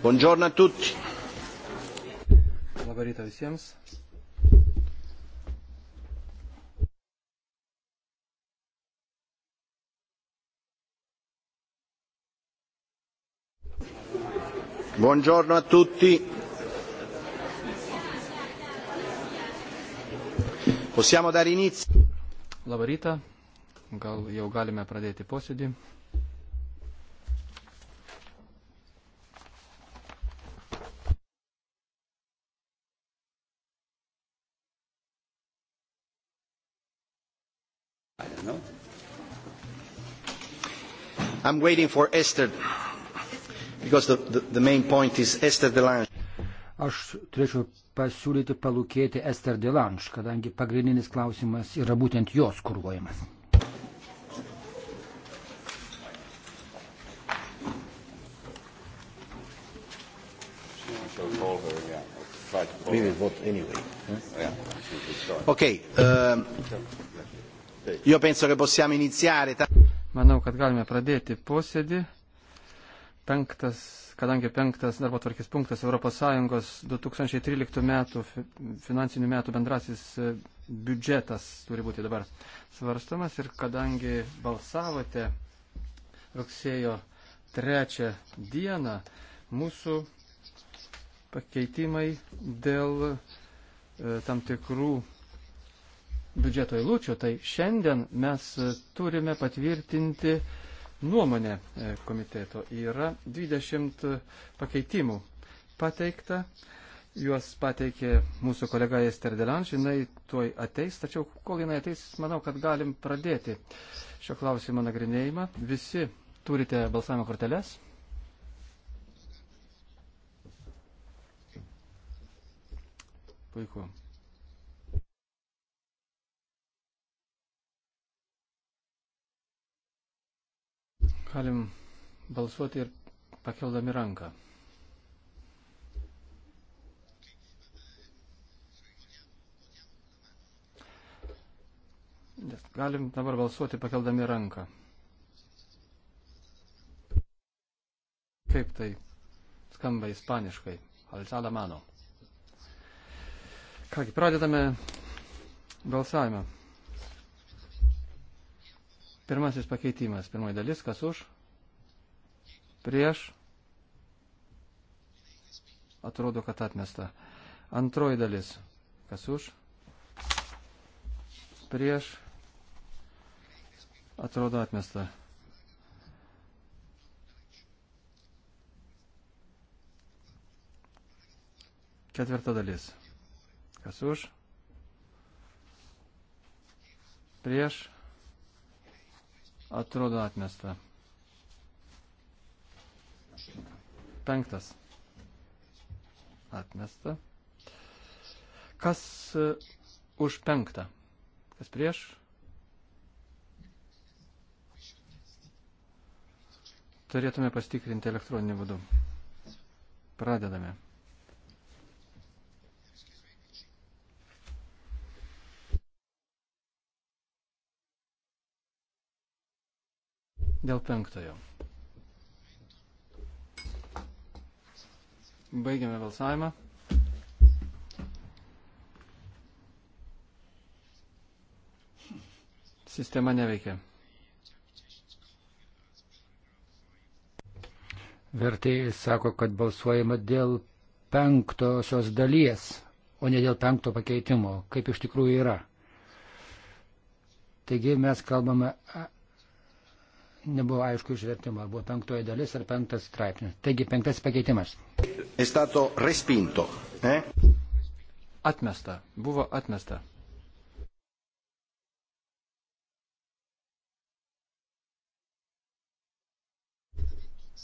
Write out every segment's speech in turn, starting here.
Buongiorno a tutti. Labą rytą visiems. Buongiorno a tutti. Possiamo dare inizio. Labą rytą. Gal jau galime pradėti posėdį. I'm waiting for Esther, because the, the, the main point is Esther Delange. Aš turėčiau pasiūlyti palūkėti Esther Delange, kadangi pagrindinis klausimas yra būtent jos kurvojimas. We will vote anyway. Ok, uh, io penso che possiamo iniziare. Manau, kad galime pradėti posėdį. Penktas, kadangi penktas darbo tvarkės punktas ES 2013 metų finansinių metų bendrasis e, biudžetas turi būti dabar svarstomas ir kadangi balsavote rugsėjo trečią dieną, mūsų pakeitimai dėl e, tam tikrų biudžeto eilučių, tai šiandien mes e, turime patvirtinti nuomonę e, komiteto. Yra 20 e, pakeitimų pateikta. Juos pateikė mūsų kolega Ester Delan, jinai tuoj ateis, tačiau kol jinai ateis, manau, kad galim pradėti šio klausimo nagrinėjimą. Visi turite balsavimo korteles. Puiku. Galim balsuoti ir pakeldami ranką. Galim dabar balsuoti pakeldami ranką. Kaip tai skamba ispaniškai? Alzada mano. Kągi, pradedame balsavimą. Pirmasis pakeitimas, pirmoji dalis, kas už, prieš, atrodo, kad atmesta. Antroji dalis, kas už, prieš, atrodo atmesta. Ketvirta dalis, kas už, prieš, atrodo atmesta. Penktas atmesta. Kas e, už penktą? Kas prieš? Turėtume pastikrinti elektroninį būdu. Pradedame. Dėl penktojo. Baigiame balsavimą. Sistema neveikia. Vertėjai sako, kad balsuojama dėl penktosios dalies, o ne dėl penkto pakeitimo, kaip iš tikrųjų yra. Taigi mes kalbame nebuvo aišku išvertimo, buvo penktoji dalis ar penktas straipsnis. Taigi penktas pakeitimas. Estato respinto. Eh? Atmesta, buvo atmesta.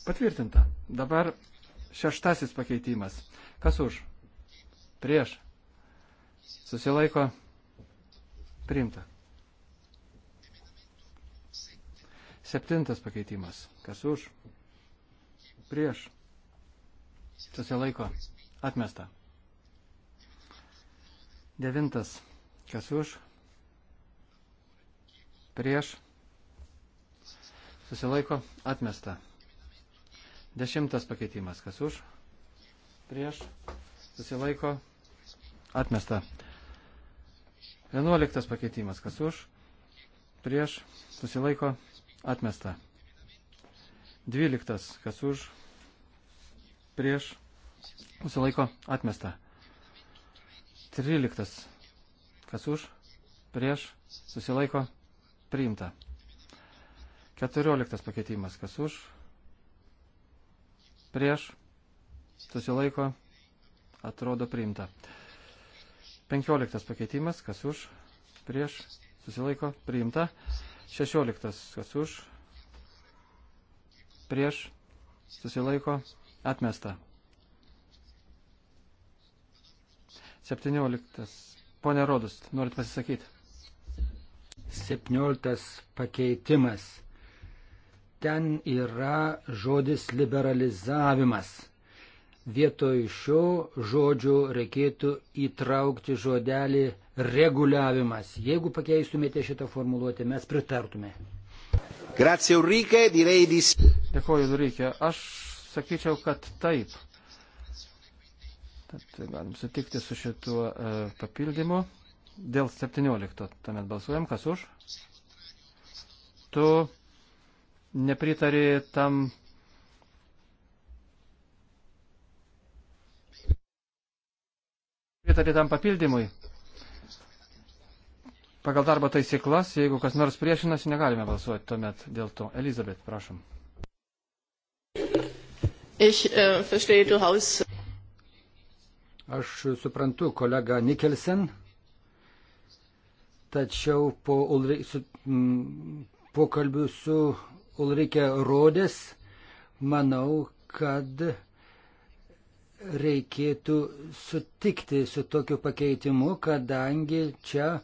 Patvirtinta. Dabar šeštasis pakeitimas. Kas už? Prieš. Susilaiko. Priimta. Septintas pakeitimas. Kas už? Prieš. Susilaiko. Atmesta. Devintas. Kas už? Prieš. Susilaiko. Atmesta. Dešimtas pakeitimas. Kas už? Prieš. Susilaiko. Atmesta. Vienuoliktas pakeitimas. Kas už? Prieš. Susilaiko. Atmesta Atmesta. 12. Kas už? Prieš. Susilaiko. Atmesta. 13. Kas už? Prieš. Susilaiko. Priimta. 14. Pakeitimas. Kas už? Prieš. Susilaiko. Atrodo priimta. 15. Pakeitimas. Kas už? Prieš. Susilaiko. Priimta. 16. Kas už? Prieš? Susilaiko? Atmesta. 17. Pone Rodus, norit pasisakyti? 17. Pakeitimas. Ten yra žodis liberalizavimas vietoj šio žodžio reikėtų įtraukti žodelį reguliavimas. Jeigu pakeistumėte šitą formuluotę, mes pritartume. Grazie Ulrike, direi di... Dėkuoju Ulrike, aš sakyčiau, kad taip. Tad galim sutikti su šituo e, papildymu. Dėl 17 tuomet balsuojam, kas už? Tu nepritari tam Pritarė tam papildymui. Pagal darbo taisyklas, jeigu kas nors priešinasi, negalime balsuoti tuomet dėl to. Elizabet, prašom. Ich, äh, verstehe, du Haus. Aš suprantu kolega Nikelsen, tačiau po Ulri, su, m, pokalbių su Ulrike Rodės, manau, kad reikėtų sutikti su tokiu pakeitimu, kadangi čia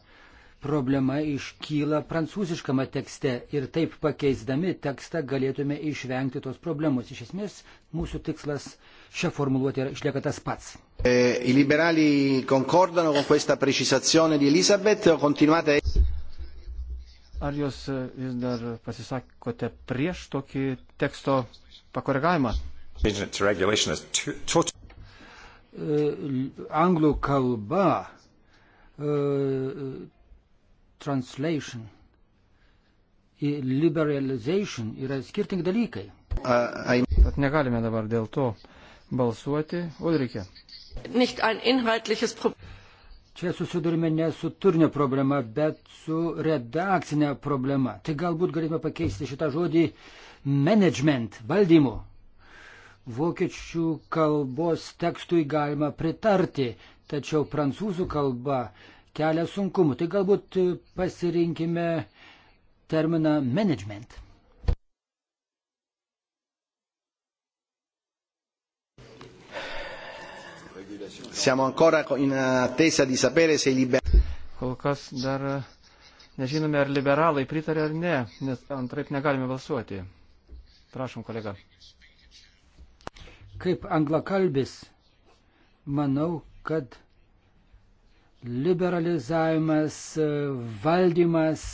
problema iškyla prancūziškame tekste ir taip pakeisdami tekstą galėtume išvengti tos problemos. Iš esmės, mūsų tikslas šią formuluotę išlieka tas pats. E, I liberali concordano con questa precisazione di Elisabeth, continuate. Ar jūs e, vis dar pasisakote prieš tokį teksto pakoregavimą? E, anglų kalba e, translation ir liberalization yra skirtingi dalykai. Tad negalime dabar dėl to balsuoti. Ulrike. Čia susidurime ne su turinio problema, bet su redakcinė problema. Tai galbūt galime pakeisti šitą žodį management, valdymu vokiečių kalbos tekstui galima pritarti, tačiau prancūzų kalba kelia sunkumų. Tai galbūt pasirinkime terminą management. Siamo ancora in attesa di sapere se i liberali. Kol kas dar nežinome, ar liberalai pritarė ar ne, nes antraip negalime balsuoti. Prašom, kolega. Kaip anglakalbis, manau, kad liberalizavimas, valdymas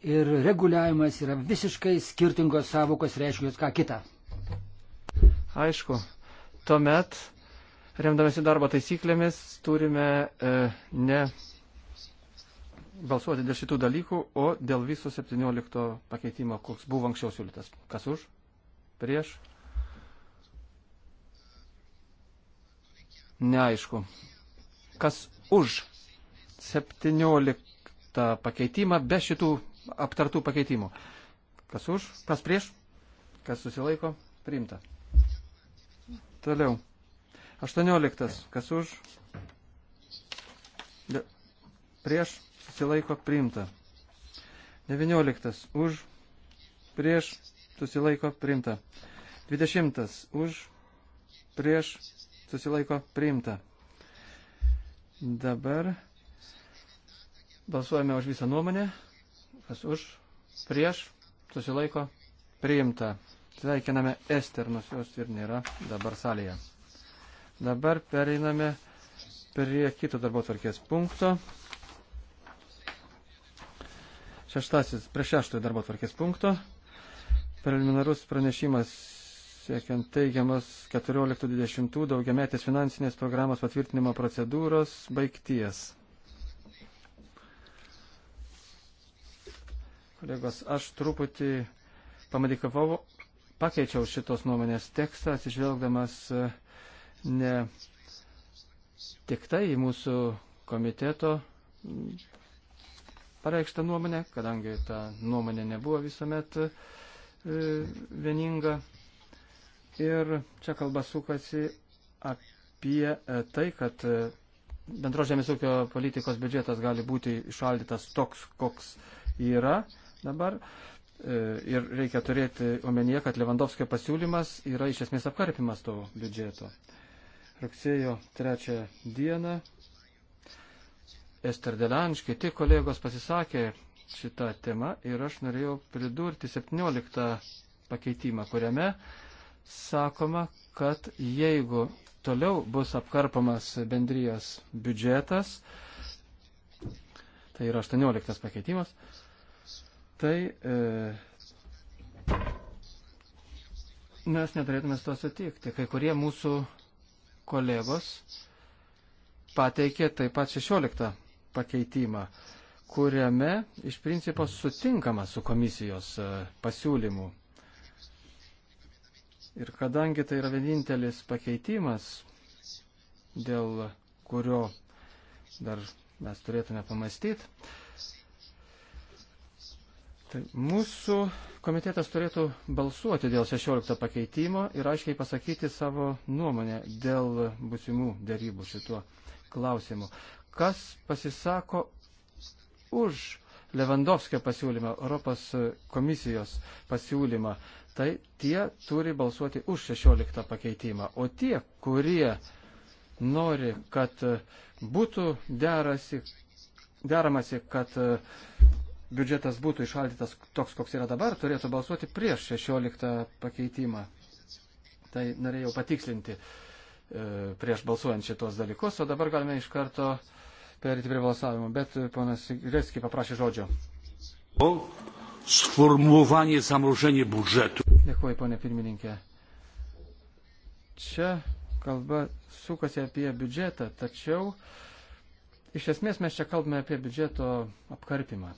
ir reguliavimas yra visiškai skirtingos savokos reiškios ką kitą. Aišku, tuomet, remdamasi darbo taisyklėmis, turime e, ne balsuoti dėl šitų dalykų, o dėl viso 17 pakeitimo, koks buvo anksčiau siūlytas. Kas už? Prieš? neaišku. Kas už 17 pakeitimą be šitų aptartų pakeitimų? Kas už, kas prieš, kas susilaiko, priimta. Toliau. 18. Kas už, be, prieš, susilaiko, priimta. 19. Už, prieš, susilaiko, priimta. 20. Už, prieš, susilaiko priimta. Dabar balsuojame už visą nuomonę, kas už, prieš, susilaiko priimta. Sveikiname Ester, nors jos ir nėra dabar salėje. Dabar pereiname prie kito darbo tvarkės punkto. Šeštasis, prie šeštojo darbo tvarkės punkto preliminarus pranešimas siekiant teigiamas 14-20 daugiametės finansinės programos patvirtinimo procedūros baigties. Kolegos, aš truputį pamadikavau, pakeičiau šitos nuomonės tekstą, atsižvelgdamas e, ne tik tai į mūsų komiteto pareikštą nuomonę, kadangi ta nuomonė nebuvo visuomet e, vieninga Ir čia kalba sukasi apie e, tai, kad e, bendro žemės ūkio politikos biudžetas gali būti išaldytas toks, koks yra dabar. E, ir reikia turėti omenyje, kad Levandovskio pasiūlymas yra iš esmės apkarpimas to biudžeto. Rugsėjo trečią dieną Ester Delanš, kiti kolegos pasisakė šitą temą ir aš norėjau pridurti 17 pakeitimą, kuriame uh, sakoma, kad jeigu toliau bus apkarpamas bendrijos biudžetas, tai yra 18 pakeitimas, tai e, mes neturėtume su to sutikti. Kai kurie mūsų kolegos pateikė taip pat 16 pakeitimą, kuriame iš principo sutinkama su komisijos e, pasiūlymu. Ir kadangi tai yra vienintelis pakeitimas, dėl kurio dar mes turėtume pamastyti, tai mūsų komitetas turėtų balsuoti dėl 16 pakeitimo ir aiškiai pasakyti savo nuomonę dėl busimų dėrybų šituo klausimu. Kas pasisako už Levandovskio pasiūlymą, Europos komisijos pasiūlymą tai tie turi balsuoti už 16 pakeitimą. O tie, kurie nori, kad būtų derasi, deramasi, kad e, biudžetas būtų išaldytas toks, koks yra dabar, turėtų balsuoti prieš 16 pakeitimą. Tai norėjau patikslinti e, prieš balsuojant šitos dalykus, o dabar galime iš karto perėti prie balsavimo. Bet e, ponas Greski paprašė žodžio sformułowanie zamrożenie budżetu Dėkuoju, ponė pirmininkė. Čia kalba sukasi apie biudžetą, tačiau iš esmės mes čia kalbame apie biudžeto apkarpimą.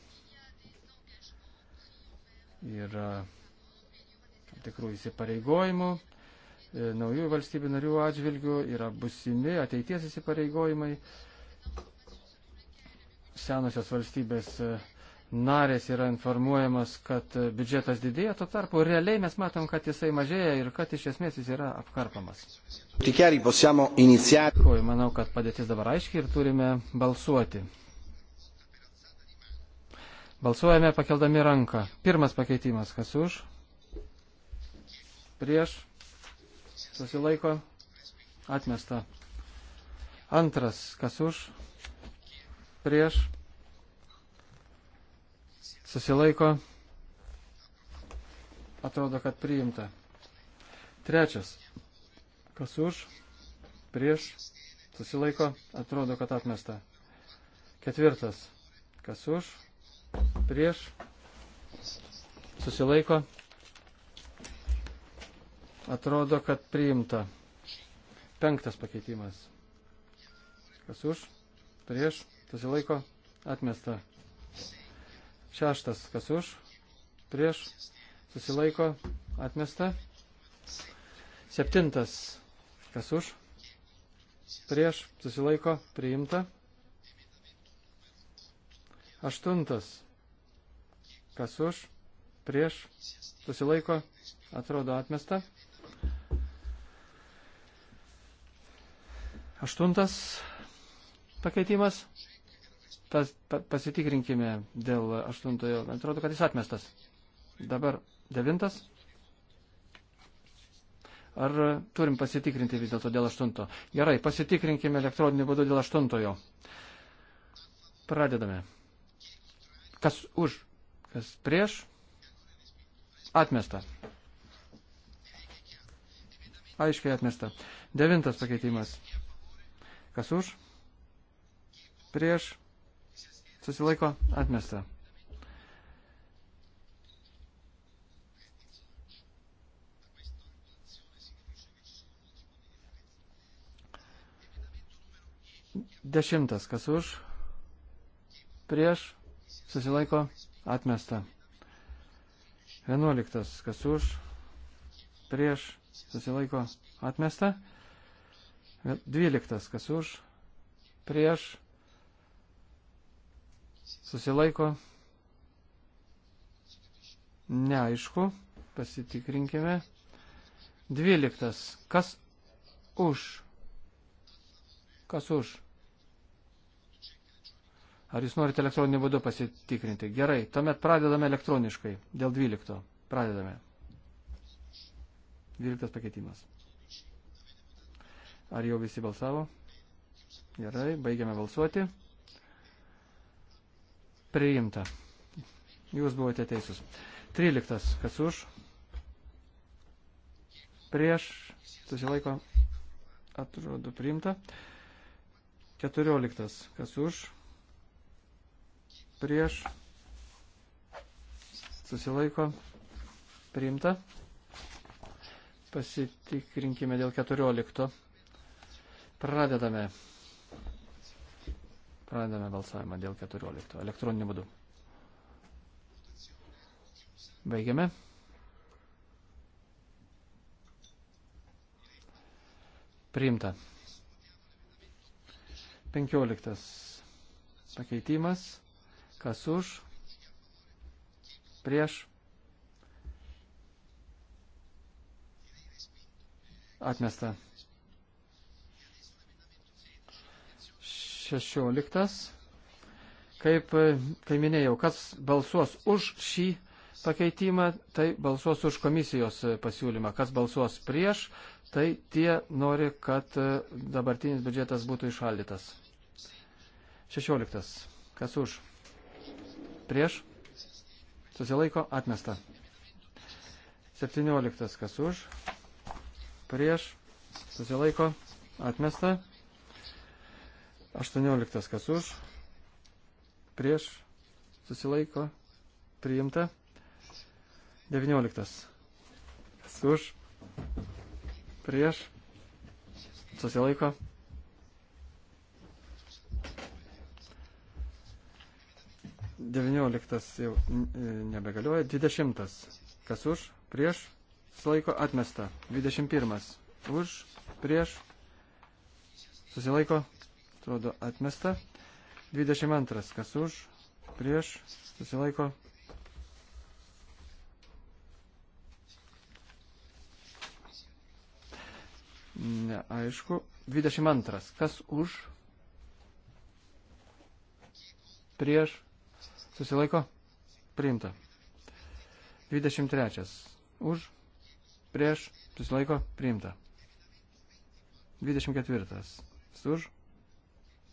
Yra tam tikrų įsipareigojimų, e, naujų valstybių narių atžvilgių, yra busimi ateities įsipareigojimai. Senosios valstybės uh, narės yra informuojamas, kad biudžetas didėja, tuo tarpu realiai mes matom, kad jisai mažėja ir kad iš esmės jis yra apkarpamas. Dėkuoju, manau, kad padėtis dabar aiškiai ir turime balsuoti. Balsuojame pakeldami ranką. Pirmas pakeitimas, kas už? Prieš? Susilaiko? Atmesta. Antras, kas už? Prieš? susilaiko, atrodo, kad priimta. Trečias, kas už, prieš, susilaiko, atrodo, kad atmesta. Ketvirtas, kas už, prieš, susilaiko, atrodo, kad priimta. Penktas pakeitimas. Kas už, prieš, susilaiko, atmesta. Šeštas, kas už, prieš, susilaiko, atmesta. Septintas, kas už, prieš, susilaiko, priimta. Aštuntas, kas už, prieš, susilaiko, atrodo atmesta. Aštuntas pakeitimas, Pas, pa, pasitikrinkime dėl aštuntojo. Atrodo, kad jis atmestas. Dabar devintas. Ar turim pasitikrinti vis dėlto dėl aštunto? Gerai, pasitikrinkime elektroniniu būdu dėl aštuntojo. Pradedame. Kas už, kas prieš? Atmesta. Aiškiai atmesta. Devintas pakeitimas. Kas už? Prieš? susilaiko atmesta. Dešimtas, kas už, prieš, susilaiko, atmesta. Vienuoliktas, kas už, prieš, susilaiko, atmesta. Dvyliktas, kas už, prieš, Susilaiko. Neaišku. Pasitikrinkime. Dvyliktas. Kas už? Kas už? Ar jūs norite elektroniniu būdu pasitikrinti? Gerai, tuomet pradedame elektroniškai. Dėl 12. Pradedame. 12 pakeitimas. Ar jau visi balsavo? Gerai, baigiame balsuoti. Priimta. Jūs buvote teisūs. 13. Kas už? Prieš. Susilaiko. Atrodo priimta. 14. Kas už? Prieš. Susilaiko. Priimta. Pasitikrinkime dėl 14. Pradedame. Pradedame balsavimą dėl 14. Elektroniniu būdu. Baigiame. Priimta. 15. Pakeitimas. Kas už? Prieš. Atmesta. 16. Kaip, e, kai minėjau, kas balsuos už šį pakeitimą, tai balsuos už komisijos e, pasiūlymą. Kas balsuos prieš, tai tie nori, kad e, dabartinis biudžetas būtų išaldytas. 16. Kas už? Prieš? Susilaiko? Atmesta. 17. Kas už? Prieš? Susilaiko? Atmesta. 18 kas už, prieš, susilaiko, priimta. 19 kas už, prieš, susilaiko. Devynioliktas jau e, nebegalioja. Dvidešimtas. Kas už? Prieš? Susilaiko atmesta. Dvidešimt pirmas. Už? Prieš? Susilaiko atmesta atrodo atmesta. 22. Kas už, prieš, susilaiko. Neaišku. 22. Kas už, prieš, susilaiko. Priimta. 23. Už, prieš, susilaiko. Priimta. 24. Už,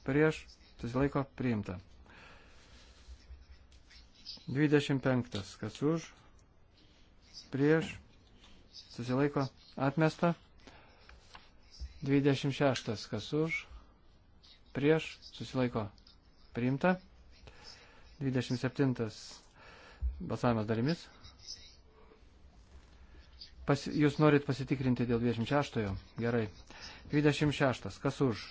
prieš, susilaiko priimta. 25. Kas už, prieš, susilaiko atmesta. 26. Kas už, prieš, susilaiko priimta. 27. Balsavimas dalimis. Pas, jūs norit pasitikrinti dėl 26. Gerai. 26. Kas už?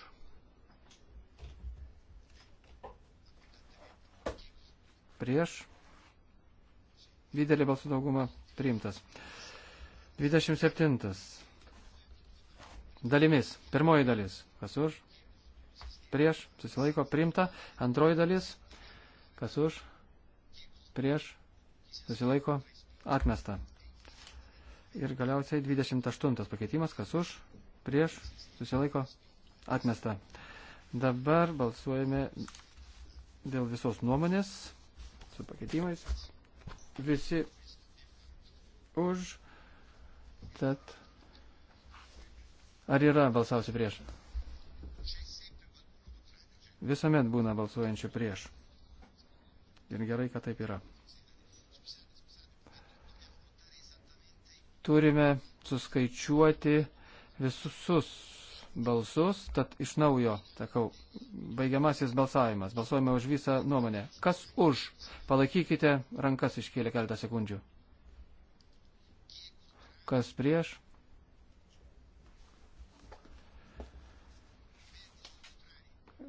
prieš, didelį balsų daugumą priimtas. 27. Dalimis. Pirmoji dalis. Kas už? Prieš. Susilaiko. Primta. Antroji dalis. Kas už? Prieš. Susilaiko. Atmesta. Ir galiausiai 28 pakeitimas. Kas už? Prieš. Susilaiko. Atmesta. Dabar balsuojame dėl visos nuomonės su pakeitimais. Visi už. Tad ar yra balsausi prieš? Visuomet būna balsuojančių prieš. Ir gerai, kad taip yra. Turime suskaičiuoti visus balsus, tad iš naujo, sakau, baigiamasis balsavimas. Balsuojame už visą nuomonę. Kas už? Palaikykite rankas iškėlę keletą sekundžių. Kas prieš?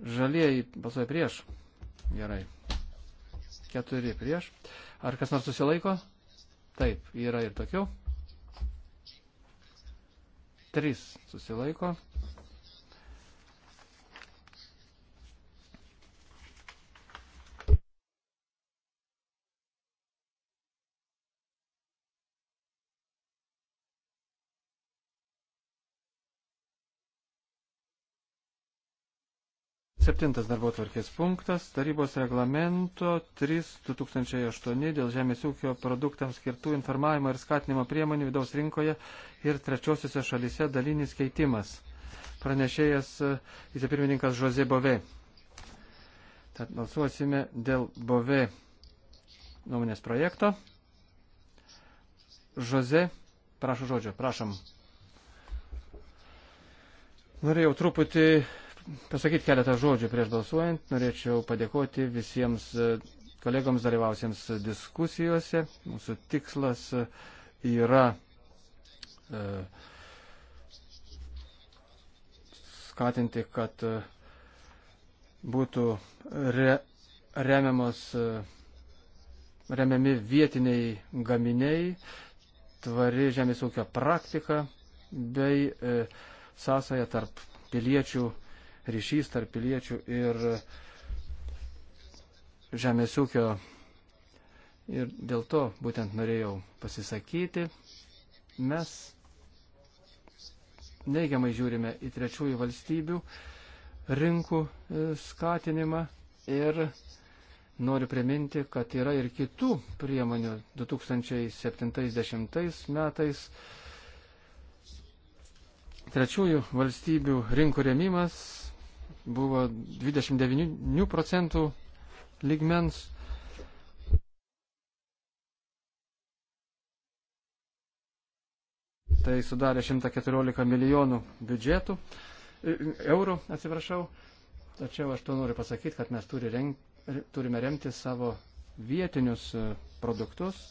Žalieji balsuoja prieš. Gerai. Keturi prieš. Ar kas nors susilaiko? Taip, yra ir tokių. Trys susilaiko. Septintas darbo tvarkės punktas - tarybos reglamento 3.2008 dėl žemės ūkio produktams skirtų informavimo ir skatinimo priemonių vidaus rinkoje ir trečiosiuose šalise dalinis keitimas. Pranešėjas e, vicepirmininkas Žozė Bove. Tad balsuosime dėl Bove nuomonės projekto. Žozė, prašau žodžio, prašom. Norėjau truputį pasakyti keletą žodžių prieš balsuojant. Norėčiau padėkoti visiems e, kolegoms dalyvausiems diskusijose. Mūsų tikslas e, yra e, skatinti, kad būtų re, remiamos, remiami vietiniai gaminiai, tvari žemės ūkio praktika bei e, sąsaja tarp piliečių ryšys tarp piliečių ir žemės ūkio. Ir dėl to būtent norėjau pasisakyti. Mes neigiamai žiūrime į trečiųjų valstybių rinkų e, skatinimą ir noriu priminti, kad yra ir kitų priemonių 2070 metais. Trečiųjų valstybių rinkų remimas buvo 29 procentų lygmens. Tai sudarė 114 milijonų biudžetų, e, eurų, atsiprašau. Tačiau aš to noriu pasakyti, kad mes turi renk, turime remti savo vietinius e, produktus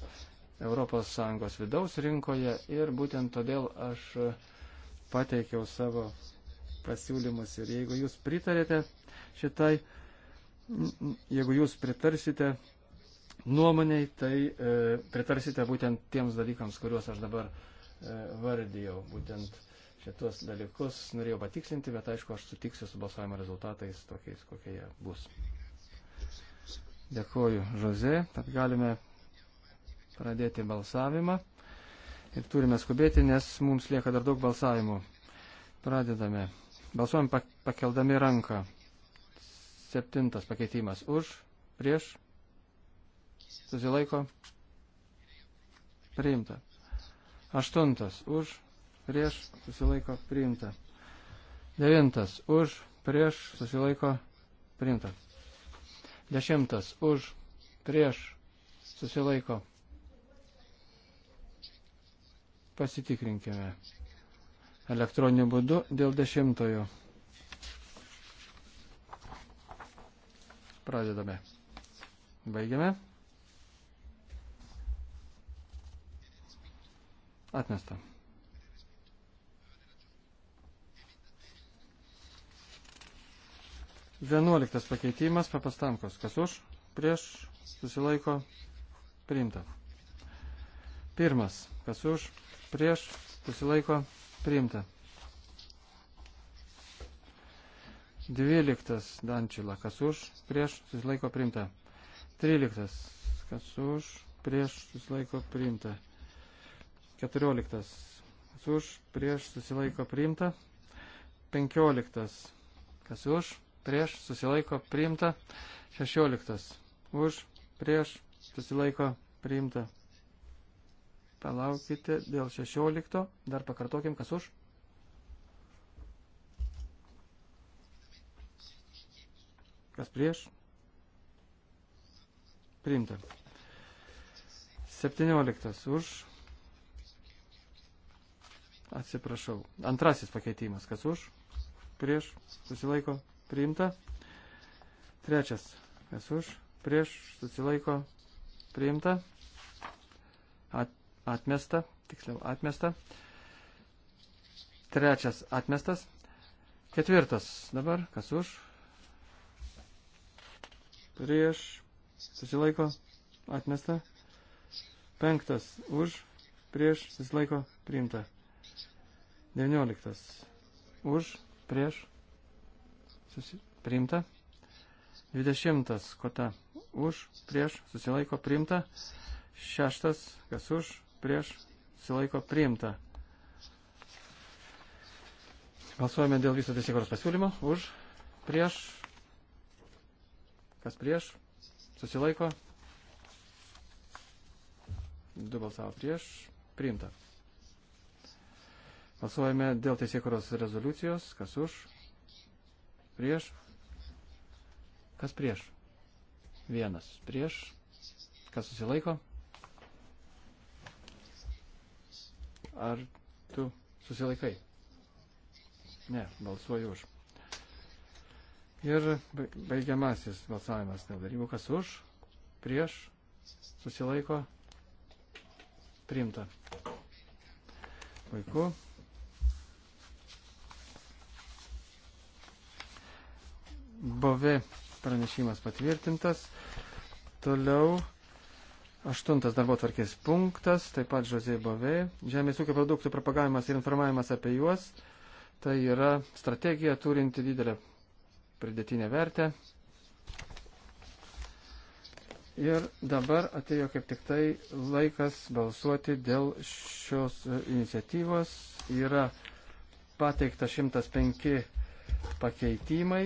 ES vidaus rinkoje ir būtent todėl aš e, pateikiau savo pasiūlymus. Ir jeigu jūs pritarėte šitai, jeigu jūs pritarsite nuomoniai, tai e, pritarsite būtent tiems dalykams, kuriuos aš dabar e, vardėjau. Būtent šitos dalykus norėjau patikslinti, bet aišku, aš sutiksiu su balsavimo rezultatais tokiais, kokie jie bus. Dėkuoju, Žoze, kad galime pradėti balsavimą. Ir turime skubėti, nes mums lieka dar daug balsavimų. Pradedame. Balsuojam pakeldami ranką. Septintas pakeitimas už, prieš, susilaiko, priimta. Aštuntas už, prieš, susilaiko, priimta. Devintas už, prieš, susilaiko, priimta. Dešimtas už, prieš, susilaiko. Pasitikrinkime elektroniniu būdu dėl dešimtojo. Pradedame. Baigiame. Atmesta. Vienuoliktas pakeitimas papastankos. Kas už? Prieš susilaiko priimta. Pirmas. Kas už? Prieš susilaiko priimta. Priimta. Dvyliktas Dančila, kas už, prieš, susilaiko priimta. Tryliktas, kas už, prieš, susilaiko priimta. Keturioliktas, kas už, prieš, susilaiko priimta. Penkioliktas, kas už, prieš, susilaiko priimta. Šešioliktas, už, prieš, susilaiko priimta. Palaukite dėl 16. Dar pakartokim, kas už. Kas prieš? Priimta. 17 už. Atsiprašau. Antrasis pakeitimas. Kas už? Prieš. Susilaiko. Priimta. Trečias. Kas už? Prieš. Susilaiko. Priimta. At atmesta, tiksliau atmesta. Trečias atmestas. Ketvirtas dabar, kas už? Prieš, susilaiko, atmesta. Penktas už, prieš, susilaiko, priimta. Devynioliktas už, prieš, susi, priimta. Dvidešimtas kota už, prieš, susilaiko, priimta. Šeštas, kas už, prieš, susilaiko priimta. Balsuojame dėl viso teisėkuros pasiūlymo. Už, prieš, kas prieš, susilaiko. Du balsavo prieš, priimta. Balsuojame dėl teisėkuros rezoliucijos. Kas už, prieš, kas prieš. Vienas prieš, kas susilaiko. Ar tu susilaikai? Ne, balsuoju už. Ir baigiamasis balsavimas dėl darybų. Kas už? Prieš? Susilaiko? Primta. Puiku. Bove pranešimas patvirtintas. Toliau Aštuntas darbo tvarkės punktas, taip pat Žozė Bovė, žemės ūkio produktų propagavimas ir informavimas apie juos, tai yra strategija turinti didelę pridėtinę vertę. Ir dabar atėjo kaip tik tai laikas balsuoti dėl šios e, iniciatyvos. Yra pateikta 105 pakeitimai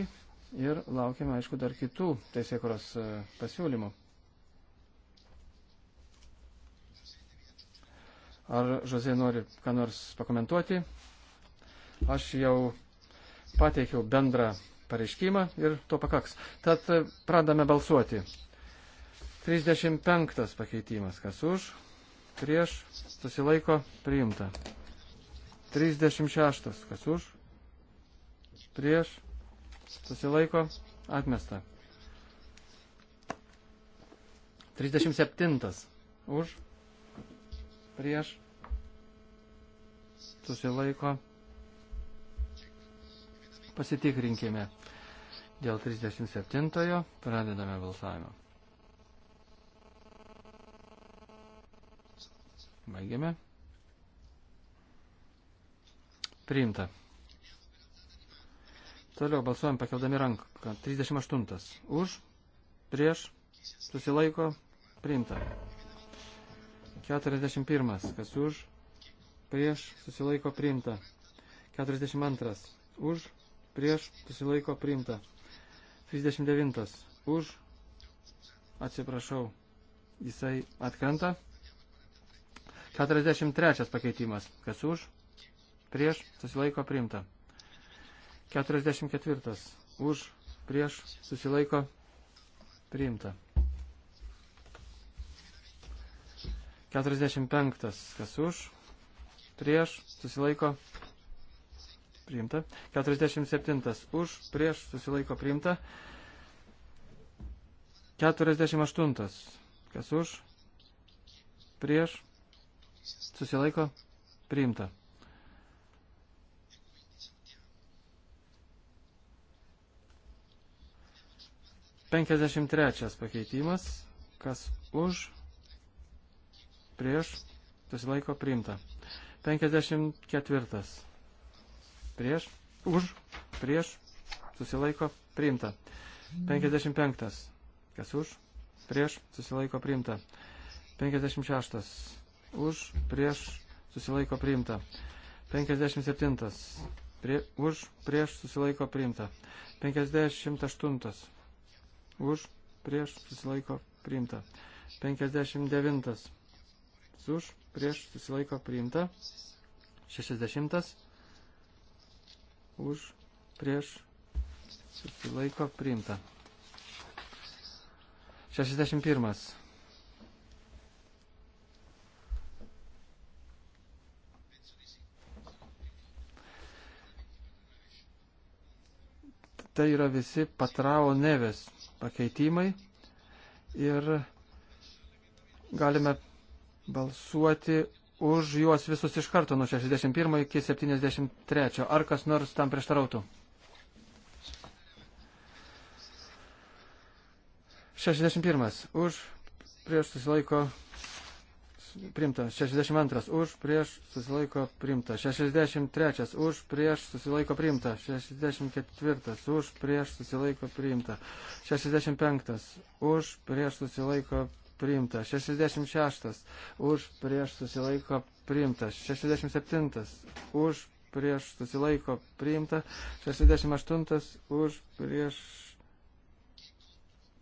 ir laukiame, aišku, dar kitų teisėkuros e, pasiūlymų. Ar Žozė nori ką nors pakomentuoti? Aš jau pateikiau bendrą pareiškimą ir to pakaks. Tad e, pradame balsuoti. 35 pakeitimas. Kas už? Prieš. Susilaiko. Priimta. 36. Kas už? Prieš. Susilaiko. Atmesta. 37. Už prieš, susilaiko, pasitikrinkime. Dėl 37 pradedame balsavimą. Baigiame. Priimta. Toliau balsuojam pakeldami ranką. 38. Už, prieš, susilaiko, priimta. 41. Kas už, prieš, susilaiko priimta. 42. Už, prieš, susilaiko priimta. 39. Už, atsiprašau, jisai atkrenta. 43. Pakeitimas. Kas už, prieš, susilaiko priimta. 44. Už, prieš, susilaiko priimta. 45. Kas už? Prieš. Susilaiko. Priimta. 47. Už. Prieš. Susilaiko. Priimta. 48. Kas už? Prieš. Susilaiko. Priimta. Penkiasdešimt trečias pakeitimas. Kas už? prieš, susilaiko priimta. 54 prieš, už, prieš, susilaiko priimta. 55 kas už, prieš, susilaiko priimta. 56 už, prieš, susilaiko priimta. 57 prie, už, prieš, susilaiko priimta. 58 už, prieš, susilaiko priimta. 59 už, prieš susilaiko priimta. 60 už, prieš susilaiko priimta. 61. Tai yra visi patrao neves pakeitimai ir galime balsuoti už juos visus iš karto nuo 61 iki 73. Ar kas nors tam prieštarautų? 61. Už prieš susilaiko primta. 62. Už prieš susilaiko primta. 63. Už prieš susilaiko primta. 64. Už prieš susilaiko primta. 65. Už prieš susilaiko primta priimta. 66 už prieš susilaiko priimta. 67 už prieš susilaiko priimta. 68 už prieš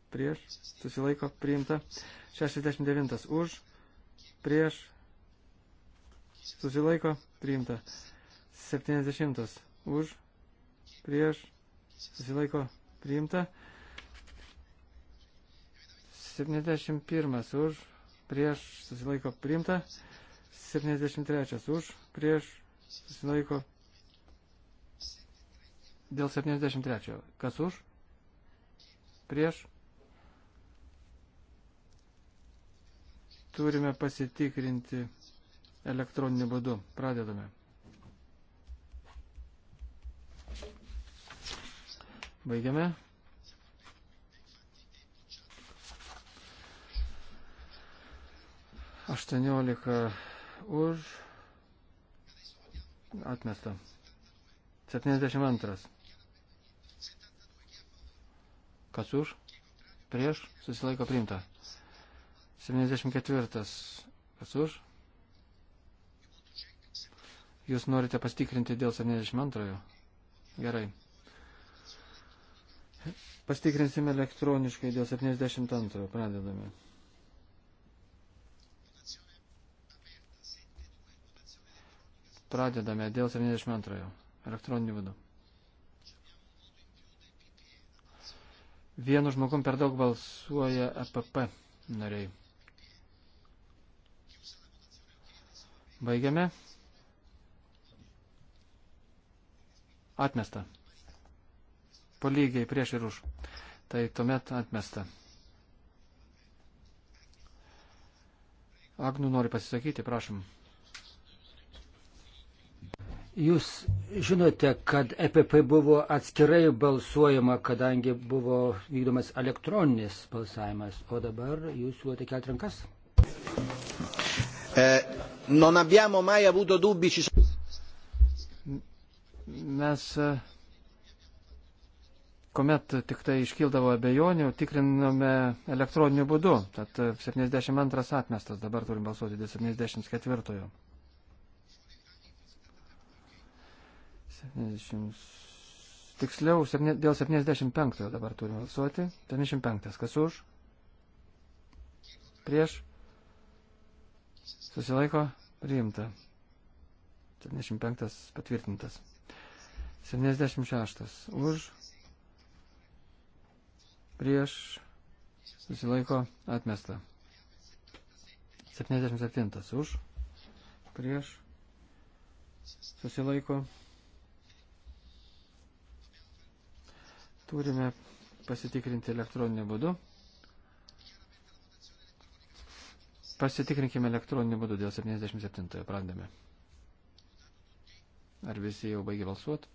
prieš susilaiko priimta. 69 už prieš susilaiko priimta. 70 už prieš susilaiko priimta. 71 už, prieš susilaiko priimta, 73 už, prieš susilaiko dėl 73. Kas už? Prieš. Turime pasitikrinti elektroniniu būdu. Pradedame. Baigiame. 18 už atmesta. 72. Kas už? Prieš susilaiko priimta. 74. Kas už? Jūs norite pastikrinti dėl 72. Gerai. Pastikrinsime elektroniškai dėl 72. Pradedame. Pradedame dėl 72 elektroninių vadų. Vienu žmogum per daug balsuoja EPP nariai. Baigiame. Atmesta. Po lygiai prieš ir už. Tai tuomet atmesta. Agnų nori pasisakyti, prašom. Jūs žinote, kad EPP buvo atskirai balsuojama, kadangi buvo vykdomas elektroninis balsavimas, o dabar jūs siūlote kelti rankas? Eh, non abbiamo mai avuto dubbi. Ci... Mes, eh, kuomet tik tai iškildavo abejonių, tikrinome elektroniniu būdu. Tad 72 eh, atmestas, dabar turim balsuoti dėl 74. -ojo. 70, tiksliau, 7, dėl 75 dabar turime balsuoti. 75. Kas už? Prieš? Susilaiko? Priimta. 75 patvirtintas. 76. Už? Prieš? Susilaiko? Atmesta. 77. Už? Prieš? Susilaiko? Atmesta Turime pasitikrinti elektroninį būdu. Pasitikrinkime elektroninį būdu dėl 77. Pradame. Ar visi jau baigė balsuoti?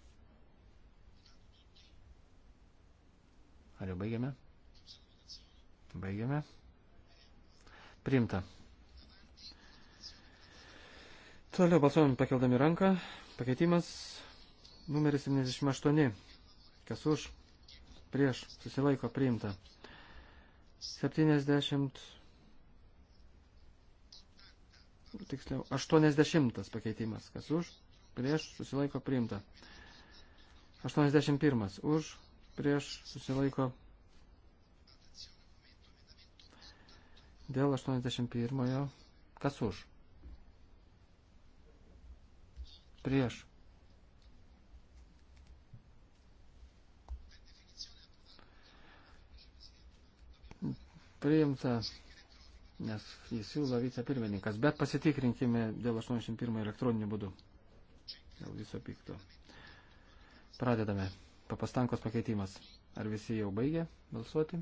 Ar jau baigėme? Baigėme. Priimta. Toliau balsuojame pakeldami ranką. Pakeitimas numeris 78. Kas už? prieš susilaiko priimta. 70, tiksliau, 80 pakeitimas, kas už, prieš susilaiko priimta. 81 už, prieš susilaiko dėl 81, kas už, prieš priimta, nes jis siūlo vicepirmininkas, bet pasitikrinkime dėl 81 elektroninių būdų. Dėl viso pikto. Pradedame. Papastankos pakeitimas. Ar visi jau baigė balsuoti?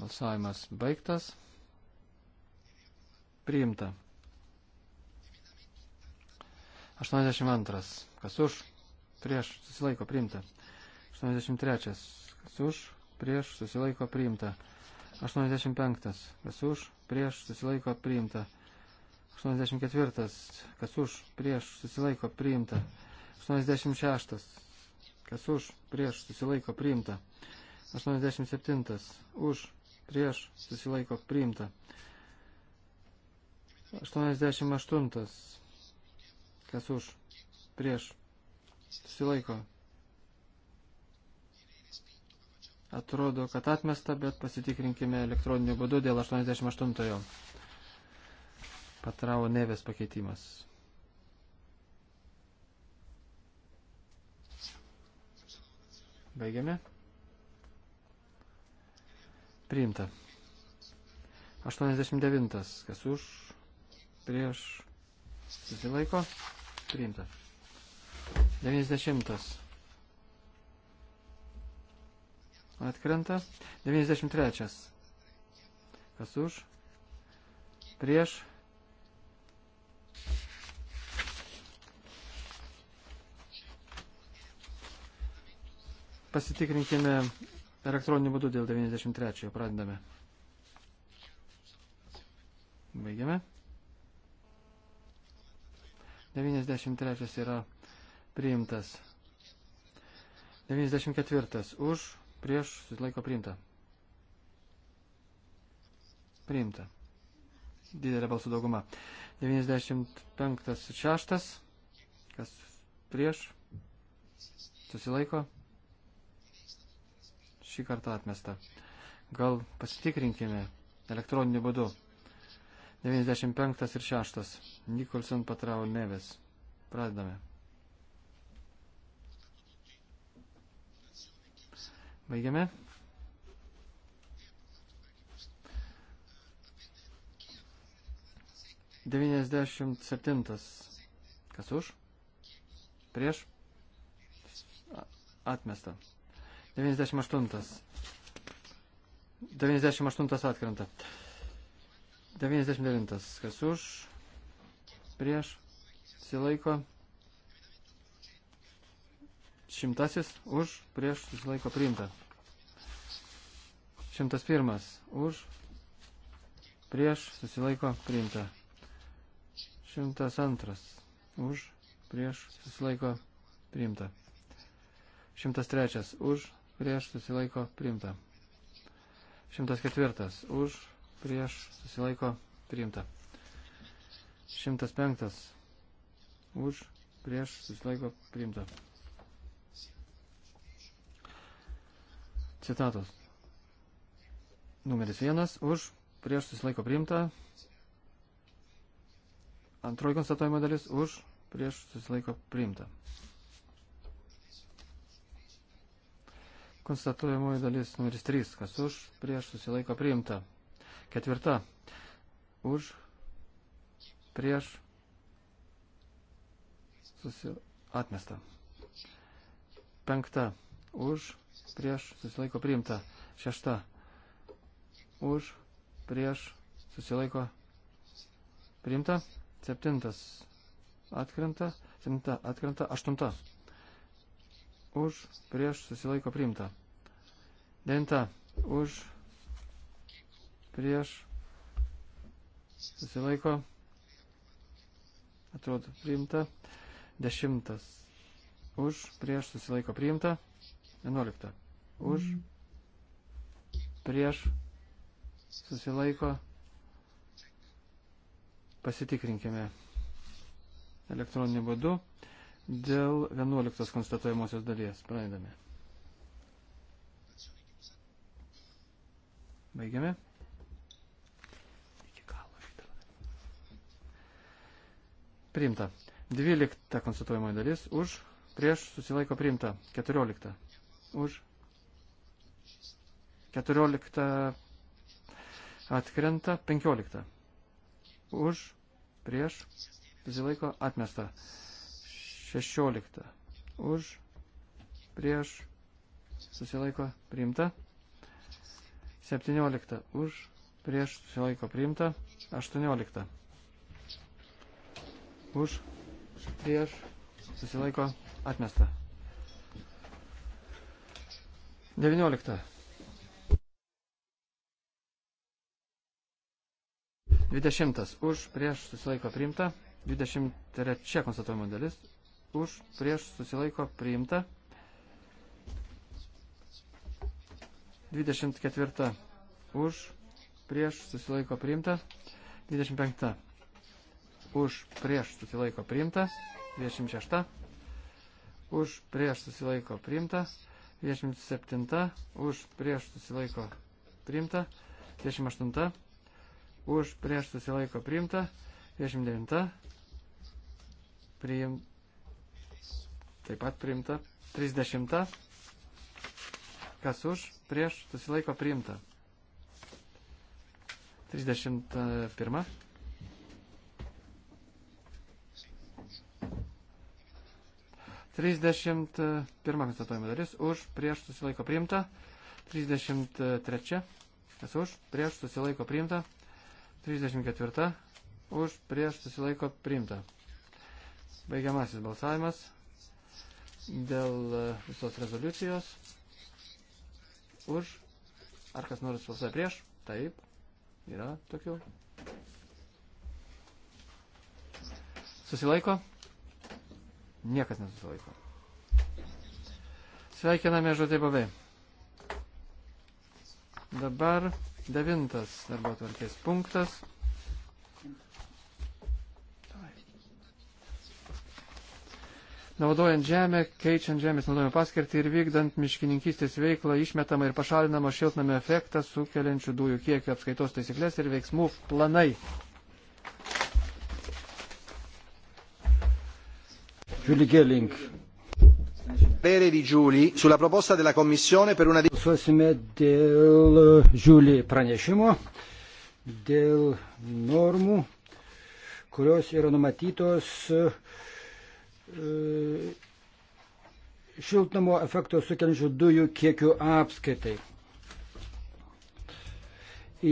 Balsavimas baigtas. Priimta. 82. Kas už? Prieš. Susilaiko. Priimta. 83. Kas už? prieš susilaiko priimta. 85. Kas už, prieš susilaiko priimta. 84. Kas už, prieš susilaiko priimta. 86. Kas už, prieš susilaiko priimta. 87. Už, prieš susilaiko priimta. 88. Kas už, prieš susilaiko priimta Atrodo, kad atmesta, bet pasitikrinkime elektroniniu būdu dėl 88-ojo. Patravo nevės pakeitimas. Baigiame. Priimta. 89. Kas už, prieš, susilaiko. Priimta. 90. atkrenta. 93. Kas už? Prieš. Pasitikrinkime elektroniniu būdu dėl 93. Pradedame. Baigiame. 93 yra priimtas. 94 už prieš susilaiko priimta. Priimta. Didelė balsų dauguma. 95 ir 6. Kas prieš susilaiko. Šį kartą atmesta. Gal pasitikrinkime elektroniniu būdu. 95 ir 6. Nikolson Patrau Neves. Pradedame. Baigiame. Devyniasdešimt septintas. Kas už? Prieš? Atmesta. 98. 98 atkrenta. 99. Kas už? Prieš? Silaiko? Šimtasis už prieš susilaiko priimta. Šimtas pirmas už prieš susilaiko priimta. Šimtas antras už prieš susilaiko priimta. Šimtas trečias už prieš susilaiko priimta. Šimtas ketvirtas už prieš susilaiko priimta. Šimtas penktas už prieš susilaiko priimta. citatos. Numeris vienas už, prieš susilaiko priimta. Antroji konstatuojama dalis už, prieš susilaiko priimta. Konstatuojamoji dalis numeris 3, kas už, prieš susilaiko priimta. Ketvirta, už, prieš susi atmesta. Penkta, už, prieš prieš susilaiko priimta. Šešta. Už, prieš susilaiko priimta. Septintas atkrenta. Septinta atkrenta. Aštunta. Už, prieš susilaiko priimta. Devinta. Už, prieš susilaiko. Atrodo priimta. Dešimtas. Už, prieš susilaiko priimta. 11. Už, prieš, susilaiko, pasitikrinkime elektroninį būdu dėl 11 konstatuojamosios dalies. Pradedame. Baigiame. Priimta. 12 konstatuojamoji dalis už, prieš susilaiko priimta. 14 už 14 atkrenta, 15 už prieš susilaiko atmesta, 16 už prieš susilaiko priimta, 17 už prieš susilaiko priimta, 18 už prieš susilaiko atmesta. 19. 20. Už prieš susilaiko priimta. 23. konstatuojama dalis. Už prieš susilaiko priimta. 24. Už prieš susilaiko priimta. 25. Už prieš susilaiko priimta. 26. Už prieš susilaiko priimta. 27 už prieš susilaiko priimta, 28 už prieš susilaiko priimta, 29 priim, taip pat priimta, 30 kas už prieš susilaiko priimta. 31 31 konstatuojama dalis už, prieš susilaiko priimta. 33 kas už, prieš susilaiko priimta. 34 už, prieš susilaiko priimta. Baigiamasis balsavimas dėl e, visos rezoliucijos. Už. Ar kas nors balsuoja prieš? Taip. Yra tokių. Susilaiko? Niekas nesusilaiko. Sveikiname žodai bavai. Dabar devintas darbo tvarkės punktas. naudojant žemę, keičiant žemės naudojimo paskirtį ir vykdant miškininkystės veiklą išmetamą ir pašalinamą šiltnamio efektą sukeliančių dujų kiekio apskaitos taisyklės ir veiksmų planai. Julie Gelling. Parere di Giuli sulla proposta della Commissione per una. Balsuosime dėl Žiulį eh, pranešimo, dėl normų, kurios yra numatytos eh, šiltnamo efekto sukeliančių dujų kiekių apskaitai.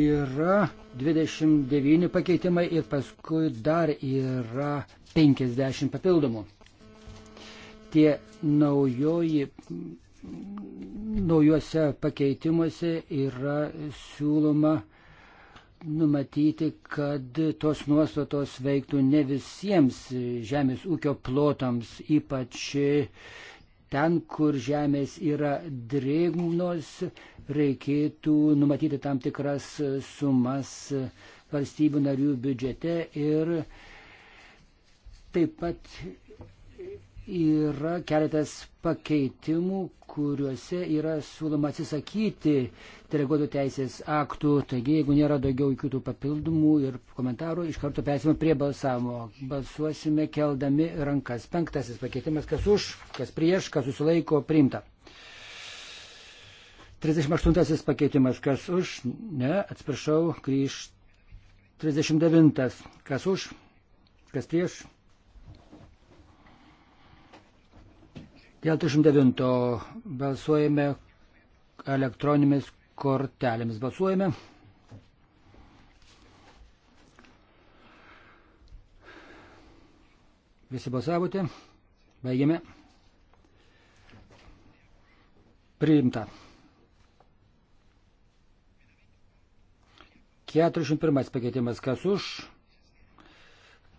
Yra 29 pakeitimai ir paskui dar yra 50 papildomų tie naujoji, naujuose pakeitimuose yra siūloma numatyti, kad tos nuostatos veiktų ne visiems žemės ūkio plotams, ypač ten, kur žemės yra drėgnos, reikėtų numatyti tam tikras sumas valstybių narių biudžete ir taip pat yra keletas pakeitimų, kuriuose yra siūloma atsisakyti deleguotų teisės aktų. Taigi, jeigu nėra daugiau kitų papildomų ir komentarų, iš karto persime prie balsavimo. Balsuosime keldami rankas. Penktasis pakeitimas, kas už, kas prieš, kas susilaiko, priimta. 38 pakeitimas, kas už, ne, atsiprašau, grįž. 39, kas už, kas prieš, Dėl 29 balsuojame elektroninėmis kortelėmis. Balsuojame. Visi balsavote. Baigiame. Priimta. 41 pakeitimas kas už.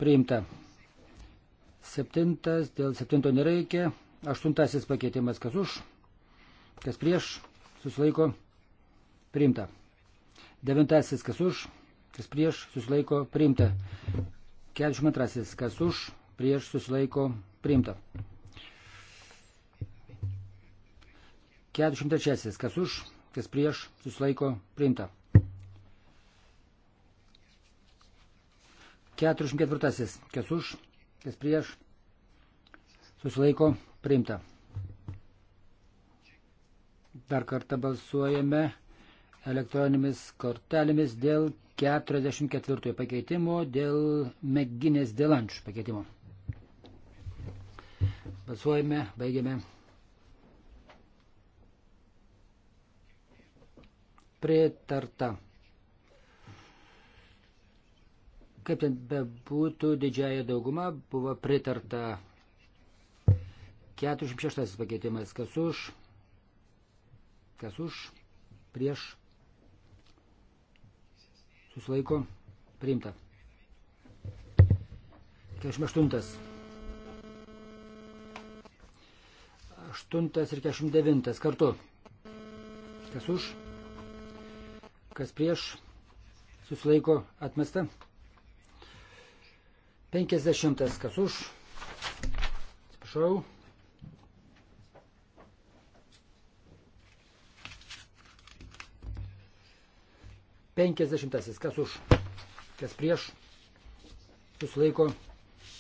Priimta. 7 dėl 7 nereikia. Aštuntasis pakeitimas, kas už, kas prieš, susilaiko, priimta. Devintasis, kas už, kas prieš, susilaiko, priimta. Keturiasdešimt antrasis, kas už, prieš, susilaiko, priimta. Keturiasdešimt trečiasis, kas už, kas prieš, susilaiko, priimta. 44. Kas už, kas prieš, susilaiko, Priimta. Dar kartą balsuojame elektroninėmis kortelėmis dėl 44 pakeitimo, dėl meginės dėlančių pakeitimo. Balsuojame, baigiame. Pritarta. Kaip ten bebūtų, didžiaja dauguma buvo pritarta 46 pakeitimas, kas už, kas už, prieš, susilaiko, priimta. 48. 8 ir 49 kartu. Kas už, kas prieš, susilaiko, atmesta. 50 kas už, atsiprašau. 50. Kas už, kas prieš, susilaiko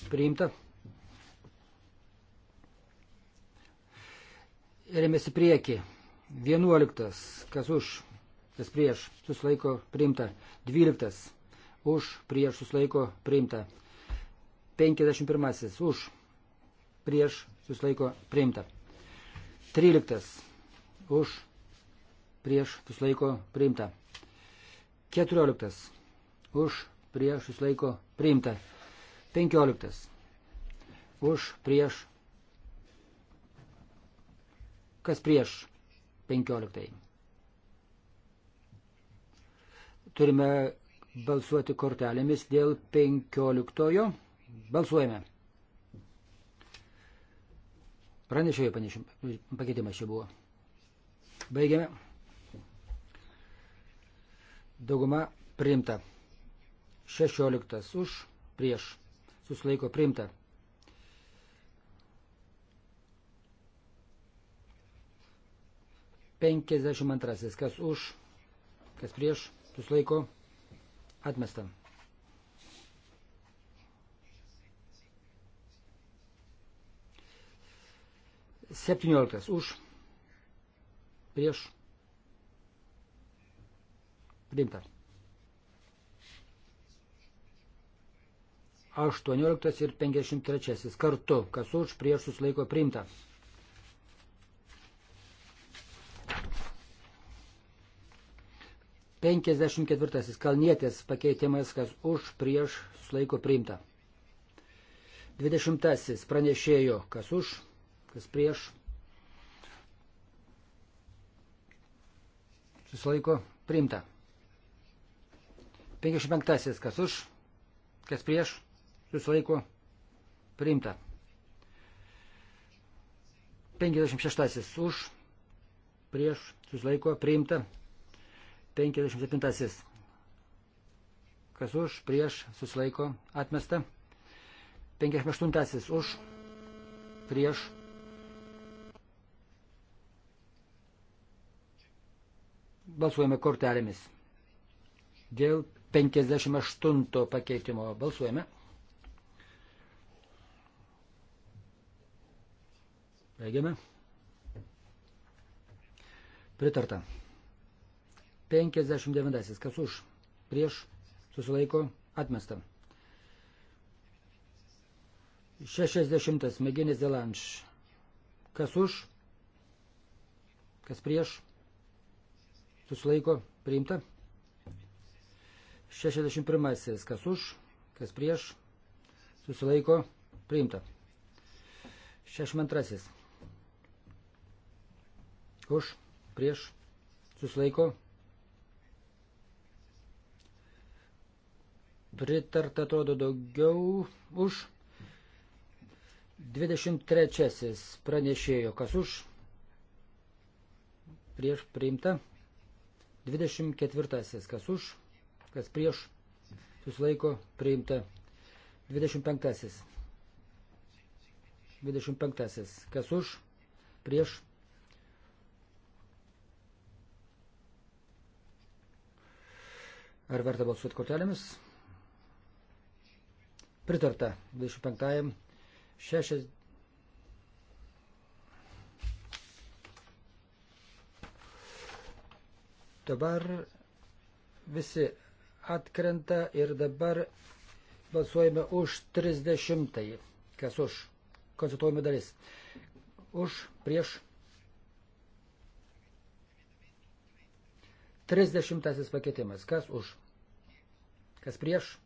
priimta. Remiasi prieki. 11. Kas už, kas prieš, susilaiko priimta. 12. Už, prieš, susilaiko priimta. 51. Už, prieš, susilaiko priimta. 13. Už, prieš, susilaiko priimta. 14. Už prieš susilaiko priimta. 15. Už prieš. Kas prieš 15. Turime balsuoti kortelėmis dėl 15. Balsuojame. Pranešėjo pakeitimas čia buvo. Baigiame. Dauguma priimta. 16 už, prieš, susilaiko priimta. Penkiasdešimt antrasis, kas už, kas prieš, susilaiko, atmesta. Septynioliktas už, prieš, Priimta. 18 ir 53 kartu, kas už prieš susilaiko priimta. Penkiasdešimt ketvirtasis kalnietės pakeitimas, kas už prieš susilaiko priimta. Dvidešimtasis pranešėjo, kas už, kas prieš susilaiko priimta. 55. Kas už, kas prieš, susilaiko priimta. 56. Už, prieš, susilaiko priimta. 57. Kas už, prieš, susilaiko atmesta. 58. Už, prieš, balsuojame kortelėmis. Dėl 58 pakeitimo. Balsuojame. Baigiame. Pritarta. 59. Kas už? Prieš. Susilaiko. Atmesta. 60. Mėginis Delanš. Kas už? Kas prieš? Susilaiko. Priimta. 61. Kas už, kas prieš, susilaiko, priimta. 62. Už, prieš, susilaiko. Pritarta atrodo daugiau už. 23. Pranešėjo, kas už, prieš, priimta. 24. Kas už, kas prieš, susilaiko priimta. 25. 25. Kas už, prieš. Ar verta balsuoti kortelėmis? Pritarta 25. 6. Dabar visi atkrenta ir dabar balsuojame už 30. Kas už? Konsultuojame dalis. Už, prieš. 30 pakeitimas. Kas už? Kas prieš?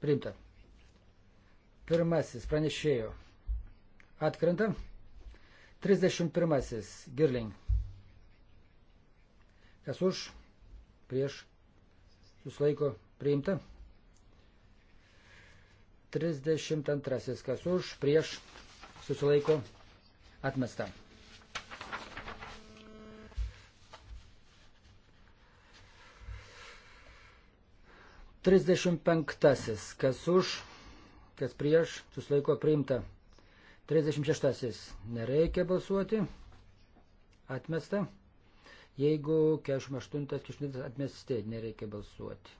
Primta. Pirmasis pranešėjo. Atkrenta. 31. Girling. Kas už? prieš susilaiko priimta. 32. Kas už prieš susilaiko atmesta. Trisdešimt penktasis, kas už, kas prieš, susilaiko priimta. Trisdešimt šeštasis, nereikia balsuoti, atmesta. Jeigu 48-49 atmesti, nereikia balsuoti.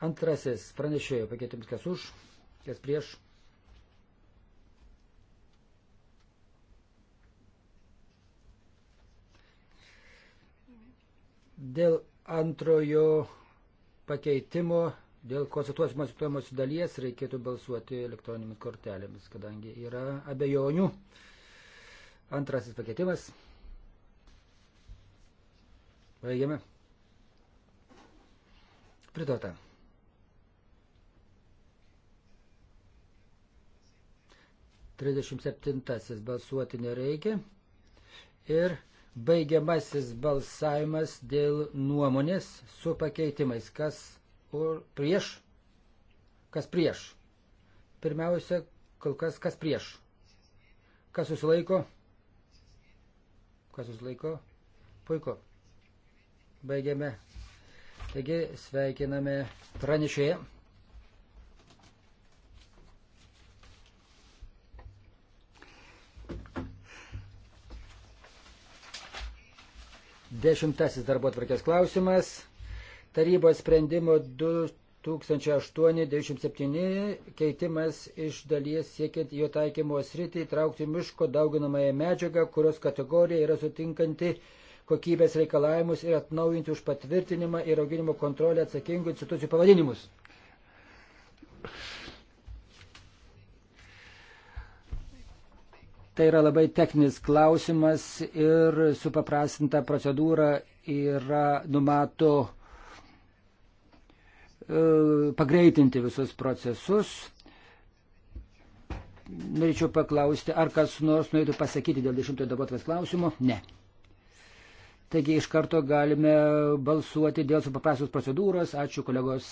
Antrasis pranešėjo pakeitimas, kas už, kas prieš. Dėl antrojo pakeitimo Dėl konstatuosimos situojamos dalies reikėtų balsuoti elektroninėmis kortelėmis, kadangi yra abejonių. Antrasis pakeitimas. Baigiame. Pridota. Trisdešimt septintasis balsuoti nereikia. Ir baigiamasis balsavimas dėl nuomonės su pakeitimais. Kas prieš? Kas prieš? Pirmiausia, kol kas kas prieš. Kas susilaiko? Kas užlaiko? Puiku. Baigiame. Taigi sveikiname pranešėją. Dešimtasis darbo atvarkės klausimas. Tarybos sprendimo du... 1008-97 keitimas iš dalies siekiant jo taikymo sritį įtraukti miško dauginamąją medžiagą, kurios kategorija yra sutinkanti kokybės reikalavimus ir atnaujinti už patvirtinimą ir auginimo kontrolę atsakingų institucijų pavadinimus. Tai yra labai techninis klausimas ir supaprastinta procedūra yra numato E, pagreitinti visus procesus. Norėčiau paklausti, ar kas nors norėtų pasakyti dėl dešimtojo dabotvės klausimo? Ne. Taigi iš karto galime balsuoti dėl supaprastos procedūros. Ačiū kolegos.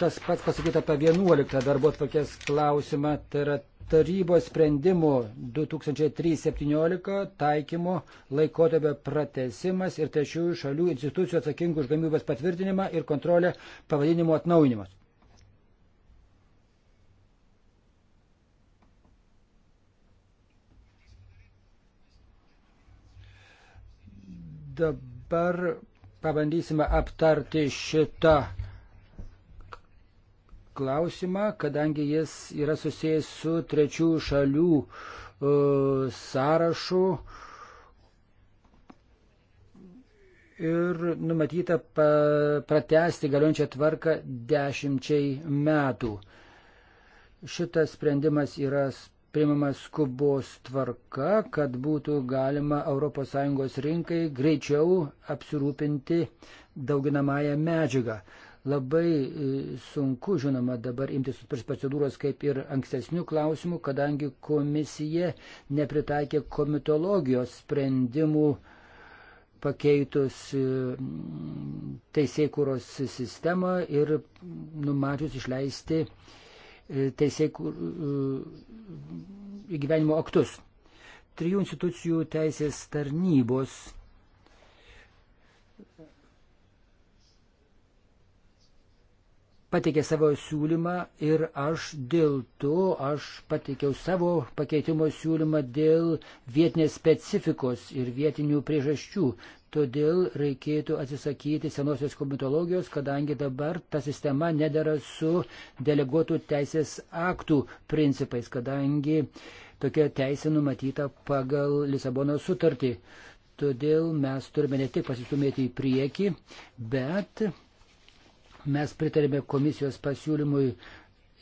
Tas pats pasakyta apie 11 darbo atvarkės klausimą, tai yra tarybos sprendimų 2003-17 taikymo laikotarpio pratesimas ir trečiųjų šalių institucijų atsakingų už gamybos patvirtinimą ir kontrolę pavadinimo atnaujinimas. Dabar pabandysime aptarti šitą klausimą, kadangi jis yra susijęs su trečių šalių e, sąrašu ir numatyta pratesti galiojančią tvarką dešimčiai metų. Šitas sprendimas yra priimamas skubos tvarka, kad būtų galima ES rinkai greičiau apsirūpinti dauginamąją medžiagą. Labai e, sunku, žinoma, dabar imtis tos procedūros kaip ir ankstesnių klausimų, kadangi komisija nepritaikė komitologijos sprendimų pakeitus e, teisėkūros sistemą ir numačius išleisti e, teisėkų įgyvenimo aktus. Trijų institucijų teisės tarnybos pateikė savo siūlymą ir aš dėl to, aš pateikiau savo pakeitimo siūlymą dėl vietinės specifikos ir vietinių priežasčių. Todėl reikėtų atsisakyti senosios komitologijos, kadangi dabar ta sistema nedara su deleguotų teisės aktų principais, kadangi tokia teisė numatyta pagal Lisabono sutartį. Todėl mes turime ne tik pasistumėti į priekį, bet mes pritarėme komisijos pasiūlymui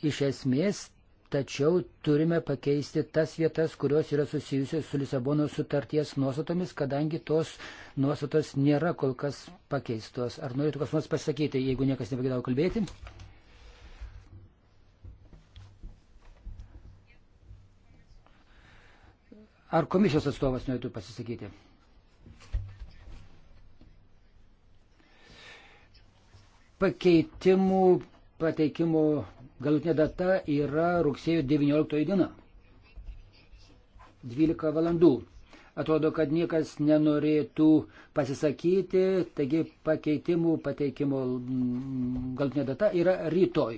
iš esmės, tačiau turime pakeisti tas vietas, kurios yra susijusios su Lisabono sutarties nuostatomis, kadangi tos nuostatos nėra kol kas pakeistos. Ar norėtų kas nors pasakyti, jeigu niekas nepagėdavo kalbėti? Ar komisijos atstovas norėtų pasisakyti? Pakeitimų pateikimo galutinė data yra rugsėjo 19 diena. 12 valandų. Atrodo, kad niekas nenorėtų pasisakyti, taigi pakeitimų pateikimo mm, galutinė data yra rytoj.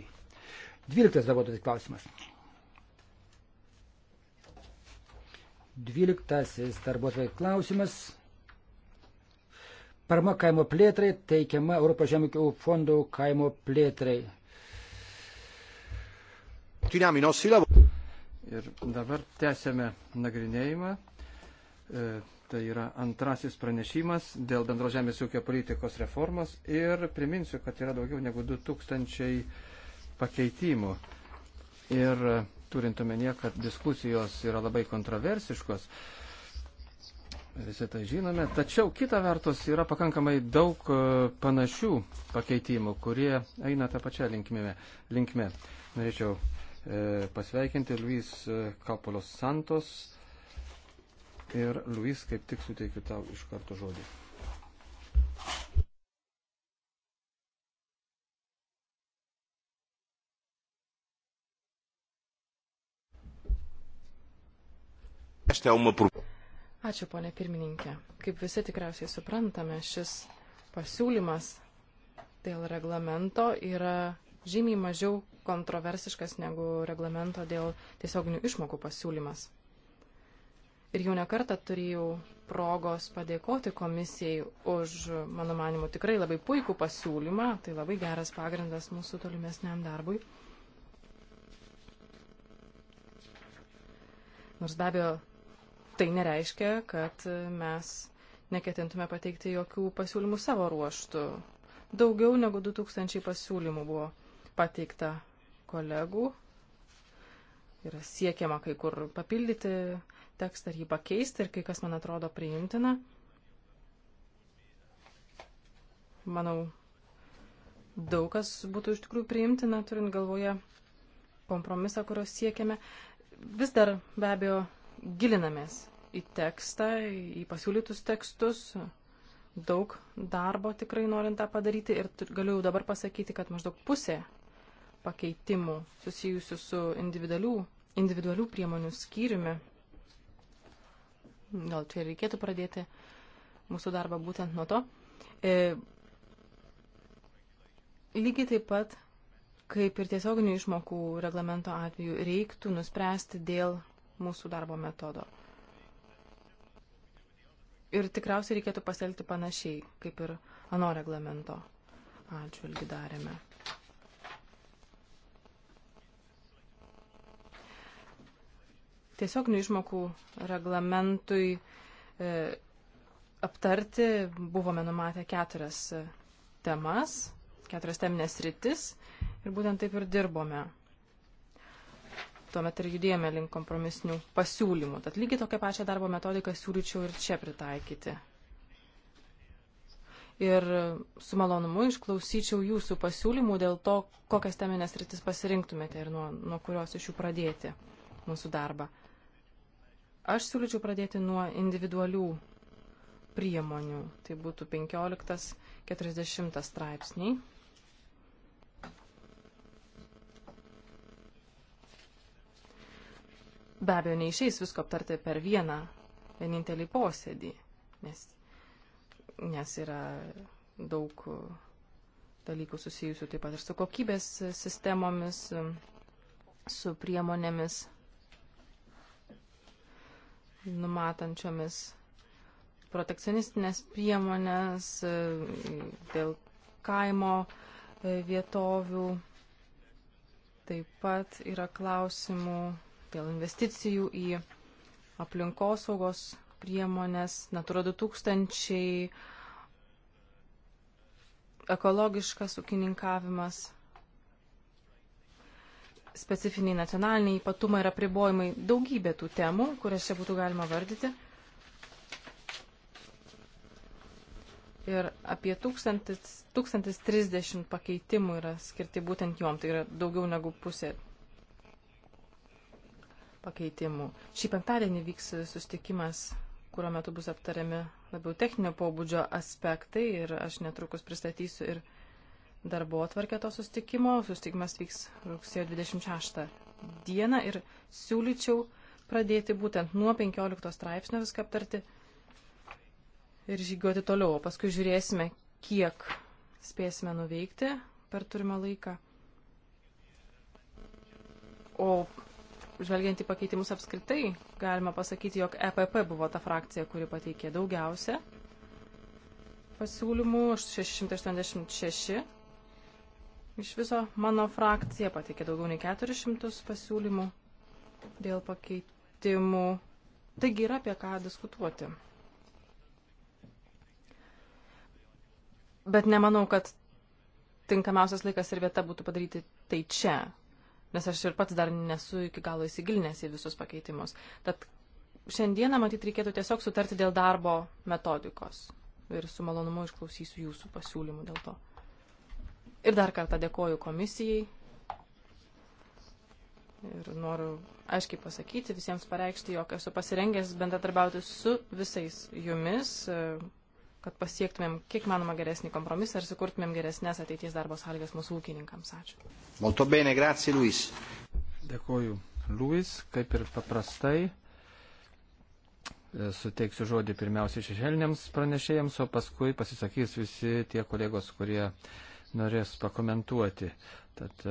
12 darbuotojas klausimas. 12 darbuotojas klausimas. Parama kaimo plėtrai teikiama Europos žemėkių fondo kaimo plėtrai. Ir dabar tęsėme nagrinėjimą. E, tai yra antrasis pranešimas dėl bendro žemės ūkio politikos reformos. Ir priminsiu, kad yra daugiau negu 2000 pakeitimų. Ir turint omenyje, kad diskusijos yra labai kontroversiškos, e, visi tai žinome. Tačiau kita vertus yra pakankamai daug e, panašių pakeitimų, kurie eina tą pačią linkmę. linkmę. Norėčiau e, pasveikinti Luis e, Kapolos Santos ir Luis, kaip tik suteikiu tau iš karto žodį. Esta é uma proposta. Ačiū, ponė pirmininkė. Kaip visi tikriausiai suprantame, šis pasiūlymas dėl reglamento yra žymiai mažiau kontroversiškas negu reglamento dėl tiesioginių išmokų pasiūlymas. Ir jau nekartą turėjau progos padėkoti komisijai už, mano manimu, tikrai labai puikų pasiūlymą. Tai labai geras pagrindas mūsų tolimesniam darbui. Nors be abejo, tai nereiškia, kad mes neketintume pateikti jokių pasiūlymų savo ruoštų. Daugiau negu 2000 pasiūlymų buvo pateikta kolegų. Yra siekiama kai kur papildyti tekstą ar jį pakeisti ir kai kas man atrodo priimtina. Manau, daug kas būtų iš tikrųjų priimtina, turint galvoje kompromisą, kurios siekiame. Vis dar be abejo gilinamės į tekstą, į pasiūlytus tekstus. Daug darbo tikrai norint tą padaryti ir galiu jau dabar pasakyti, kad maždaug pusė pakeitimų susijusių su individualių, individualių priemonių skyriumi. Gal čia reikėtų pradėti mūsų darbą būtent nuo to. E, lygiai taip pat, kaip ir tiesioginių išmokų reglamento atveju, reiktų nuspręsti dėl mūsų darbo metodo. Ir tikriausiai reikėtų pasielgti panašiai, kaip ir ano reglamento atžvilgi darėme. Tiesiog išmokų reglamentui e, aptarti buvome numatę keturias temas, keturias teminės rytis ir būtent taip ir dirbome tuomet ir judėjome link kompromisinių pasiūlymų. Tad lygiai tokią pačią darbo metodiką siūlyčiau ir čia pritaikyti. Ir su malonumu išklausyčiau jūsų pasiūlymų dėl to, kokias teminės rytis pasirinktumėte ir nuo, nuo kurios iš jų pradėti mūsų darbą. Aš siūlyčiau pradėti nuo individualių priemonių. Tai būtų 15-40 straipsniai. Be abejo, neišeis visko aptarti per vieną vienintelį posėdį, nes, nes yra daug dalykų susijusių taip pat ir su kokybės sistemomis, su priemonėmis numatančiomis protekcionistinės priemonės dėl kaimo vietovių. Taip pat yra klausimų dėl investicijų į aplinkosaugos priemonės, Natura 2000, ekologiškas ūkininkavimas, specifiniai nacionaliniai ypatumai ir apribojimai, daugybė tų temų, kurias čia būtų galima vardyti. Ir apie 1000, 1030 pakeitimų yra skirti būtent juom, tai yra daugiau negu pusė pakeitimų. Šį penktadienį vyks sustikimas, kurio metu bus aptariami labiau techninio pobūdžio aspektai ir aš netrukus pristatysiu ir darbo atvarkę to sustikimo. Sustikimas vyks rugsėjo 26 dieną ir siūlyčiau pradėti būtent nuo 15 straipsnio viską aptarti ir žygiuoti toliau, o paskui žiūrėsime, kiek spėsime nuveikti per turimą laiką. O žvelgiant į pakeitimus apskritai, galima pasakyti, jog EPP buvo ta frakcija, kuri pateikė daugiausia pasiūlymų, 686. Iš viso mano frakcija pateikė daugiau nei 400 pasiūlymų dėl pakeitimų. Taigi yra apie ką diskutuoti. Bet nemanau, kad tinkamiausias laikas ir vieta būtų padaryti tai čia, nes aš ir pats dar nesu iki galo įsigilinęs į visus pakeitimus. Tad šiandieną, matyt, reikėtų tiesiog sutarti dėl darbo metodikos. Ir su malonumu išklausysiu jūsų pasiūlymų dėl to. Ir dar kartą dėkoju komisijai. Ir noriu aiškiai pasakyti, visiems pareikšti, jog esu pasirengęs bendradarbiauti su visais jumis. E, kad pasiektumėm kiek manoma geresnį kompromisą ir sukurtumėm geresnės ateities darbo sąlygas mūsų ūkininkams. Ačiū. Molto bene, grazie Luis. Dėkuoju. Luis, kaip ir paprastai, e, suteiksiu žodį pirmiausiai šešėliniams pranešėjams, o paskui pasisakys visi tie kolegos, kurie norės pakomentuoti. Tad e,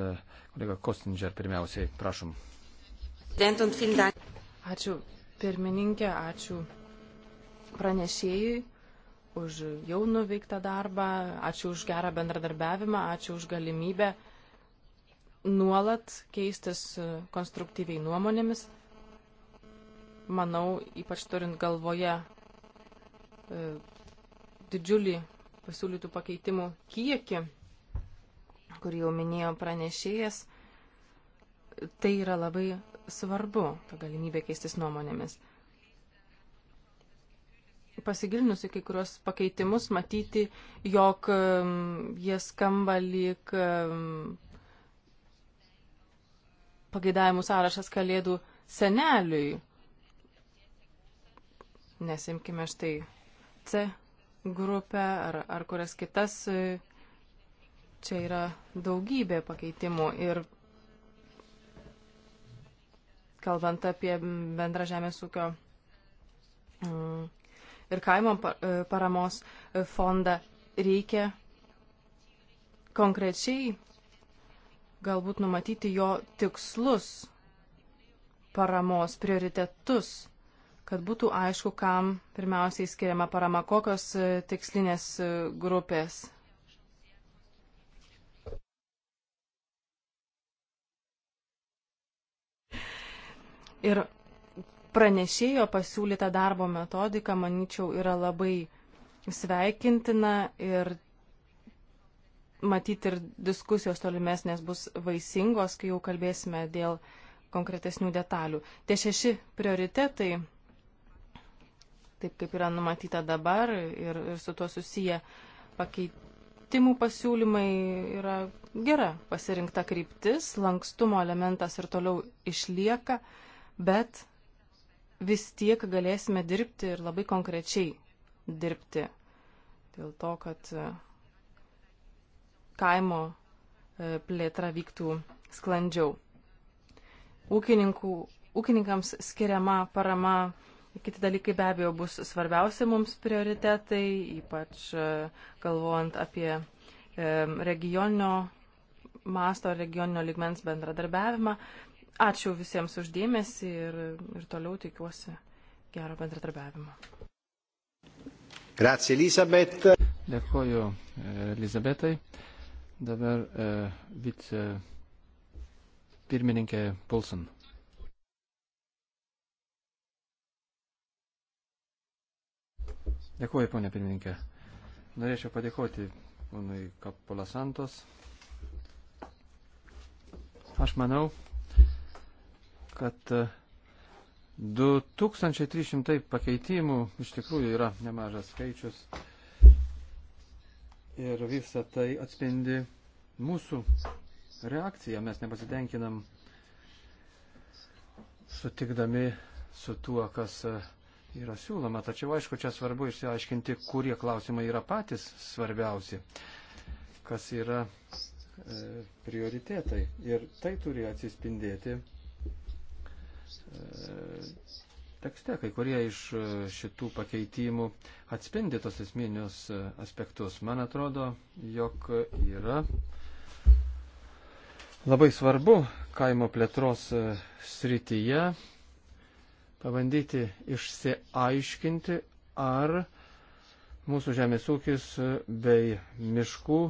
kolega Kostinger pirmiausiai, prašom. Ačiū pirmininkė, ačiū pranešėjui už jau nuveiktą darbą, ačiū už gerą bendradarbiavimą, ačiū už galimybę nuolat keistis konstruktyviai nuomonėmis. Manau, ypač turint galvoje e, didžiulį pasiūlytų pakeitimų kiekį, kurį jau minėjo pranešėjas, tai yra labai svarbu, ta galimybė keistis nuomonėmis pasigilinusi kai kurios pakeitimus, matyti, jog jie skamba lyg pageidavimų sąrašas kalėdų seneliui. Nesimkime štai C grupę ar, ar kurias kitas. E, čia yra daugybė pakeitimų ir kalbant apie bendrą žemės ūkio mm, ir kaimo e, paramos e, fondą reikia konkrečiai galbūt numatyti jo tikslus, paramos prioritetus, kad būtų aišku, kam pirmiausiai skiriama parama, kokios e, tikslinės grupės Ir pranešėjo pasiūlyta darbo metodika, manyčiau, yra labai sveikintina ir matyti ir diskusijos tolimesnės bus vaisingos, kai jau kalbėsime dėl konkretesnių detalių. Tie šeši prioritetai, taip kaip yra numatyta dabar ir, ir su tuo susiję pakeitimų pasiūlymai, yra gera pasirinkta kryptis, lankstumo elementas ir toliau išlieka, bet vis tiek galėsime dirbti ir labai konkrečiai dirbti. Dėl to, kad e, kaimo e, plėtra vyktų sklandžiau. Ūkininkų, ūkininkams skiriama parama Kiti dalykai be abejo bus svarbiausi mums prioritetai, ypač e, galvojant apie regioninio masto, regioninio ligmens bendradarbiavimą. Ačiū visiems uždėmesi ir, ir toliau tikiuosi gero bendradarbiavimo. Grazie Elisabeth. Dėkoju e, Elizabetai. Dabar e, vice pirmininkė Pulson. Dėkuoju, ponė pirmininkė. Norėčiau padėkoti ponui Kapolasantos. Aš manau, kad 2300 e, pakeitimų iš tikrųjų yra nemažas skaičius ir visa tai atspindi mūsų reakciją. Mes nepasitenkinam sutikdami su tuo, kas e, yra siūloma. Tačiau aišku, čia svarbu išsiaiškinti, kurie klausimai yra patys svarbiausi, kas yra e, prioritetai. Ir tai turi atsispindėti tekste. Kai kurie iš e, šitų pakeitimų atspindi tos esminius e, aspektus. Man atrodo, jog yra labai svarbu kaimo plėtros e, srityje pabandyti išsiaiškinti, ar mūsų žemės ūkis bei miškų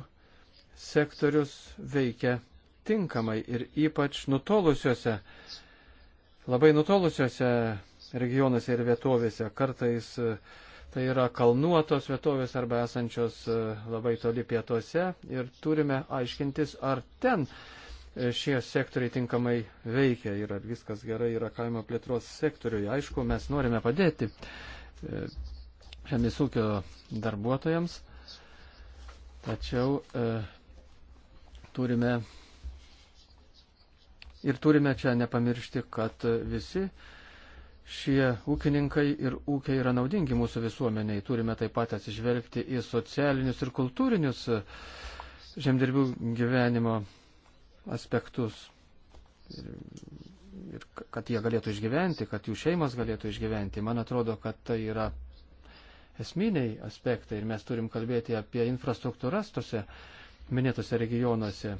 sektorius veikia tinkamai ir ypač nutolusiuose uh, labai nutolusiuose regionuose ir vietovėse. Kartais e, tai yra kalnuotos vietovės arba esančios e, labai toli pietuose ir turime aiškintis, ar ten e, šie sektoriai tinkamai veikia ir ar viskas gerai yra kaimo plėtros sektoriui. Aišku, mes norime padėti žemės ūkio darbuotojams, tačiau e, turime Ir turime čia nepamiršti, kad visi šie ūkininkai ir ūkiai yra naudingi mūsų visuomeniai. Turime taip pat atsižvelgti į socialinius ir kultūrinius žemdirbių gyvenimo aspektus. Ir, ir kad jie galėtų išgyventi, kad jų šeimas galėtų išgyventi. Man atrodo, kad tai yra esminiai aspektai ir mes turim kalbėti apie infrastruktūras tose minėtose regionuose.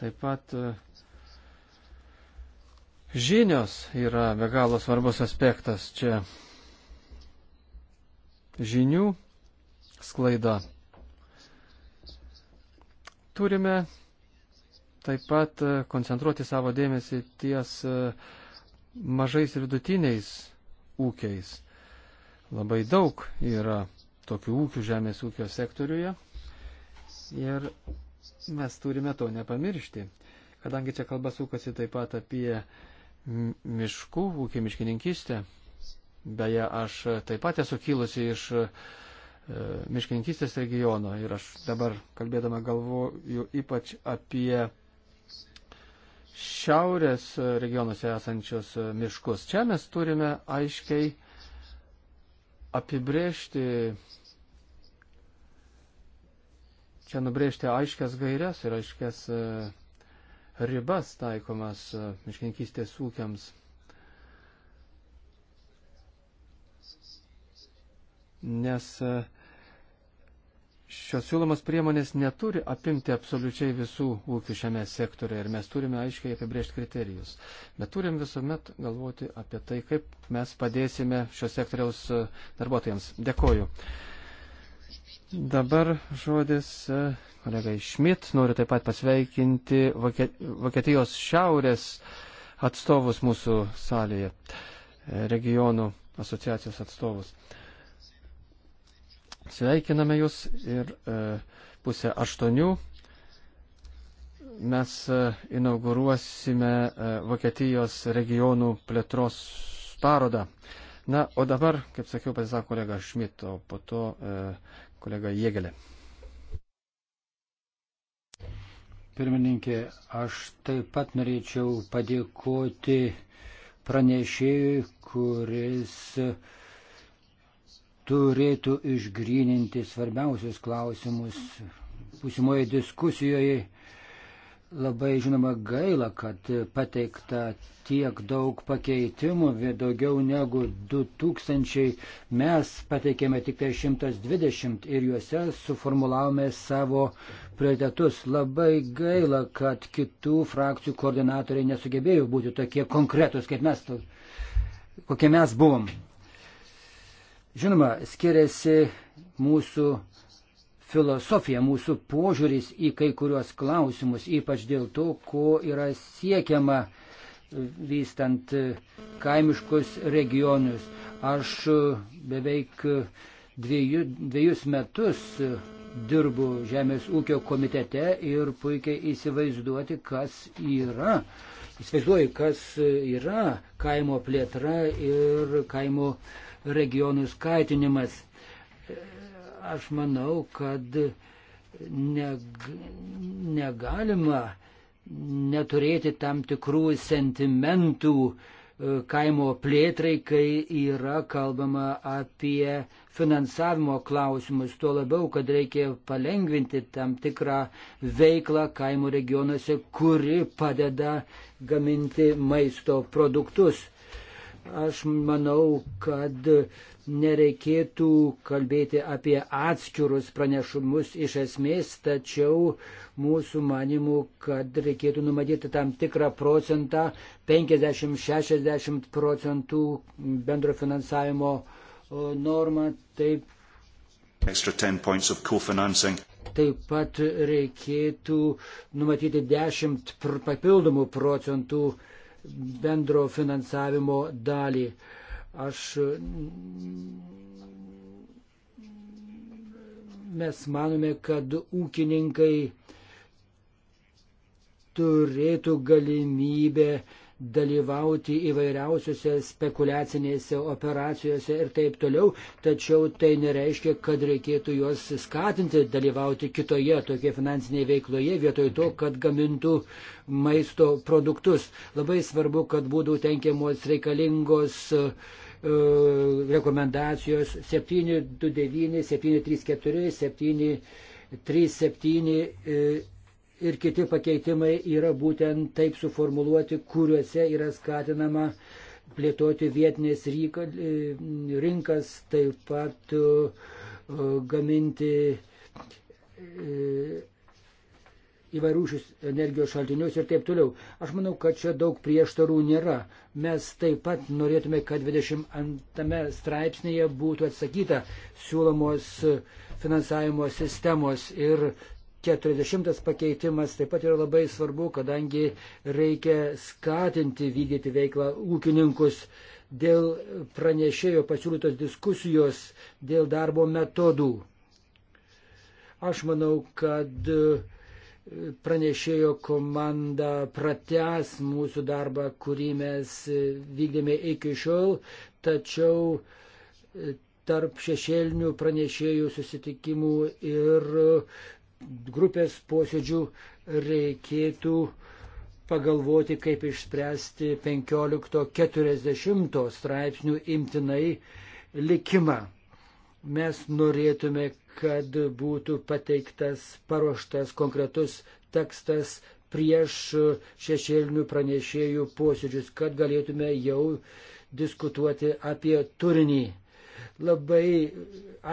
Taip pat e, žinios yra be galo svarbus aspektas čia. Žinių sklaida. Turime taip pat e, koncentruoti savo dėmesį ties e, mažais ir vidutiniais ūkiais. Labai daug yra tokių ūkių žemės ūkio sektoriuje. Ir Mes turime to nepamiršti, kadangi čia kalba sukasi taip pat apie miškų ūkį, miškininkystę. Beje, aš taip pat esu kilusi iš e, miškininkystės regiono ir aš dabar kalbėdama galvoju ypač apie šiaurės regionuose esančius miškus. Čia mes turime aiškiai apibrėžti čia nubrėžti aiškias gairias ir aiškias e, ribas taikomas e, miškininkystės ūkiams. Nes e, šios siūlomos priemonės neturi apimti absoliučiai visų ūkių šiame sektoriuje ir mes turime aiškiai apibriežti kriterijus. Bet turim visuomet galvoti apie tai, kaip mes padėsime šios sektoriaus darbuotojams. Dėkoju. Dabar žodis e, kolegai Šmit. Noriu taip pat pasveikinti Vokietijos šiaurės atstovus mūsų salėje, e, regionų asociacijos atstovus. Sveikiname jūs ir e, pusę aštuonių mes inauguruosime Vokietijos regionų plėtros parodą. Na, o dabar, kaip sakiau, pasisako kolega Šmit, o po to e, kolega Jėgelė. Pirmininkė, aš taip pat norėčiau padėkoti pranešėjui, kuris turėtų išgryninti svarbiausius klausimus būsimoje diskusijoje Labai žinoma gaila, kad pateikta tiek daug pakeitimų, daugiau negu 2000. Mes pateikėme tik tai 120 ir juose suformulavome savo prioritetus. Labai gaila, kad kitų frakcijų koordinatoriai nesugebėjo būti tokie konkretus, kaip mes, kokie mes buvom. Žinoma, skiriasi mūsų filosofija, mūsų požiūris į kai kuriuos klausimus, ypač dėl to, ko yra siekiama vystant e, kaimiškus regionus. Aš e, beveik e, dviejų, dviejus metus dirbu Žemės ūkio komitete ir puikiai įsivaizduoti, kas yra. Įsivaizduoju, kas yra kaimo plėtra ir kaimo regionų skaitinimas aš manau, kad neg negalima neturėti tam tikrų sentimentų e, kaimo plėtrai, kai yra kalbama apie finansavimo klausimus, tuo labiau, kad reikia palengvinti tam tikrą veiklą kaimo regionuose, kuri padeda gaminti maisto produktus. Aš manau, kad nereikėtų kalbėti apie atskirus pranešumus iš esmės, tačiau mūsų manimų, kad reikėtų numatyti tam tikrą procentą, 50-60 procentų bendro finansavimo normą, taip. Taip pat reikėtų numatyti 10 papildomų procentų bendro finansavimo dalį. Uh, Aš mes manome, kad ūkininkai turėtų galimybę dalyvauti įvairiausiose spekuliacinėse operacijose ir taip toliau, tačiau tai nereiškia, kad reikėtų juos skatinti dalyvauti kitoje tokie finansinėje veikloje, vietoj to, kad gamintų maisto produktus. Labai svarbu, kad būtų tenkiamos reikalingos uh, rekomendacijos 729, 734, 737 ir kiti pakeitimai yra būtent taip suformuluoti, kuriuose yra skatinama plėtoti vietinės rinkas, taip pat uh, gaminti uh, įvairūšius energijos šaltinius ir taip toliau. Aš manau, kad čia daug prieštarų nėra. Mes taip pat norėtume, kad 22 straipsnėje būtų atsakyta siūlomos finansavimo sistemos ir 40 pakeitimas taip pat yra labai svarbu, kadangi reikia skatinti vykdyti veiklą ūkininkus dėl pranešėjo pasiūlytos diskusijos dėl darbo metodų. Aš manau, kad pranešėjo komanda prates mūsų darbą, kurį mes vykdėme iki šiol, tačiau tarp šešėlinių pranešėjų susitikimų ir grupės posėdžių reikėtų pagalvoti, kaip išspręsti 15.40 straipsnių imtinai likimą. Mes norėtume, kad būtų pateiktas, paruoštas konkretus tekstas prieš šešėlinių pranešėjų posėdžius, kad galėtume jau diskutuoti apie turinį labai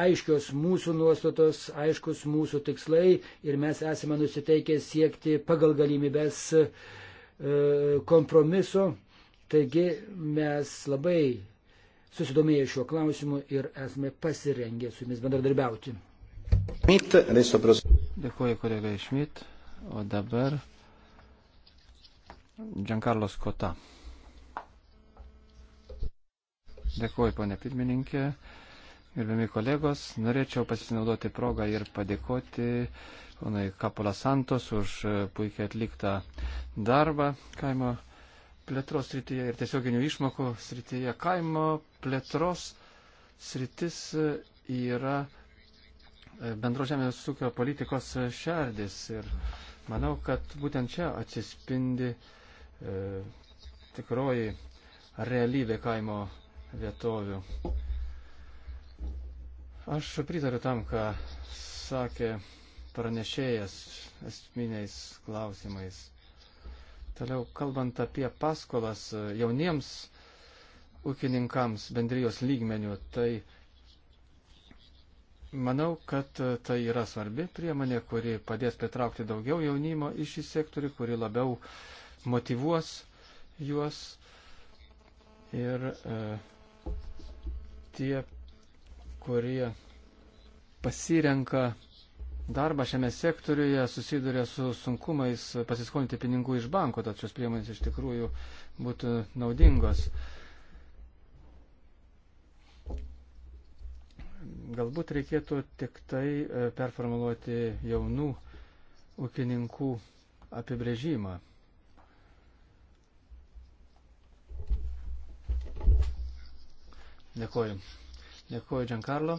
aiškios mūsų nuostatos, aiškus mūsų tikslai ir mes esame nusiteikę siekti pagal galimybės e, kompromiso. Taigi mes labai susidomėję šiuo klausimu ir esame pasirengę su jumis bendradarbiauti. Dėkuoju kolegai Šmit, o dabar Giancarlo Skota. Dėkuoju, ponė pirmininkė. Gerbiami kolegos, norėčiau pasinaudoti progą ir padėkoti ponai Kapola Santos už puikiai atliktą darbą kaimo plėtros srityje ir tiesioginių išmokų srityje. Kaimo plėtros sritis yra bendro žemės ūkio politikos šerdis ir manau, kad būtent čia atsispindi e, tikroji realybė kaimo vietovių. Aš pritariu tam, ką sakė pranešėjas esminiais klausimais. Toliau, kalbant apie paskolas jauniems ūkininkams bendrijos lygmenių, tai manau, kad tai yra svarbi priemonė, kuri padės pritraukti daugiau jaunimo į šį sektorių, kuri labiau motivuos juos ir e, tie, kurie pasirenka darbą šiame sektoriuje, susiduria su sunkumais pasiskolinti pinigų iš banko, tad šios priemonės iš tikrųjų būtų naudingos. Galbūt reikėtų tik tai e, performuluoti jaunų ūkininkų apibrėžimą. Dėkuoju. Dėkuoju, Giancarlo.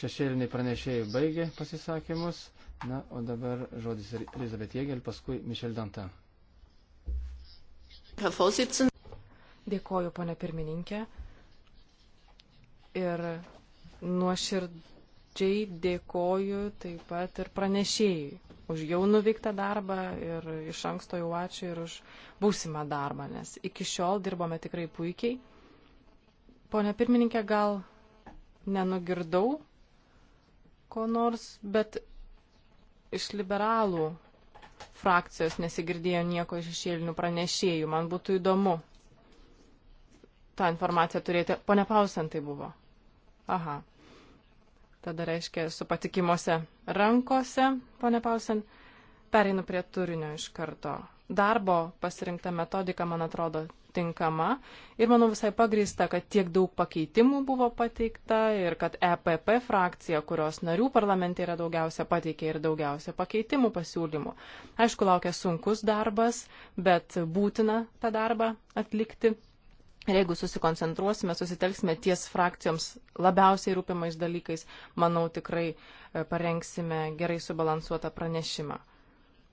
Šešėliniai pranešėjai baigė pasisakymus. Na, o dabar žodis Elizabet Jėgel, paskui Mišel Danta. Dėkuoju, ponė pirmininkė. Ir nuoširdžiai dėkoju taip pat ir pranešėjai už jau nuveiktą darbą ir iš anksto jau ačiū ir už būsimą darbą, nes iki šiol dirbome tikrai puikiai Pone pirmininkė, gal nenugirdau ko nors, bet iš liberalų frakcijos nesigirdėjo nieko iš šešėlinių pranešėjų. Man būtų įdomu tą informaciją turėti. Pone Pausentai buvo. Aha. Tada reiškia su patikimuose rankose, pone Pausent. Pereinu prie turinio iš karto. Darbo pasirinkta metodika, man atrodo, tinkama. Ir manau visai pagrįsta, kad tiek daug pakeitimų buvo pateikta ir kad EPP frakcija, kurios narių parlamente yra daugiausia, pateikė ir daugiausia pakeitimų pasiūlymų. Aišku, laukia sunkus darbas, bet būtina tą darbą atlikti. Ir jeigu susikoncentruosime, susitelksime ties frakcijoms labiausiai rūpimais dalykais, manau tikrai e, parengsime gerai subalansuotą pranešimą.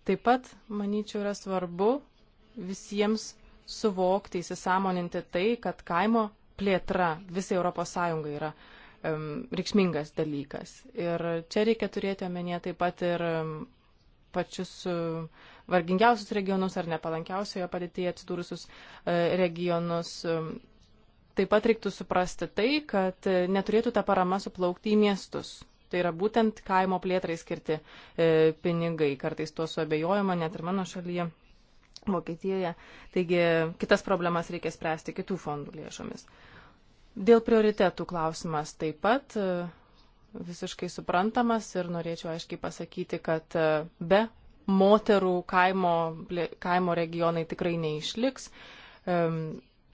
Taip pat, manyčiau, yra svarbu visiems suvokti, įsisamoninti tai, kad kaimo plėtra visai ES yra um, reikšmingas dalykas. Ir čia reikia turėti omenyje taip pat ir um, pačius um, vargingiausius regionus ar nepalankiausioje padėtyje atsidūrusius uh, regionus. Um, taip pat reiktų suprasti tai, kad uh, neturėtų ta parama suplaukti į miestus. Tai yra būtent kaimo plėtrai skirti e, pinigai. Kartais tuo suabejojama net ir mano šalyje. Vokietijoje. Taigi kitas problemas reikia spręsti kitų fondų lėšomis. Dėl prioritetų klausimas taip pat e, visiškai suprantamas ir norėčiau aiškiai pasakyti, kad e, be moterų kaimo, kaimo regionai tikrai neišliks.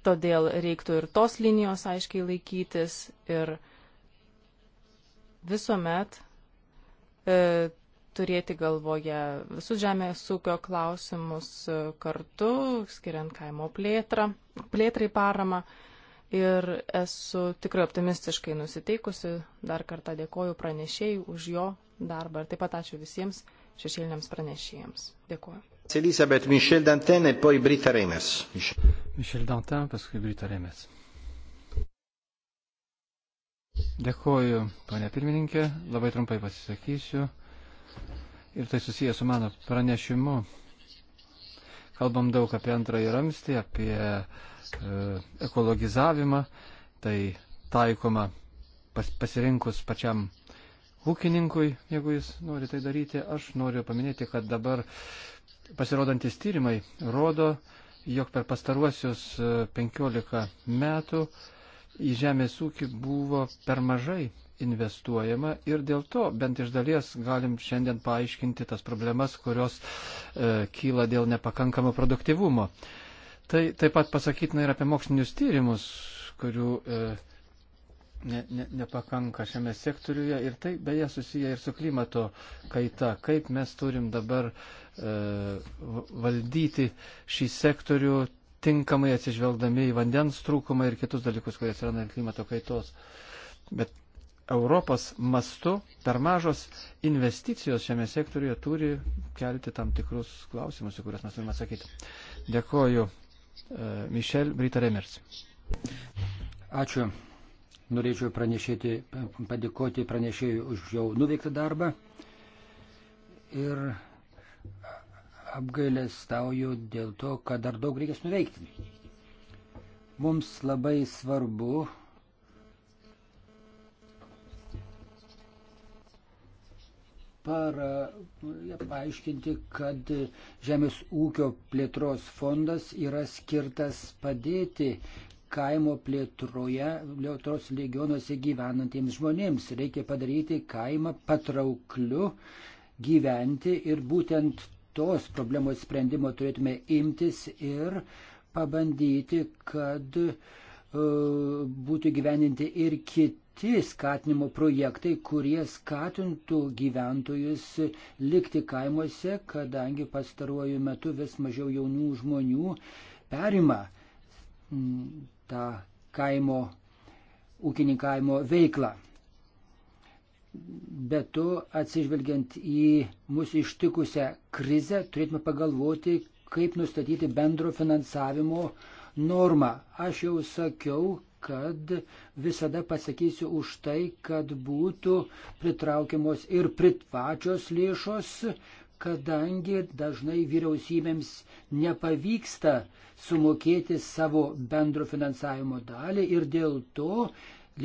Todėl reiktų ir tos linijos aiškiai laikytis ir visuomet e, turėti galvoje visus žemės ūkio klausimus e, kartu, skiriant kaimo plėtrą, plėtrai paramą. Ir esu tikrai optimistiškai nusiteikusi. Dar kartą dėkoju pranešėjai už jo darbą. Ir taip pat ačiū visiems šešėliniams pranešėjams. Dėkoju. Elisabeth Michel Dantin ir poi Brita Remes. Michel Dantin, paskui Brita Remes. Dėkoju, ponė pirmininkė. Labai trumpai pasisakysiu ir tai susijęs su mano pranešimu. Kalbam daug apie antrąjį ramstį, apie e, ekologizavimą, tai taikoma pas, pasirinkus pačiam ūkininkui, jeigu jis nori tai daryti. Aš noriu paminėti, kad dabar pasirodantis tyrimai rodo, jog per pastaruosius 15 e, metų į žemės ūkį buvo per mažai investuojama ir dėl to bent iš dalies galim šiandien paaiškinti tas problemas, kurios e, kyla dėl nepakankamo produktivumo. Tai taip pat pasakytina ir apie mokslinius tyrimus, kurių e, ne, ne, nepakanka šiame sektoriuje ir tai beje susiję ir su klimato kaita, kaip mes turim dabar e, valdyti šį sektorių tinkamai atsižvelgdami į vandens trūkumą ir kitus dalykus, kurie atsiranda klimato kaitos. Bet Europos mastu per mažos investicijos šiame sektoriuje turi kelti tam tikrus klausimus, į kuriuos mes turime atsakyti. Dėkoju. E, Mišel Brita Remers. Ačiū. Norėčiau pranešėti, padėkoti pranešėjui už jau nuveiktą darbą. Ir apgailestauju dėl to, kad dar daug reikės nuveikti. Mums labai svarbu para, e, paaiškinti, kad Žemės ūkio plėtros fondas yra skirtas padėti kaimo plėtroje, plėtros regionuose gyvenantiems žmonėms. Reikia padaryti kaimą patraukliu gyventi ir būtent tos problemos sprendimo turėtume imtis ir pabandyti, kad uh, būtų gyveninti ir kiti kiti skatinimo projektai, kurie skatintų gyventojus likti kaimuose, kadangi pastaruoju metu vis mažiau jaunų žmonių perima mm, tą kaimo ūkininkavimo veiklą. Bet tu, atsižvelgiant į mūsų ištikusią krizę, turėtume pagalvoti, kaip nustatyti bendro finansavimo normą. Aš jau sakiau, kad visada pasakysiu už tai, kad būtų pritraukiamos ir pritvačios lėšos, kadangi dažnai vyriausybėms nepavyksta sumokėti savo bendro finansavimo dalį ir dėl to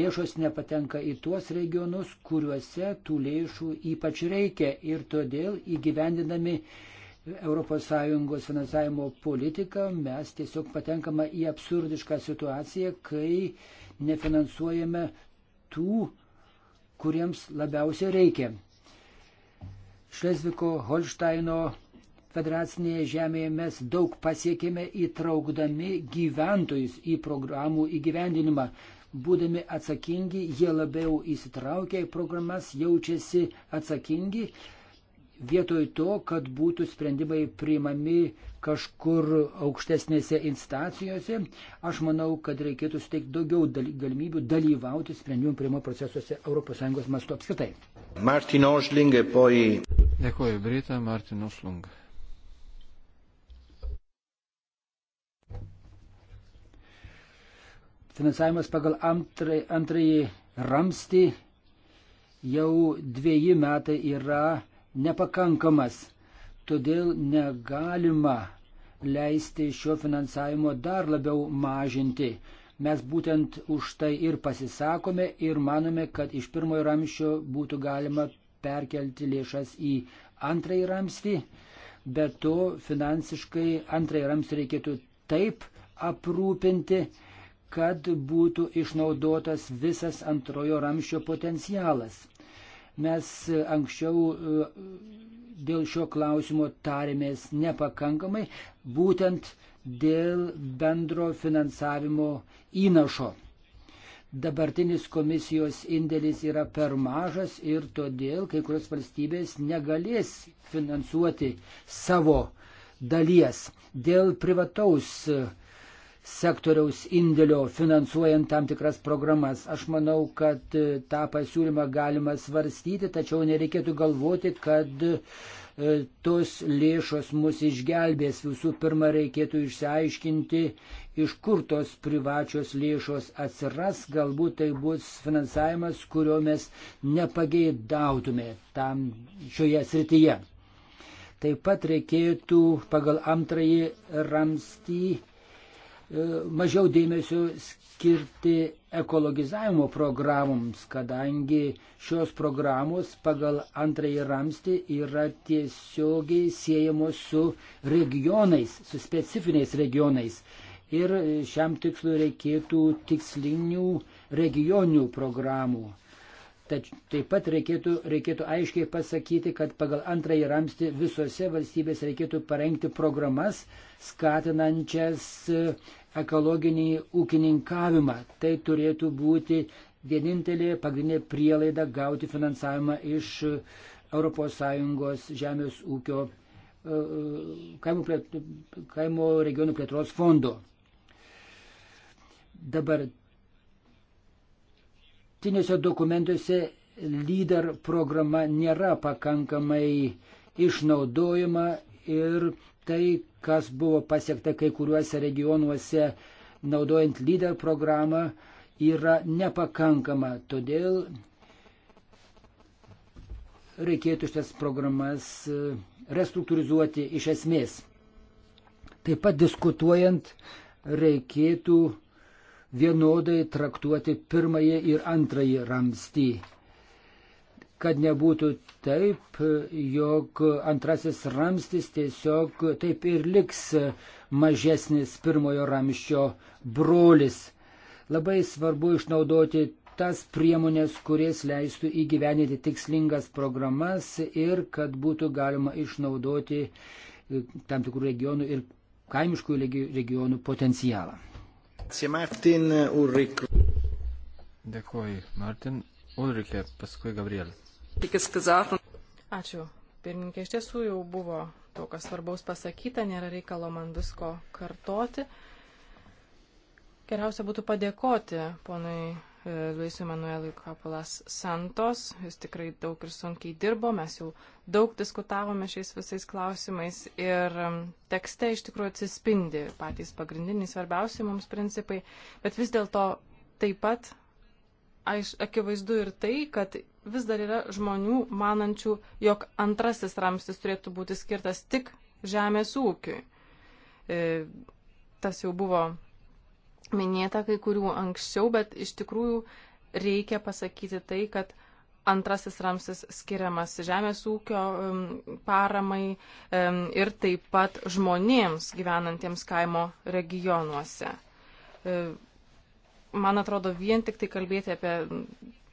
lėšos nepatenka į tuos regionus, kuriuose tų lėšų ypač reikia ir todėl įgyvendinami ES finansavimo politiką, mes tiesiog patenkame į absurdišką situaciją, kai nefinansuojame tų, kuriems labiausiai reikia. Šlesviko Holšteino federacinėje žemėje mes daug pasiekėme įtraukdami gyventojus į programų įgyvendinimą. Būdami atsakingi, jie labiau įsitraukia į programas, jaučiasi atsakingi vietoj to, kad būtų sprendimai priimami kažkur aukštesnėse instacijose, aš manau, kad reikėtų suteikti daugiau daly galimybių dalyvauti sprendimų priimo procesuose ES mastu apskritai. Martin Ošling, e poi. Dėkuoju, Brita, Martin Ošling. Finansavimas pagal antrąjį ramstį jau dviejį metai yra nepakankamas. Todėl negalima leisti šio finansavimo dar labiau mažinti. Mes būtent už tai ir pasisakome ir manome, kad iš pirmojo ramščio būtų galima perkelti lėšas į antrąjį ramstį, bet to finansiškai antrąjį ramstį reikėtų taip aprūpinti, kad būtų išnaudotas visas antrojo ramščio potencialas. Mes e, anksčiau e, dėl šio klausimo tarėmės nepakankamai, būtent dėl bendro finansavimo įnašo. Dabartinis komisijos indėlis yra per mažas ir todėl kai kurios valstybės negalės finansuoti savo dalies. Dėl privataus uh, sektoriaus indėlio finansuojant tam tikras programas. Aš manau, kad e, tą pasiūlymą galima svarstyti, tačiau nereikėtų galvoti, kad e, tos lėšos mus išgelbės. Visų pirma, reikėtų išsiaiškinti, iš kur tos privačios lėšos atsiras. Galbūt tai bus finansavimas, kurio mes nepageidautume tam šioje srityje. Taip pat reikėtų pagal antrąjį ramstį E, mažiau dėmesio skirti ekologizavimo programoms, kadangi šios programos pagal antrąjį ramstį yra tiesiogiai siejamos su regionais, su specifiniais regionais. Ir šiam tikslui reikėtų tikslinių regioninių programų. Tačiau taip pat reikėtų, reikėtų aiškiai pasakyti, kad pagal antrąjį ramstį visose valstybės reikėtų parengti programas skatinančias e, ekologinį ūkininkavimą. Tai turėtų būti vienintelė pagrindinė prielaida gauti finansavimą iš ES žemės ūkio e, e, kaimo, plėt, kaimo regionų plėtros fondo. Dabar Tiniuose dokumentuose lyder programa nėra pakankamai išnaudojama ir tai, kas buvo pasiekta kai kuriuose regionuose naudojant lyder programą, yra nepakankama. Todėl reikėtų šias programas e, restruktūrizuoti iš esmės. Taip pat diskutuojant reikėtų vienodai traktuoti pirmąjį ir antrąjį ramstį. Kad nebūtų taip, jog antrasis ramstis tiesiog taip ir liks mažesnis pirmojo ramščio brolis. Labai svarbu išnaudoti tas priemonės, kuris leistų įgyvenyti tikslingas programas ir kad būtų galima išnaudoti tam tikrų regionų ir kaimiškų regionų potencialą. Martin Ulrik. Dėkuoju, Martin Ulrike, paskui Gabrielė. Ačiū. Pirmininkė, iš tiesų jau buvo daug kas svarbaus pasakyta, nėra reikalo man visko kartoti. Geriausia būtų padėkoti ponui Luisui Manuelui Kapolas Santos. Jis tikrai daug ir sunkiai dirbo, mes jau daug diskutavome šiais visais klausimais ir um, tekste iš tikrųjų atsispindi patys pagrindiniai svarbiausi mums principai, bet vis dėlto taip pat aiš, akivaizdu ir tai, kad vis dar yra žmonių manančių, jog antrasis ramstis turėtų būti skirtas tik žemės ūkiui. E, tas jau buvo minėta kai kurių anksčiau, bet iš tikrųjų reikia pasakyti tai, kad antrasis ramsis skiriamas žemės ūkio paramai ir taip pat žmonėms gyvenantiems kaimo regionuose. E, man atrodo, vien tik tai kalbėti apie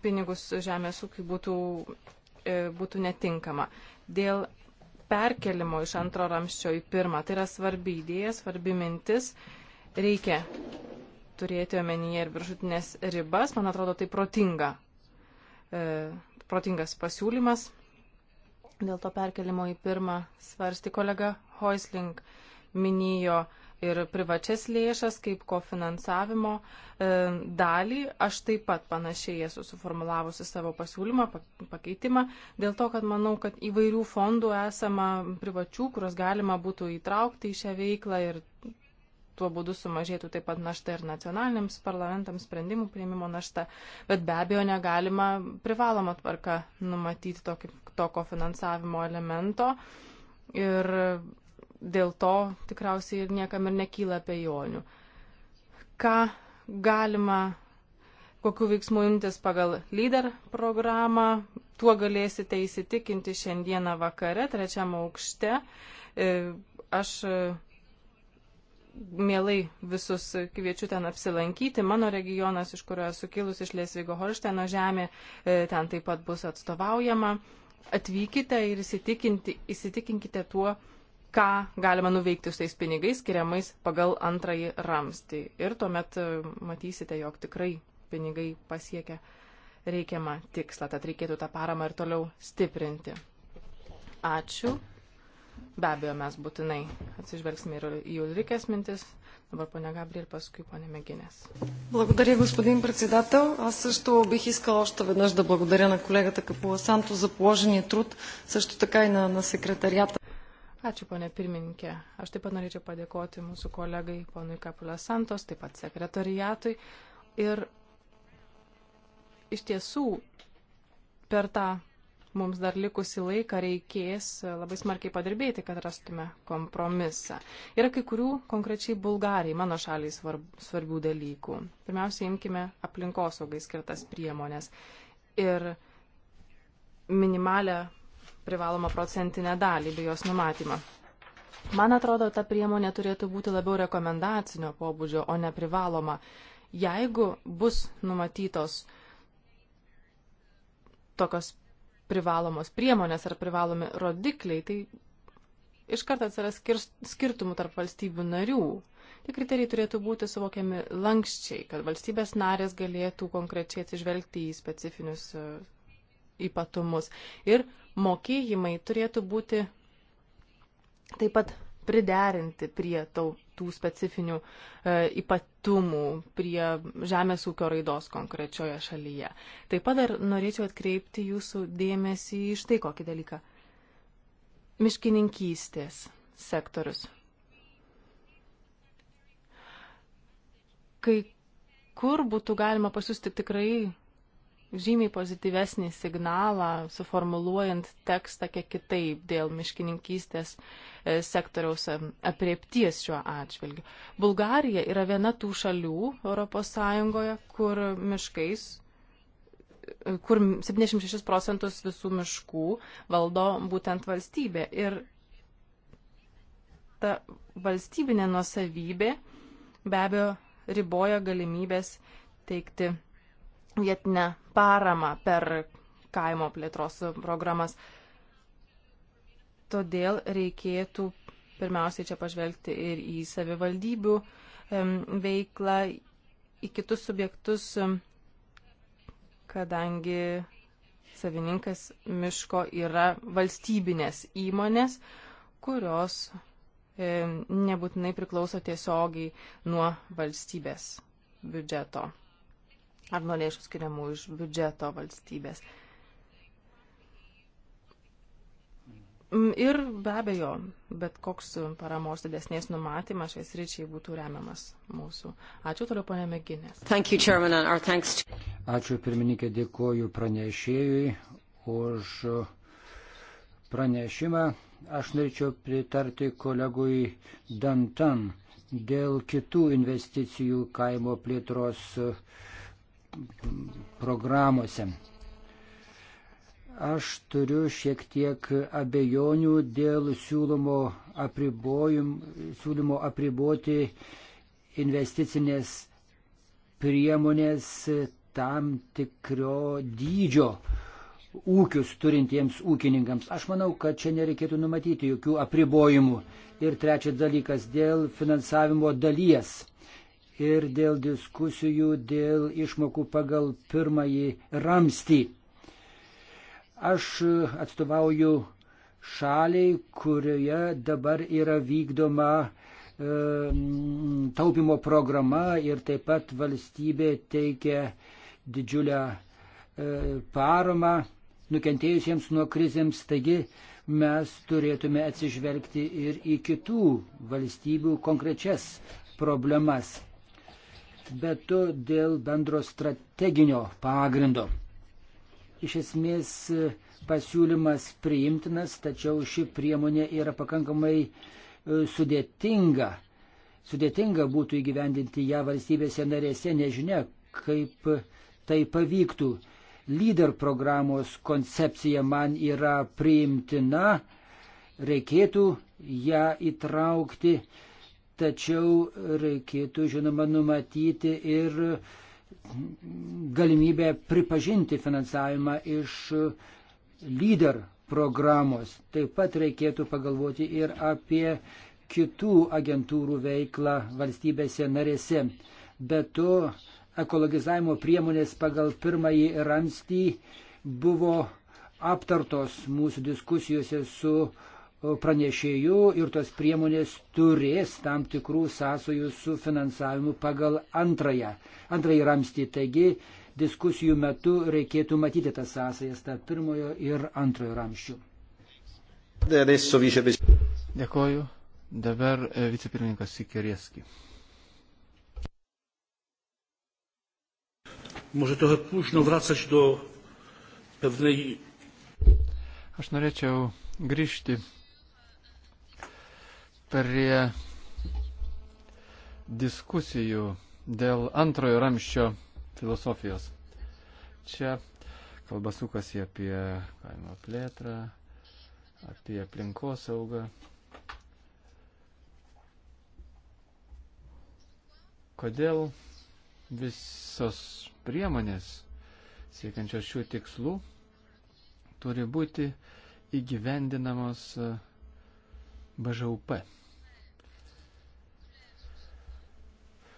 pinigus žemės ūkiui būtų, e, būtų netinkama. Dėl perkelimo iš antro ramščio į pirmą. Tai yra svarbi idėja, svarbi mintis. Reikia turėti omenyje ir viršutinės ribas. Man atrodo, tai protinga, e, protingas pasiūlymas. Dėl to perkelimo į pirmą svarsti kolega Hoisling minėjo ir privačias lėšas kaip kofinansavimo e, dalį. Aš taip pat panašiai esu suformulavusi savo pasiūlymą, pakeitimą, dėl to, kad manau, kad įvairių fondų esama privačių, kurios galima būtų įtraukti į šią veiklą ir tuo būdu sumažėtų taip pat našta ir nacionaliniams parlamentams sprendimų prieimimo našta, bet be abejo negalima privaloma tvarka numatyti tokį, toko finansavimo elemento ir dėl to tikriausiai ir niekam ir nekyla abejonių. Ką galima, kokiu veiksmu imtis pagal lyder programą, tuo galėsite įsitikinti šiandieną vakare, trečiam aukšte. E, aš mielai visus kviečiu ten apsilankyti. Mano regionas, iš kurio esu kilus iš Lėsvigo Holšteno žemė, e, ten taip pat bus atstovaujama. Atvykite ir įsitikinkite tuo, ką galima nuveikti su tais pinigais skiriamais pagal antrąjį ramstį. Ir tuomet e, matysite, jog tikrai pinigai pasiekia reikiamą tikslą, tad reikėtų tą paramą ir toliau stiprinti. Ačiū. Be abejo, mes būtinai atsižvelgsime ir į Ulrikės mintis. Dabar поня Габриел, паскui поня Мегинес. Благодаря, господин председател. Аз също бих искала още веднъж да благодаря на колегата Капула Санто за положения труд, също така и на, на секретарията. Ačiū, ponė pirmininkė. Aš taip pat norėčiau padėkoti mūsų kolegai, ponui Kapulė Santos, taip pat sekretariatui. Ir iš tiesų per tą mums dar likusi laiką reikės e, labai smarkiai padirbėti, kad rastume kompromisą. Yra kai kurių konkrečiai Bulgarijai, mano šaliai svarbių dalykų. Pirmiausia, imkime aplinkosaugai skirtas priemonės ir minimalę privalomą procentinę dalį bei jos numatymą. Man atrodo, ta priemonė turėtų būti labiau rekomendacinio pobūdžio, o ne privaloma. Jeigu bus numatytos tokios privalomos priemonės ar privalomi rodikliai, tai iškart atsiras skirtumų tarp valstybių narių. Tie kriterijai turėtų būti suvokiami lankščiai, kad valstybės narės galėtų konkrečiai atsižvelgti į specifinius e, ypatumus. Ir mokėjimai turėtų būti taip pat priderinti prie tau tų specifinių e, ypatumų prie žemės ūkio raidos konkrečioje šalyje. Taip pat dar norėčiau atkreipti jūsų dėmesį iš tai kokį dalyką. Miškininkystės sektorius. Kai kur būtų galima pasiūsti tikrai žymiai pozityvesnį signalą, suformuluojant tekstą kiek kitaip dėl miškininkystės e, sektoriaus e, apriepties šiuo atžvilgiu. Bulgarija yra viena tų šalių ES, kur miškais e, kur 76 procentus visų miškų valdo būtent valstybė. Ir ta valstybinė nuosavybė be abejo riboja galimybės teikti vietinę paramą per kaimo plėtros programas. Todėl reikėtų pirmiausiai čia pažvelgti ir į savivaldybių veiklą, į kitus subjektus, kadangi savininkas miško yra valstybinės įmonės, kurios nebūtinai priklauso tiesiogiai nuo valstybės biudžeto ar nuo lėšų skiriamų iš biudžeto valstybės. Mm, ir be abejo, bet koks paramos didesnės numatymas šiais ryčiai būtų remiamas mūsų. Ačiū toliau, ponė Meginės. Ačiū pirmininkė, dėkoju pranešėjui už pranešimą. Aš norėčiau pritarti kolegui Dantan dėl kitų investicijų kaimo plėtros uh, programuose. Aš turiu šiek tiek abejonių dėl siūlymo, siūlymo apriboti investicinės priemonės tam tikro dydžio ūkius turintiems ūkininkams. Aš manau, kad čia nereikėtų numatyti jokių apribojimų. Ir trečias dalykas dėl finansavimo dalies ir dėl diskusijų dėl išmokų pagal pirmąjį ramstį. Aš atstovauju šaliai, kurioje dabar yra vykdoma e, taupimo programa ir taip pat valstybė teikia didžiulę e, paramą nukentėjusiems nuo krizėms. Taigi mes turėtume atsižvelgti ir į kitų valstybių konkrečias problemas bet to dėl bendro strateginio pagrindo. Iš esmės pasiūlymas priimtinas, tačiau ši priemonė yra pakankamai e, sudėtinga. Sudėtinga būtų įgyvendinti ją valstybėse narėse, nežinia, kaip tai pavyktų. Lyder programos koncepcija man yra priimtina, reikėtų ją įtraukti, tačiau reikėtų, žinoma, numatyti ir galimybę pripažinti finansavimą iš lyder programos. Taip pat reikėtų pagalvoti ir apie kitų agentūrų veiklą valstybėse narėse. Be to, ekologizavimo priemonės pagal pirmąjį ramstį buvo aptartos mūsų diskusijose su uh, pranešėjų ir tos priemonės turės tam tikrų sąsojų su finansavimu pagal antrąją, antrąjį ramstį. Taigi diskusijų metu reikėtų matyti tas sąsajas tarp pirmojo ir antrojo ramščių. Dėkoju. Dabar e, vicepirmininkas Sikerieski. Może trochę późno wracać do pewnej. Aš norėčiau grįžti prie diskusijų dėl antrojo ramščio filosofijos. Čia kalba sukasi apie kaimo plėtrą, apie aplinkosaugą. Kodėl visos priemonės siekiančios šių tikslų turi būti įgyvendinamos e, BŽUP?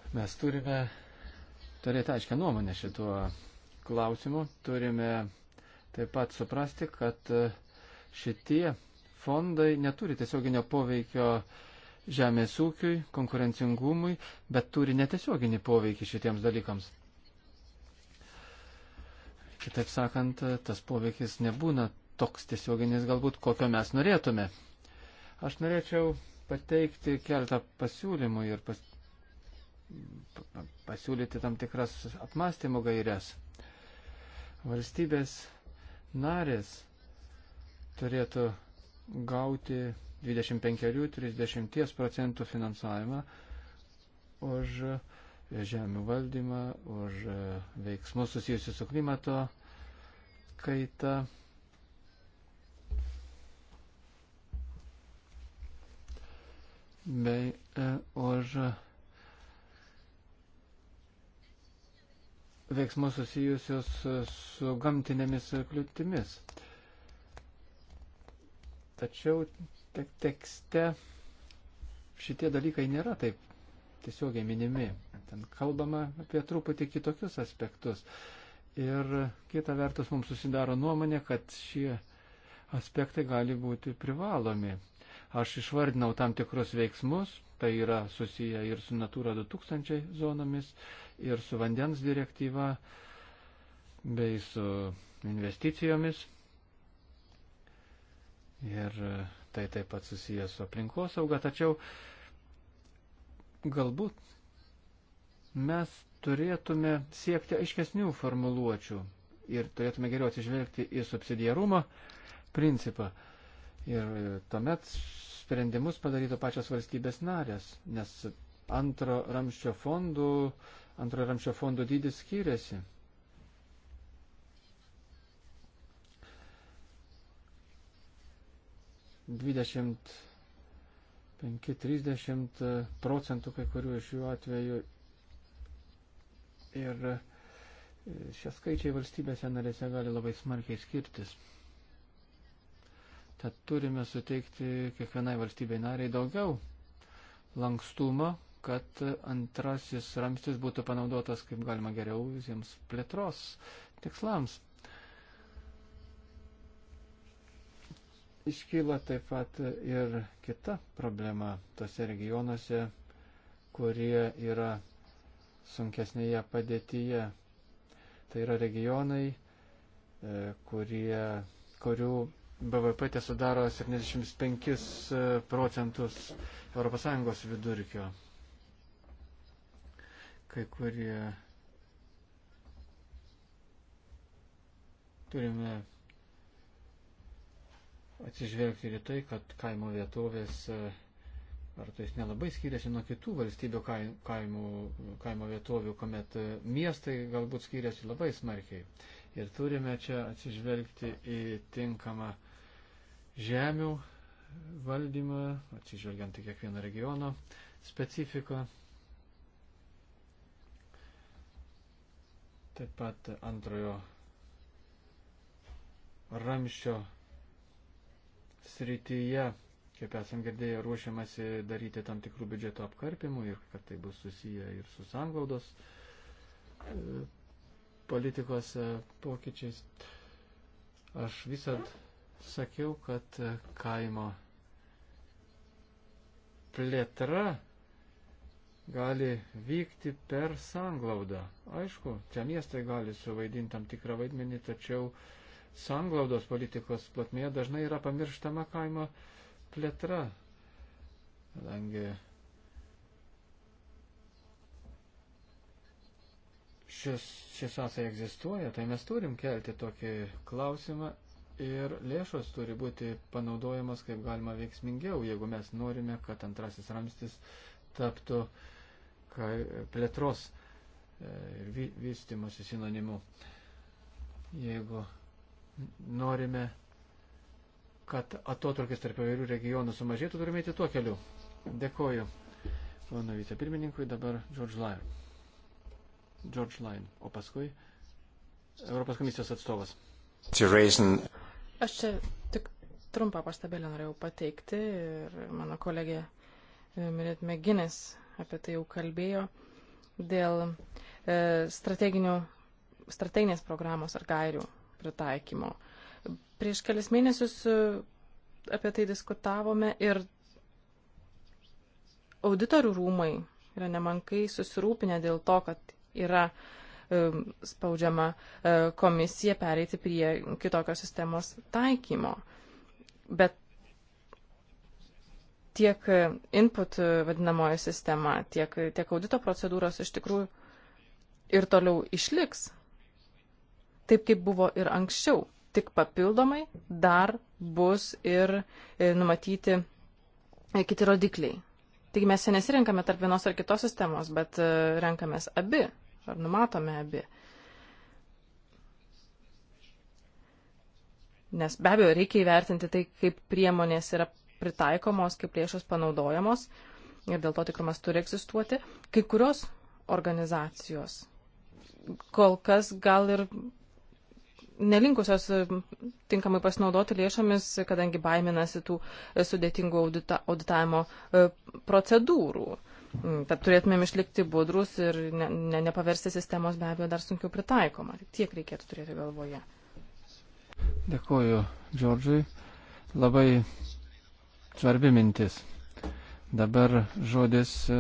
Mes turime turėti aiškę nuomonę šituo klausimu. Turime taip pat suprasti, kad e, šitie fondai neturi tiesioginio poveikio žemės ūkiui, konkurencingumui, bet turi netiesioginį poveikį šitiems dalykams. Kitaip sakant, e, tas poveikis nebūna toks tiesioginis galbūt, kokio mes norėtume. Aš norėčiau pateikti keletą pasiūlymų ir pas, pasiūlyti tam tikras apmąstymo gairias. Valstybės narės turėtų gauti 25-30 procentų finansavimą už žemių valdymą, už e, veiksmus susijusius su klimato kaita. bei e, už veiksmus susijusius su gamtinėmis kliūtimis. Tačiau te tekste šitie dalykai nėra taip tiesiogiai minimi. Ten kalbama apie truputį kitokius aspektus. Ir kita vertus mums susidaro nuomonė, kad šie aspektai gali būti privalomi. Aš išvardinau tam tikrus veiksmus, Tai yra susiję ir su Natura 2000 zonomis, ir su vandens direktyva, bei su investicijomis. Ir tai taip pat susiję su aplinkosauga, tačiau galbūt mes turėtume siekti aiškesnių formuluočių ir turėtume geriau atsižvelgti į subsidiarumo principą. Ir tuomet sprendimus padarytų pačios valstybės narės, nes antro ramščio fondų, antro ramščio fondų dydis skiriasi. Dvidešimt 5-30 procentų kai kurių iš jų atveju. Ir šie skaičiai valstybėse narėse gali labai smarkiai skirtis. Tad turime suteikti kiekvienai valstybei nariai daugiau lankstumo, kad antrasis ramstis būtų panaudotas kaip galima geriau visiems plėtros tikslams. Iškyla taip pat ir kita problema tose regionuose, kurie yra sunkesnėje padėtyje. Tai yra regionai, e, kurie, kurių BVP tie sudaro 75 procentus ES vidurkio. Kai kurie turime atsižvelgti ir tai, kad kaimo vietovės e, ar tai nelabai skiriasi nuo kitų valstybių kaimo, kaimo vietovių, kuomet e, miestai galbūt skiriasi labai smarkiai. Ir turime čia atsižvelgti į tinkamą žemių valdymą, atsižvelgiant į kiekvieno regiono specifiką. Taip pat antrojo ramščio srityje, kaip esam girdėję, ruošiamasi daryti tam tikrų biudžeto apkarpimų ir kad tai bus susiję ir su sanglaudos e, politikos e, pokyčiais. Aš visad sakiau, kad e, kaimo plėtra gali vykti per sanglaudą. Aišku, čia miestai gali suvaidinti tam tikrą vaidmenį, tačiau sanglaudos politikos platmėje dažnai yra pamirštama kaimo plėtra. Kadangi šis, šis sąsai egzistuoja, tai mes turim kelti tokį klausimą ir lėšos turi būti panaudojamos kaip galima veiksmingiau, jeigu mes norime, kad antrasis ramstis taptų plėtros e, ir vystimosi sinonimu. Jeigu norime, kad atotrukis tarp įvairių regionų sumažėtų, turime eiti tuo keliu. Dėkoju. Pono vicepirmininkui dabar George Lyon. George Lyon, o paskui Europos komisijos atstovas. Duration. Aš čia tik trumpą pastabėlę norėjau pateikti ir mano kolegė e, Mirėt Meginis apie tai jau kalbėjo dėl e, strateginės programos ar gairių pritaikymo. Prieš kelias mėnesius e, apie tai diskutavome ir auditorių rūmai yra nemankai susirūpinę dėl to, kad yra uh, Um, spaudžiama uh, komisija pereiti prie kitokios sistemos taikymo. Bet tiek uh, input uh, vadinamoji sistema, tiek, tiek audito procedūros iš tikrųjų ir toliau išliks, taip kaip buvo ir anksčiau. Tik papildomai dar bus ir e, numatyti e, kiti rodikliai. Taigi mes čia nesirinkame tarp vienos ar kitos sistemos, bet e, renkamės abi ar numatome abi. Nes be abejo, reikia įvertinti tai, kaip priemonės yra pritaikomos, kaip lėšos panaudojamos ir dėl to tikrumas turi egzistuoti. Kai kurios organizacijos kol kas gal ir nelinkusios tinkamai pasinaudoti lėšomis, kadangi baiminasi tų sudėtingų audita, auditavimo e, procedūrų. Mm, tad turėtumėm išlikti budrus ir ne, ne, nepaversti sistemos be abejo dar sunkiau pritaikoma. Tiek reikėtų turėti galvoje. Dėkuoju, Džordžui. Labai svarbi mintis. Dabar žodis e,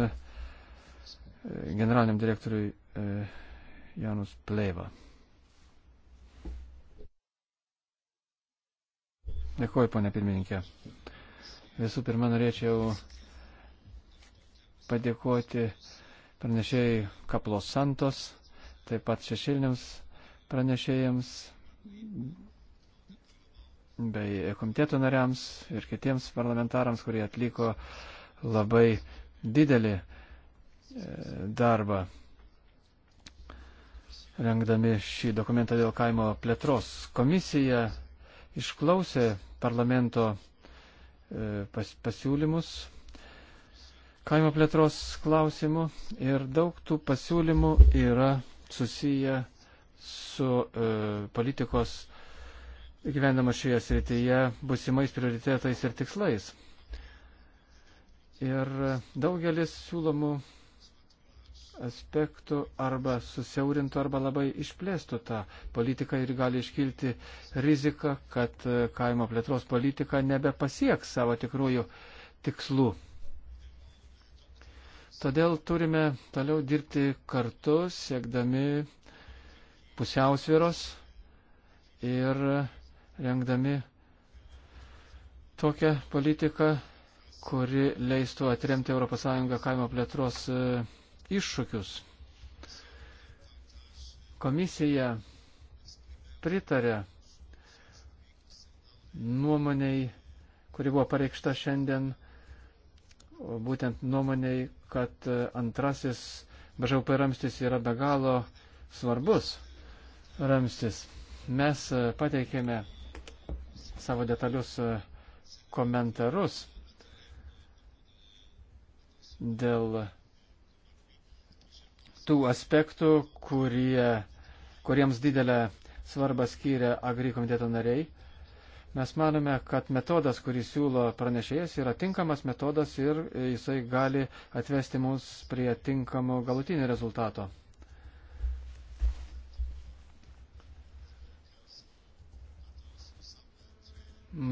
generaliniam direktoriui e, Janus Pleiva. Dėkuoju, ponė pirmininkė. Visų pirma, norėčiau padėkoti pranešėjai Kaplos Santos, taip pat šešiliniams pranešėjams bei komiteto nariams ir kitiems parlamentarams, kurie atliko labai didelį e, darbą rengdami šį dokumentą dėl kaimo plėtros. Komisija išklausė parlamento e, pasiūlymus kaimo plėtros klausimų ir daug tų pasiūlymų yra susiję su e, politikos gyvendama šioje srityje busimais prioritetais ir tikslais. Ir daugelis siūlomų aspektų arba susiaurintų arba labai išplėstų tą politiką ir gali iškilti rizika, kad e, kaimo plėtros politika nebepasieks savo tikrųjų tikslų Todėl turime toliau dirbti kartu, siekdami pusiausviros ir rengdami tokią politiką, kuri leistų atremti ES kaimo plėtros e, iššūkius. Komisija pritarė nuomoniai, kuri buvo pareikšta šiandien būtent nuomoniai, kad antrasis BŽP ramstis yra be galo svarbus ramstis. Mes e, pateikėme savo detalius e, komentarus dėl tų aspektų, kurie, kuriems didelę svarbą skiria agri komiteto nariai Mes manome, kad metodas, kurį siūlo pranešėjas, yra tinkamas metodas ir jisai gali atvesti mus prie tinkamo galutinio rezultato.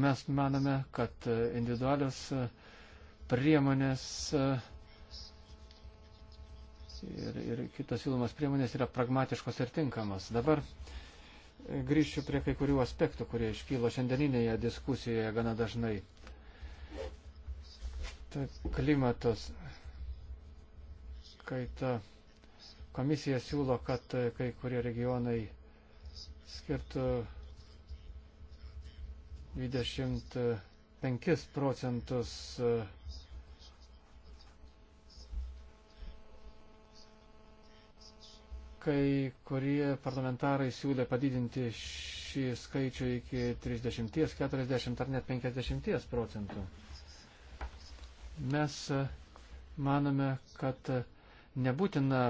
Mes manome, kad individualios priemonės ir, ir kitos siūlomas priemonės yra pragmatiškos ir tinkamos. Dabar uh, grįšiu prie kai kurių aspektų, kurie iškylo šiandieninėje diskusijoje gana dažnai. Tai klimatos kaita. Komisija siūlo, kad kai kurie regionai skirtų 25 procentus kai kurie parlamentarai siūlė padidinti šį skaičių iki 30, 40 ar net 50 procentų. Mes e, manome, kad nebūtina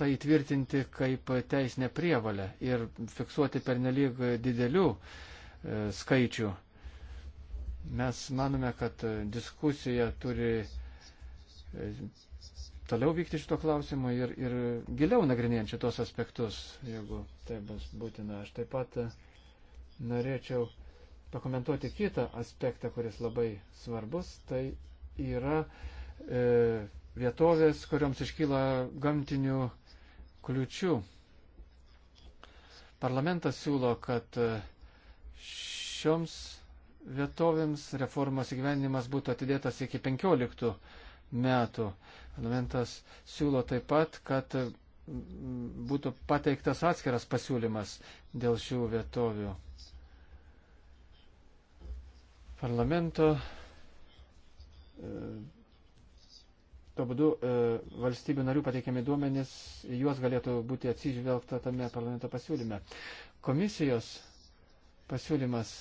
tai tvirtinti kaip teisinę prievalę ir fiksuoti pernelyg didelių e, skaičių. Mes manome, kad diskusija turi e, toliau vykti šito klausimu ir, ir giliau nagrinėjant šitos aspektus, jeigu tai bus būtina. Aš taip pat e, norėčiau pakomentuoti kitą aspektą, kuris labai svarbus, tai yra e, vietovės, kuriuoms iškyla gamtinių kliučių. Parlamentas siūlo, kad e, šioms vietovėms reformos įgyvenimas būtų atidėtas iki 15 metų. Parlamentas siūlo taip pat, kad būtų pateiktas atskiras pasiūlymas dėl šių vietovių. Parlamento e, Tuo būdu e, valstybių narių pateikiami duomenys, juos galėtų būti atsižvelgta tame parlamento pasiūlyme. Komisijos pasiūlymas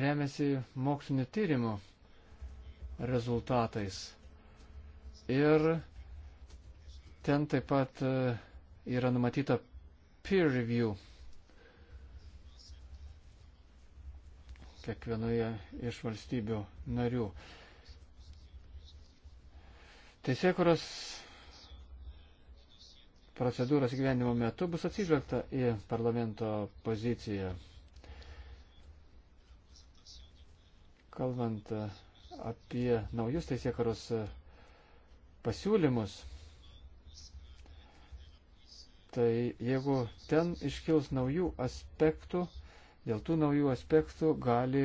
remiasi mokslinio tyrimų rezultatais. Ir ten taip pat e, yra numatyta peer review. Kiekvienoje iš valstybių narių. Teisėkuros procedūros gyvenimo metu bus atsižvelgta į parlamento poziciją. Kalbant e, apie naujus teisėkuros pasiūlymus, tai jeigu ten iškils naujų aspektų, dėl tų naujų aspektų gali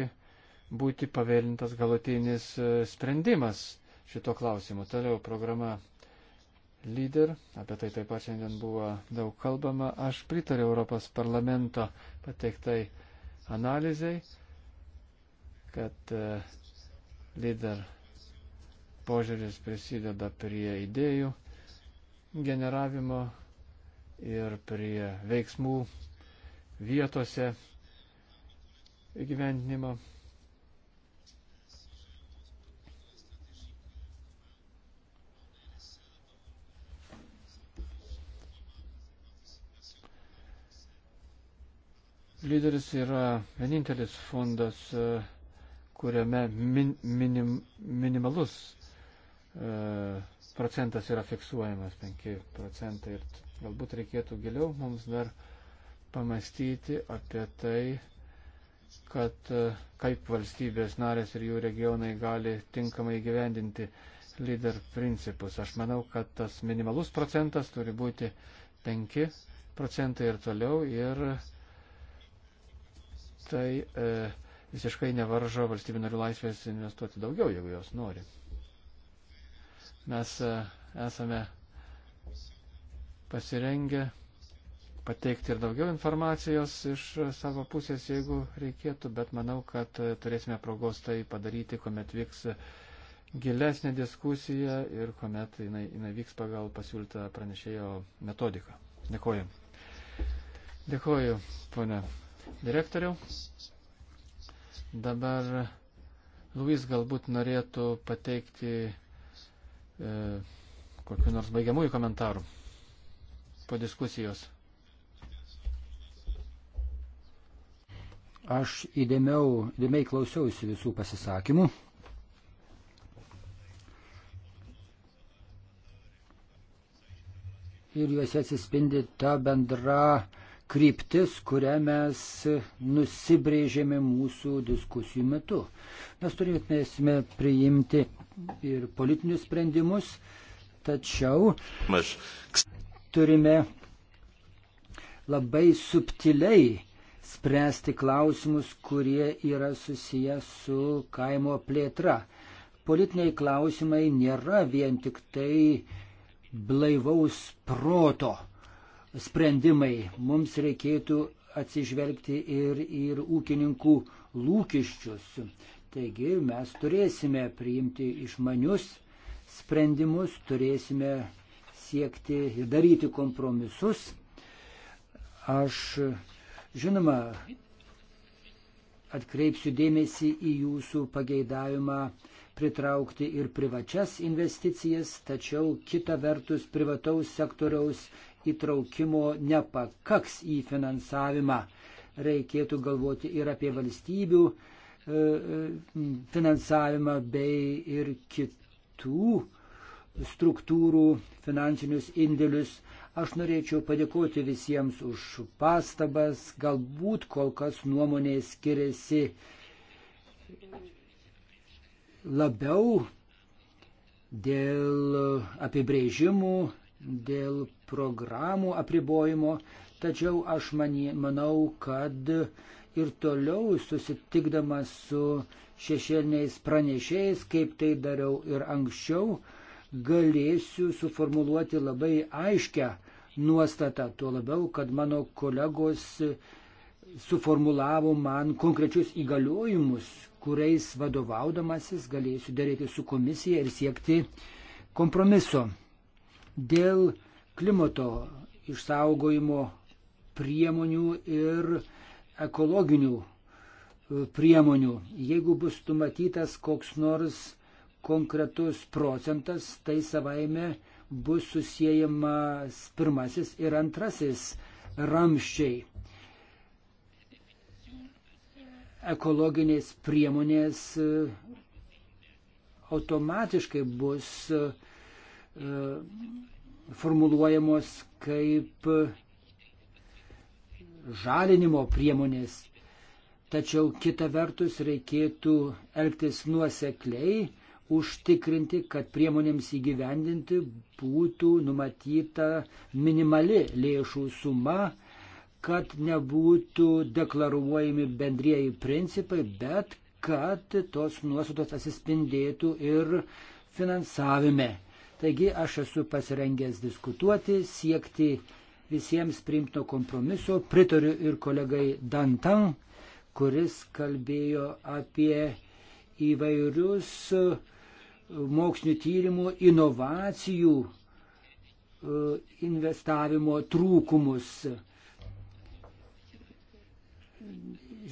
būti pavėlintas galutinis e, sprendimas šito klausimu. Toliau programa lyder, apie tai taip pat šiandien buvo daug kalbama. Aš pritariu Europos parlamento pateiktai analizai, kad e, lyder požiūris prisideda prie idėjų generavimo ir prie veiksmų vietose įgyvendinimo. Lyderis yra vienintelis fondas, kuriame min, minim, minimalus E, procentas yra fiksuojamas 5 procentai ir galbūt reikėtų giliau mums dar pamastyti apie tai, kad e, kaip valstybės narės ir jų regionai gali tinkamai gyvendinti lyder principus. Aš manau, kad tas minimalus procentas turi būti 5 procentai ir toliau ir tai e, visiškai nevaržo valstybių narių laisvės investuoti daugiau, jeigu jos nori. Mes e, esame pasirengę pateikti ir daugiau informacijos iš e, savo pusės, jeigu reikėtų, bet manau, kad e, turėsime progos tai padaryti, kuomet vyks gilesnė diskusija ir kuomet jinai, jinai vyks pagal pasiūlytą pranešėjo metodiką. Dėkoju. Dėkoju, ponė direktoriau. Dabar Luis galbūt norėtų pateikti e, kokiu nors baigiamųjų komentarų po diskusijos. Aš įdėmiau, įdėmiai klausiausi visų pasisakymų. Ir juose atsispindi ta bendra kryptis, kurią mes nusibrėžėme mūsų diskusijų metu. Mes turėtume priimti ir politinius sprendimus, tačiau turime labai subtiliai spręsti klausimus, kurie yra susiję su kaimo plėtra. Politiniai klausimai nėra vien tik tai blaivaus proto sprendimai. Mums reikėtų atsižvelgti ir į ūkininkų lūkesčius. Taigi mes turėsime priimti išmanius sprendimus, turėsime siekti ir daryti kompromisus. Aš, žinoma, atkreipsiu dėmesį į jūsų pageidavimą pritraukti ir privačias investicijas, tačiau kita vertus privataus sektoriaus įtraukimo nepakaks į finansavimą. Reikėtų galvoti ir apie valstybių E, e, finansavimą bei ir kitų struktūrų finansinius indėlius. Aš norėčiau padėkoti visiems už pastabas, galbūt kol kas nuomonė skiriasi labiau dėl apibrėžimų, dėl programų apribojimo, tačiau aš manie, manau, kad ir toliau susitikdamas su šešėliniais pranešėjais, kaip tai dariau ir anksčiau, galėsiu suformuluoti labai aiškę nuostatą, tuo labiau, kad mano kolegos suformulavo man konkrečius įgaliojimus, kuriais vadovaudamasis galėsiu dėrėti su komisija ir siekti kompromiso. Dėl klimato išsaugojimo priemonių ir ekologinių e, priemonių. Jeigu bus numatytas koks nors konkretus procentas, tai savaime bus susijęjamas pirmasis ir antrasis ramščiai. Ekologinės priemonės e, automatiškai bus e, formuluojamos kaip žalinimo priemonės. Tačiau kita vertus reikėtų elgtis nuosekliai, užtikrinti, kad priemonėms įgyvendinti būtų numatyta minimali lėšų suma, kad nebūtų deklaruojami bendrieji principai, bet kad tos nuostatos atsispindėtų ir finansavime. Taigi aš esu pasirengęs diskutuoti, siekti visiems primto kompromiso. Pritariu ir kolegai Dantan, kuris kalbėjo apie įvairius e, mokslinio tyrimų, inovacijų e, investavimo trūkumus.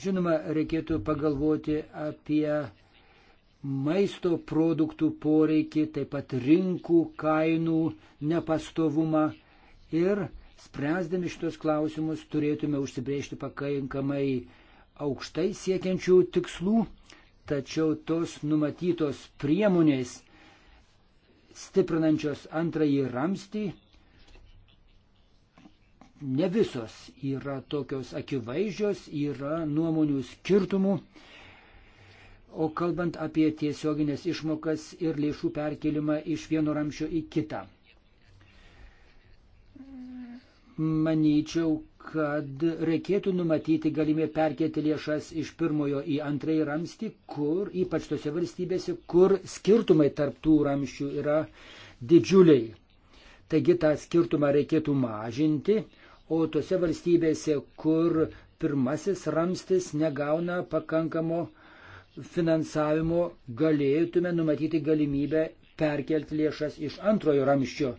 Žinoma, reikėtų pagalvoti apie maisto produktų poreikį, taip pat rinkų kainų nepastovumą ir spręsdami šitos klausimus turėtume užsibriežti pakankamai aukštai siekiančių tikslų, tačiau tos numatytos priemonės stiprinančios antrąjį ramstį, ne visos yra tokios akivaizdžios, yra nuomonių skirtumų. O kalbant apie tiesioginės išmokas ir lėšų perkelimą iš vieno ramščio į kitą. Manyčiau, kad reikėtų numatyti galimybę perkėti lėšas iš pirmojo į antrąjį ramstį, kur, ypač tose valstybėse, kur skirtumai tarptų ramščių yra didžiuliai. Taigi tą skirtumą reikėtų mažinti, o tose valstybėse, kur pirmasis ramstis negauna pakankamo finansavimo, galėtume numatyti galimybę perkelti lėšas iš antrojo ramščio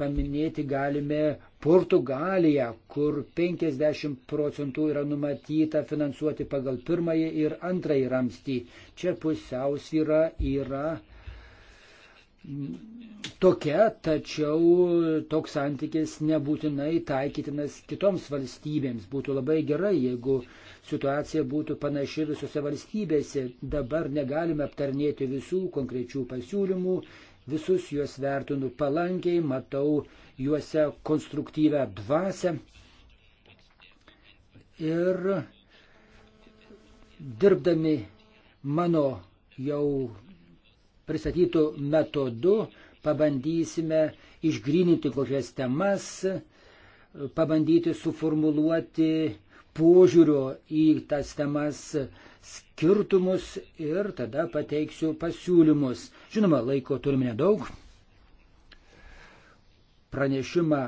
paminėti galime Portugaliją, kur 50 procentų yra numatyta finansuoti pagal pirmąjį ir antrąjį ramstį. Čia pusiausvyra yra tokia, tačiau toks santykis nebūtinai taikytinas kitoms valstybėms. Būtų labai gerai, jeigu situacija būtų panaši visose valstybėse. Dabar negalime aptarnėti visų konkrečių pasiūlymų, visus juos vertinu palankiai, matau juose konstruktyvę dvasę. Ir dirbdami mano jau pristatytų metodų pabandysime išgrininti kokias temas, pabandyti suformuluoti požiūrio į tas temas skirtumus ir tada pateiksiu pasiūlymus. Žinoma, laiko turime nedaug. Pranešimą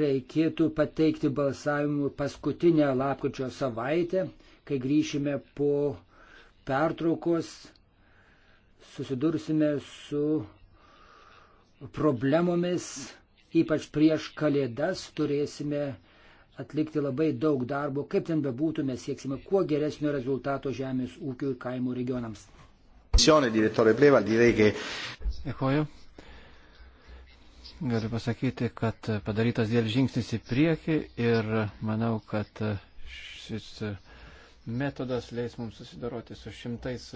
reikėtų pateikti balsavimu paskutinę lapkričio savaitę, kai grįšime po pertraukos, susidursime su problemomis, ypač prieš kalėdas turėsime atlikti labai daug darbo, kaip ten bebūtų, mes sieksime kuo geresnio rezultato žemės ūkio ir kaimo regionams. Dėkoju. Galiu pasakyti, kad padarytas dėl žingsnis į priekį ir manau, kad šis metodas leis mums susidoroti su šimtais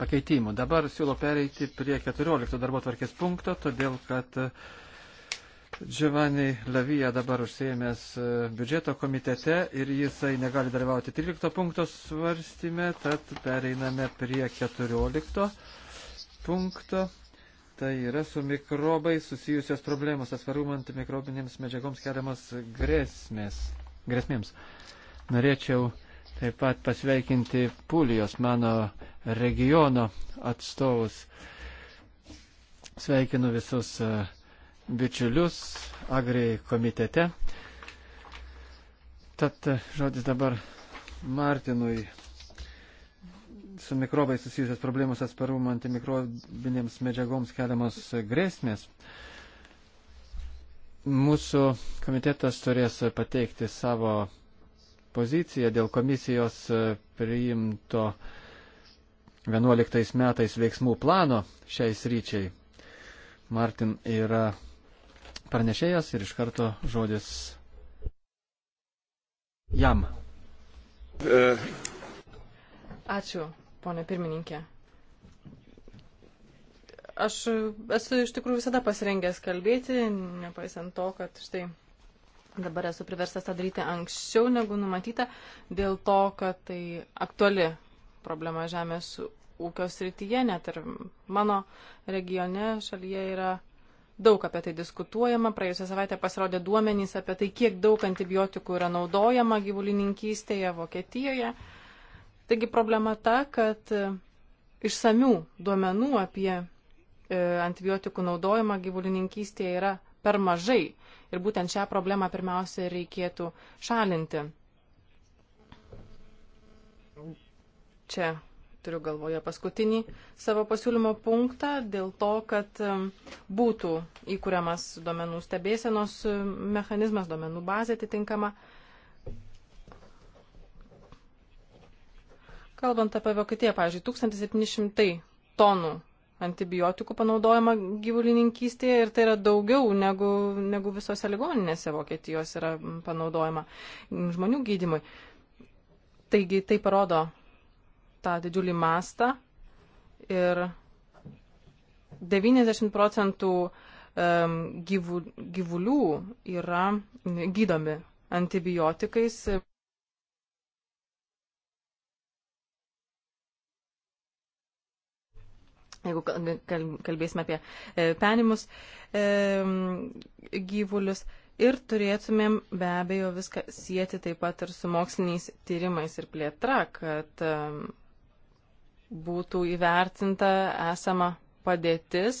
pakeitimų. Dabar siūlo pereiti prie 14 darbo tvarkės punkto, todėl kad Giovanni Lavija dabar užsėmęs e, biudžeto komitete ir jisai negali dalyvauti 13 punkto svarstyme, tad pereiname prie 14 punkto. Tai yra su mikrobai susijusios problemos atsparumą antimikrobinėms medžiagoms keliamas grėsmės. grėsmėms. Norėčiau taip pat pasveikinti Pulijos, mano regiono atstovus. Sveikinu visus uh, bičiulius Agri komitete. Tad žodis dabar Martinui su mikrobai susijusios problemos atsparumo antimikrobinėms medžiagoms keliamos grėsmės. Mūsų komitetas turės pateikti savo poziciją dėl komisijos priimto 11 metais veiksmų plano šiais ryčiai. Martin yra pranešėjas ir iš karto žodis jam. Ačiū, ponė pirmininkė. Aš esu iš tikrųjų visada pasirengęs kalbėti, nepaisant to, kad štai dabar esu priverstas tą daryti anksčiau negu numatyta, dėl to, kad tai aktuali problema žemės ūkio srityje, net ir mano regione šalyje yra Daug apie tai diskutuojama. Praėjusią savaitę pasirodė duomenys apie tai, kiek daug antibiotikų yra naudojama gyvulininkystėje Vokietijoje. Taigi problema ta, kad e, išsamių duomenų apie e, antibiotikų naudojimą gyvulininkystėje yra per mažai. Ir būtent šią problemą pirmiausia reikėtų šalinti. Čia turiu galvoje paskutinį savo pasiūlymo punktą, dėl to, kad būtų įkūriamas duomenų stebėsenos mechanizmas, duomenų bazė atitinkama. Kalbant apie Vokietiją, pavyzdžiui, 1700 tonų antibiotikų panaudojama gyvulininkystėje ir tai yra daugiau negu, negu visose ligoninėse Vokietijos yra panaudojama žmonių gydimui. Taigi tai parodo tą didžiulį mastą ir 90 procentų gyvų, gyvulių yra gydomi antibiotikais. Jeigu kalbėsime apie e, penimus gyvulius ir turėtumėm be abejo viską sieti taip pat ir su moksliniais tyrimais ir plėtra, kad būtų įvertinta esama padėtis.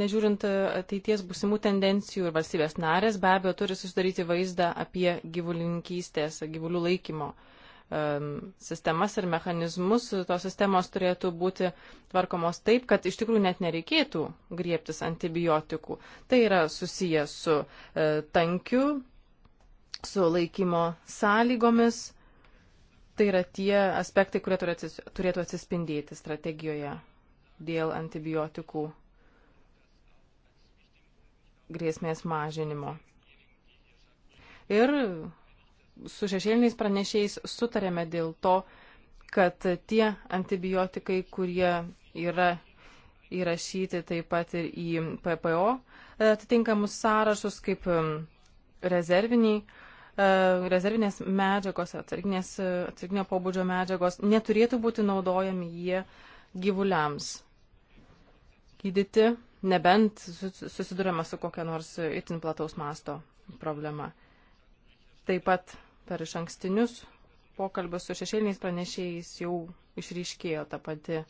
Nežiūrint ateities būsimų tendencijų ir valstybės narės be abejo turi susidaryti vaizdą apie gyvulininkystės, gyvulių laikymo um, sistemas ir mechanizmus. Tos sistemos turėtų būti tvarkomos taip, kad iš tikrųjų net nereikėtų griebtis antibiotikų. Tai yra susijęs su uh, tankiu, su laikymo sąlygomis tai yra tie aspektai, kurie turėtų atsispindėti strategijoje dėl antibiotikų grėsmės mažinimo. Ir su šešėliniais pranešėjais sutarėme dėl to, kad tie antibiotikai, kurie yra įrašyti taip pat ir į PPO atitinkamus sąrašus kaip rezerviniai E, rezervinės medžiagos, e, atsarginio pobūdžio medžiagos neturėtų būti naudojami jie gyvuliams gydyti, nebent susidurėme su kokia nors itin plataus masto problema. Taip pat per iš ankstinius pokalbius su šešėliniais pranešėjais jau išryškėjo ta pati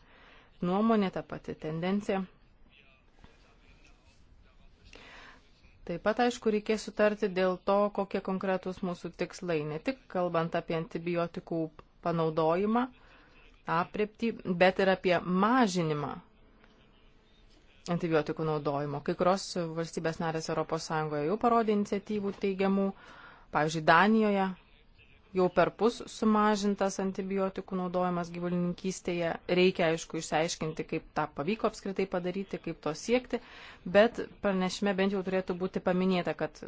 nuomonė, ta pati tendencija. Taip pat, aišku, reikės sutarti dėl to, kokie konkretūs mūsų tikslai, ne tik kalbant apie antibiotikų panaudojimą, apriepti, bet ir apie mažinimą antibiotikų naudojimo. Kai kurios valstybės narės ES jau parodė iniciatyvų teigiamų, pavyzdžiui, Danijoje jau per pus sumažintas antibiotikų naudojimas gyvulininkystėje. Reikia, aišku, išsiaiškinti, kaip tą pavyko apskritai padaryti, kaip to siekti, bet pranešime bent jau turėtų būti paminėta, kad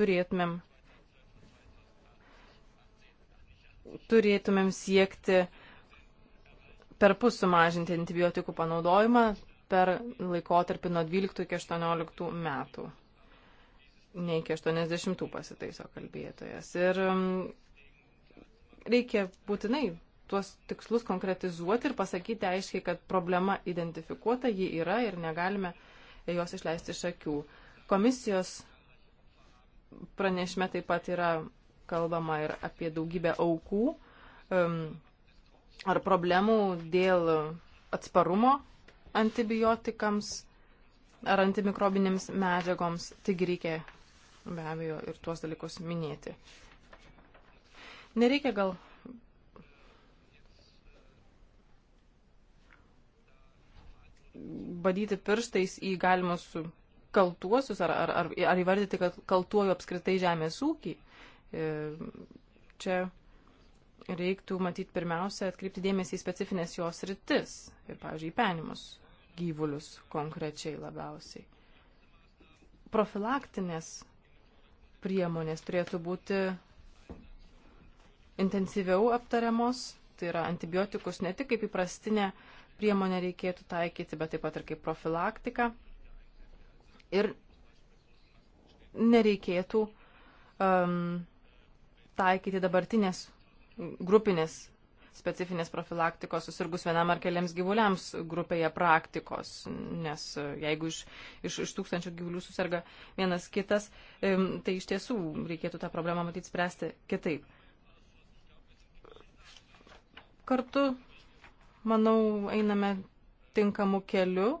turėtumėm, turėtumėm siekti per pus sumažinti antibiotikų panaudojimą per laikotarpį nuo 12 iki 18 metų ne iki 80 pasitaiso kalbėtojas. Ir mm, reikia būtinai tuos tikslus konkretizuoti ir pasakyti aiškiai, kad problema identifikuota, ji yra ir negalime jos išleisti iš akių. Komisijos pranešime taip pat yra kalbama ir apie daugybę aukų um, ar problemų dėl atsparumo antibiotikams ar antimikrobinėms medžiagoms. Taigi reikia be abejo ir tuos dalykus minėti. Nereikia gal badyti pirštais į galimus kaltuosius ar, ar, ar, ar įvardyti, kad kaltuoju apskritai žemės ūkį. E, čia reiktų matyti pirmiausia atkreipti dėmesį į specifines jos rytis ir, pavyzdžiui, penimus gyvulius konkrečiai labiausiai. Profilaktinės priemonės turėtų būti intensyviau aptariamos, tai yra antibiotikus ne tik kaip įprastinę priemonę reikėtų taikyti, bet taip pat ir kaip profilaktiką. Ir nereikėtų um, taikyti dabartinės grupinės specifinės profilaktikos susirgus vienam ar keliams gyvuliams grupėje praktikos, nes e, jeigu iš, iš, iš tūkstančių gyvulių susirga vienas kitas, e, tai iš tiesų reikėtų tą problemą matyti spręsti kitaip. Kartu, manau, einame tinkamu keliu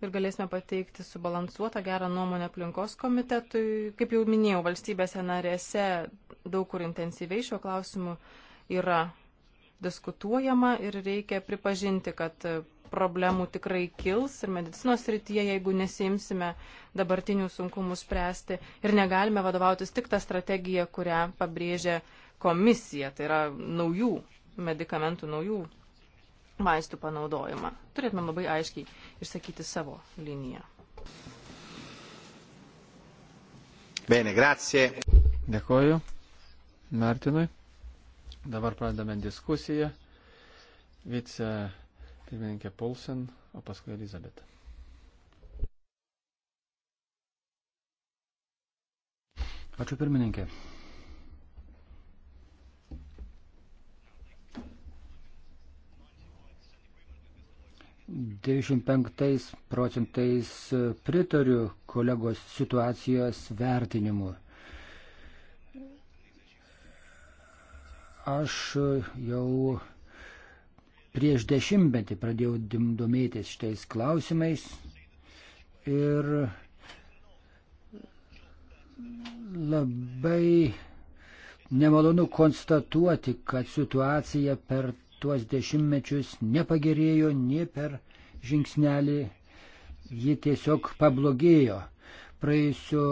ir galėsime pateikti subalansuotą gerą nuomonę aplinkos komitetui. Kaip jau minėjau, valstybėse narėse daug kur intensyviai šiuo klausimu yra diskutuojama ir reikia pripažinti, kad problemų tikrai kils ir medicinos rytyje, jeigu nesimsime dabartinių sunkumų spręsti ir negalime vadovautis tik tą strategiją, kurią pabrėžia komisija, tai yra naujų medikamentų, naujų vaistų panaudojimą. Turėtumėm labai aiškiai išsakyti savo liniją. Bene, grazie. Dėkoju Martinui. Dabar pradame diskusiją. Vice pirmininkė Paulsen, o paskui Elizabeta. Ačiū pirmininkė. Devišim penktais procentais pritariu kolegos situacijos vertinimu. Aš jau prieš dešimtmetį pradėjau domėtis šitais klausimais ir labai nemalonu konstatuoti, kad situacija per tuos dešimtmečius nepagerėjo, nie per žingsnelį ji tiesiog pablogėjo. Praėjusio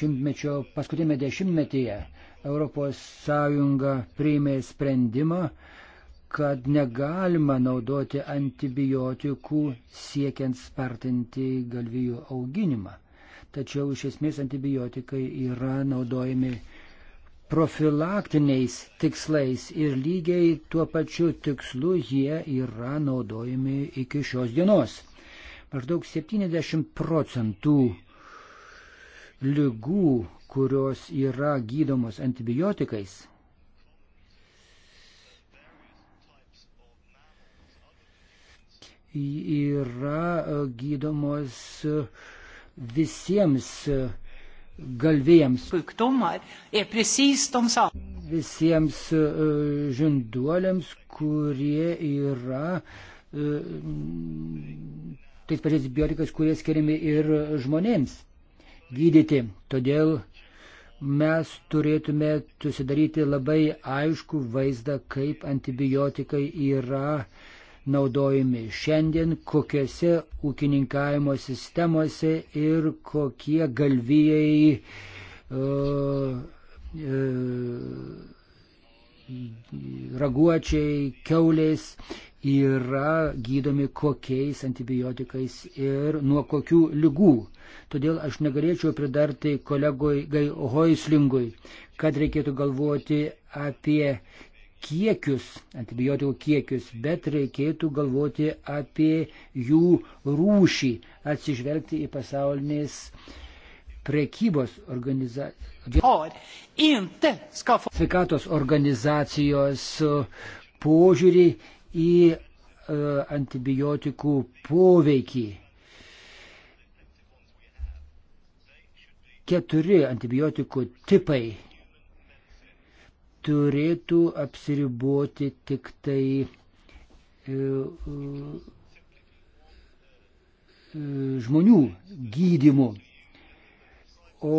šimtmečio paskutinėme dešimtmetyje ES priėmė sprendimą, kad negalima naudoti antibiotikų siekiant spartinti galvijų auginimą. Tačiau iš esmės antibiotikai yra naudojami profilaktiniais tikslais ir lygiai tuo pačiu tikslu jie yra naudojami iki šios dienos. Maždaug 70 procentų lygų, kurios yra gydomos antibiotikais, yra e, gydomos e, visiems e, galvėjams. Visiems žinduoliams, kurie yra tais pačiais biotikais, kurie skiriami ir žmonėms gydyti. Todėl mes turėtume susidaryti labai aišku vaizdą, kaip antibiotikai yra naudojami šiandien, kokiuose ūkininkavimo sistemose ir kokie galvijai uh, e, uh, e, raguočiai, keuliais yra gydomi kokiais antibiotikais ir nuo kokių lygų. Todėl aš negalėčiau pridarti kolegoj Gai Hoislingui, kad reikėtų galvoti apie kiekius, antibiotikų kiekius, bet reikėtų galvoti apie jų rūšį, atsižvelgti į pasaulinės prekybos organizaciją sveikatos organizacijos e, požiūrį į e, antibiotikų poveikį. Keturi antibiotikų tipai turėtų apsiriboti tik tai e, žmonių gydimu. O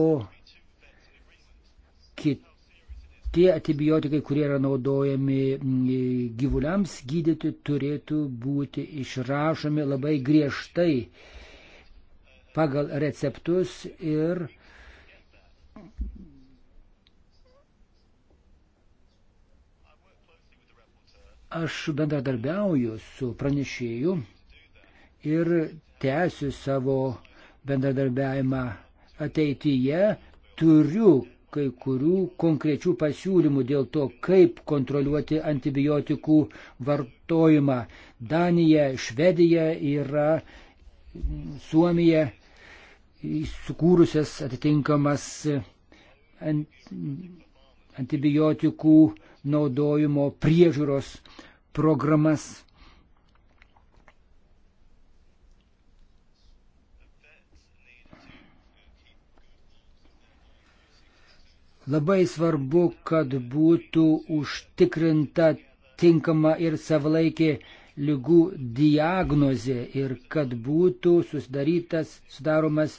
kiti antibiotikai, kurie yra naudojami mm, gyvuliams gydyti, turėtų būti išrašomi labai griežtai pagal receptus ir aš bendradarbiauju su pranešėju ir tęsiu savo bendradarbiavimą ateityje. Turiu kai kurių konkrečių pasiūlymų dėl to, kaip kontroliuoti antibiotikų vartojimą. Danija, Švedija yra Suomija sukūrusias atitinkamas antibiotikų naudojimo priežiūros programas. Labai svarbu, kad būtų užtikrinta tinkama ir savlaikė lygų diagnozė ir kad būtų susidarytas, sudaromas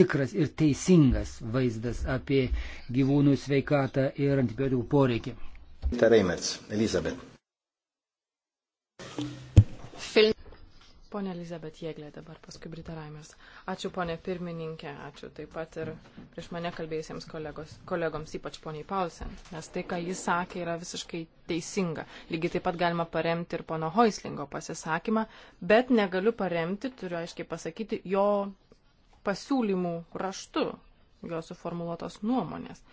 tikras ir teisingas vaizdas apie gyvūnų sveikatą ir antibiotikų poreikį. Tarėmės, Elizabet. Pone Elizabet Jėglė dabar, paskui Brita Raimers. Ačiū, ponė pirmininkė, ačiū taip pat ir prieš mane kalbėjusiems kolegos, kolegoms, ypač poniai Paulsen, nes tai, ką jis sakė, yra visiškai teisinga. Lygiai taip pat galima paremti ir pono Hoislingo pasisakymą, bet negaliu paremti, turiu aiškiai pasakyti, jo pasiūlymų raštu, jo suformuoluotos nuomonės.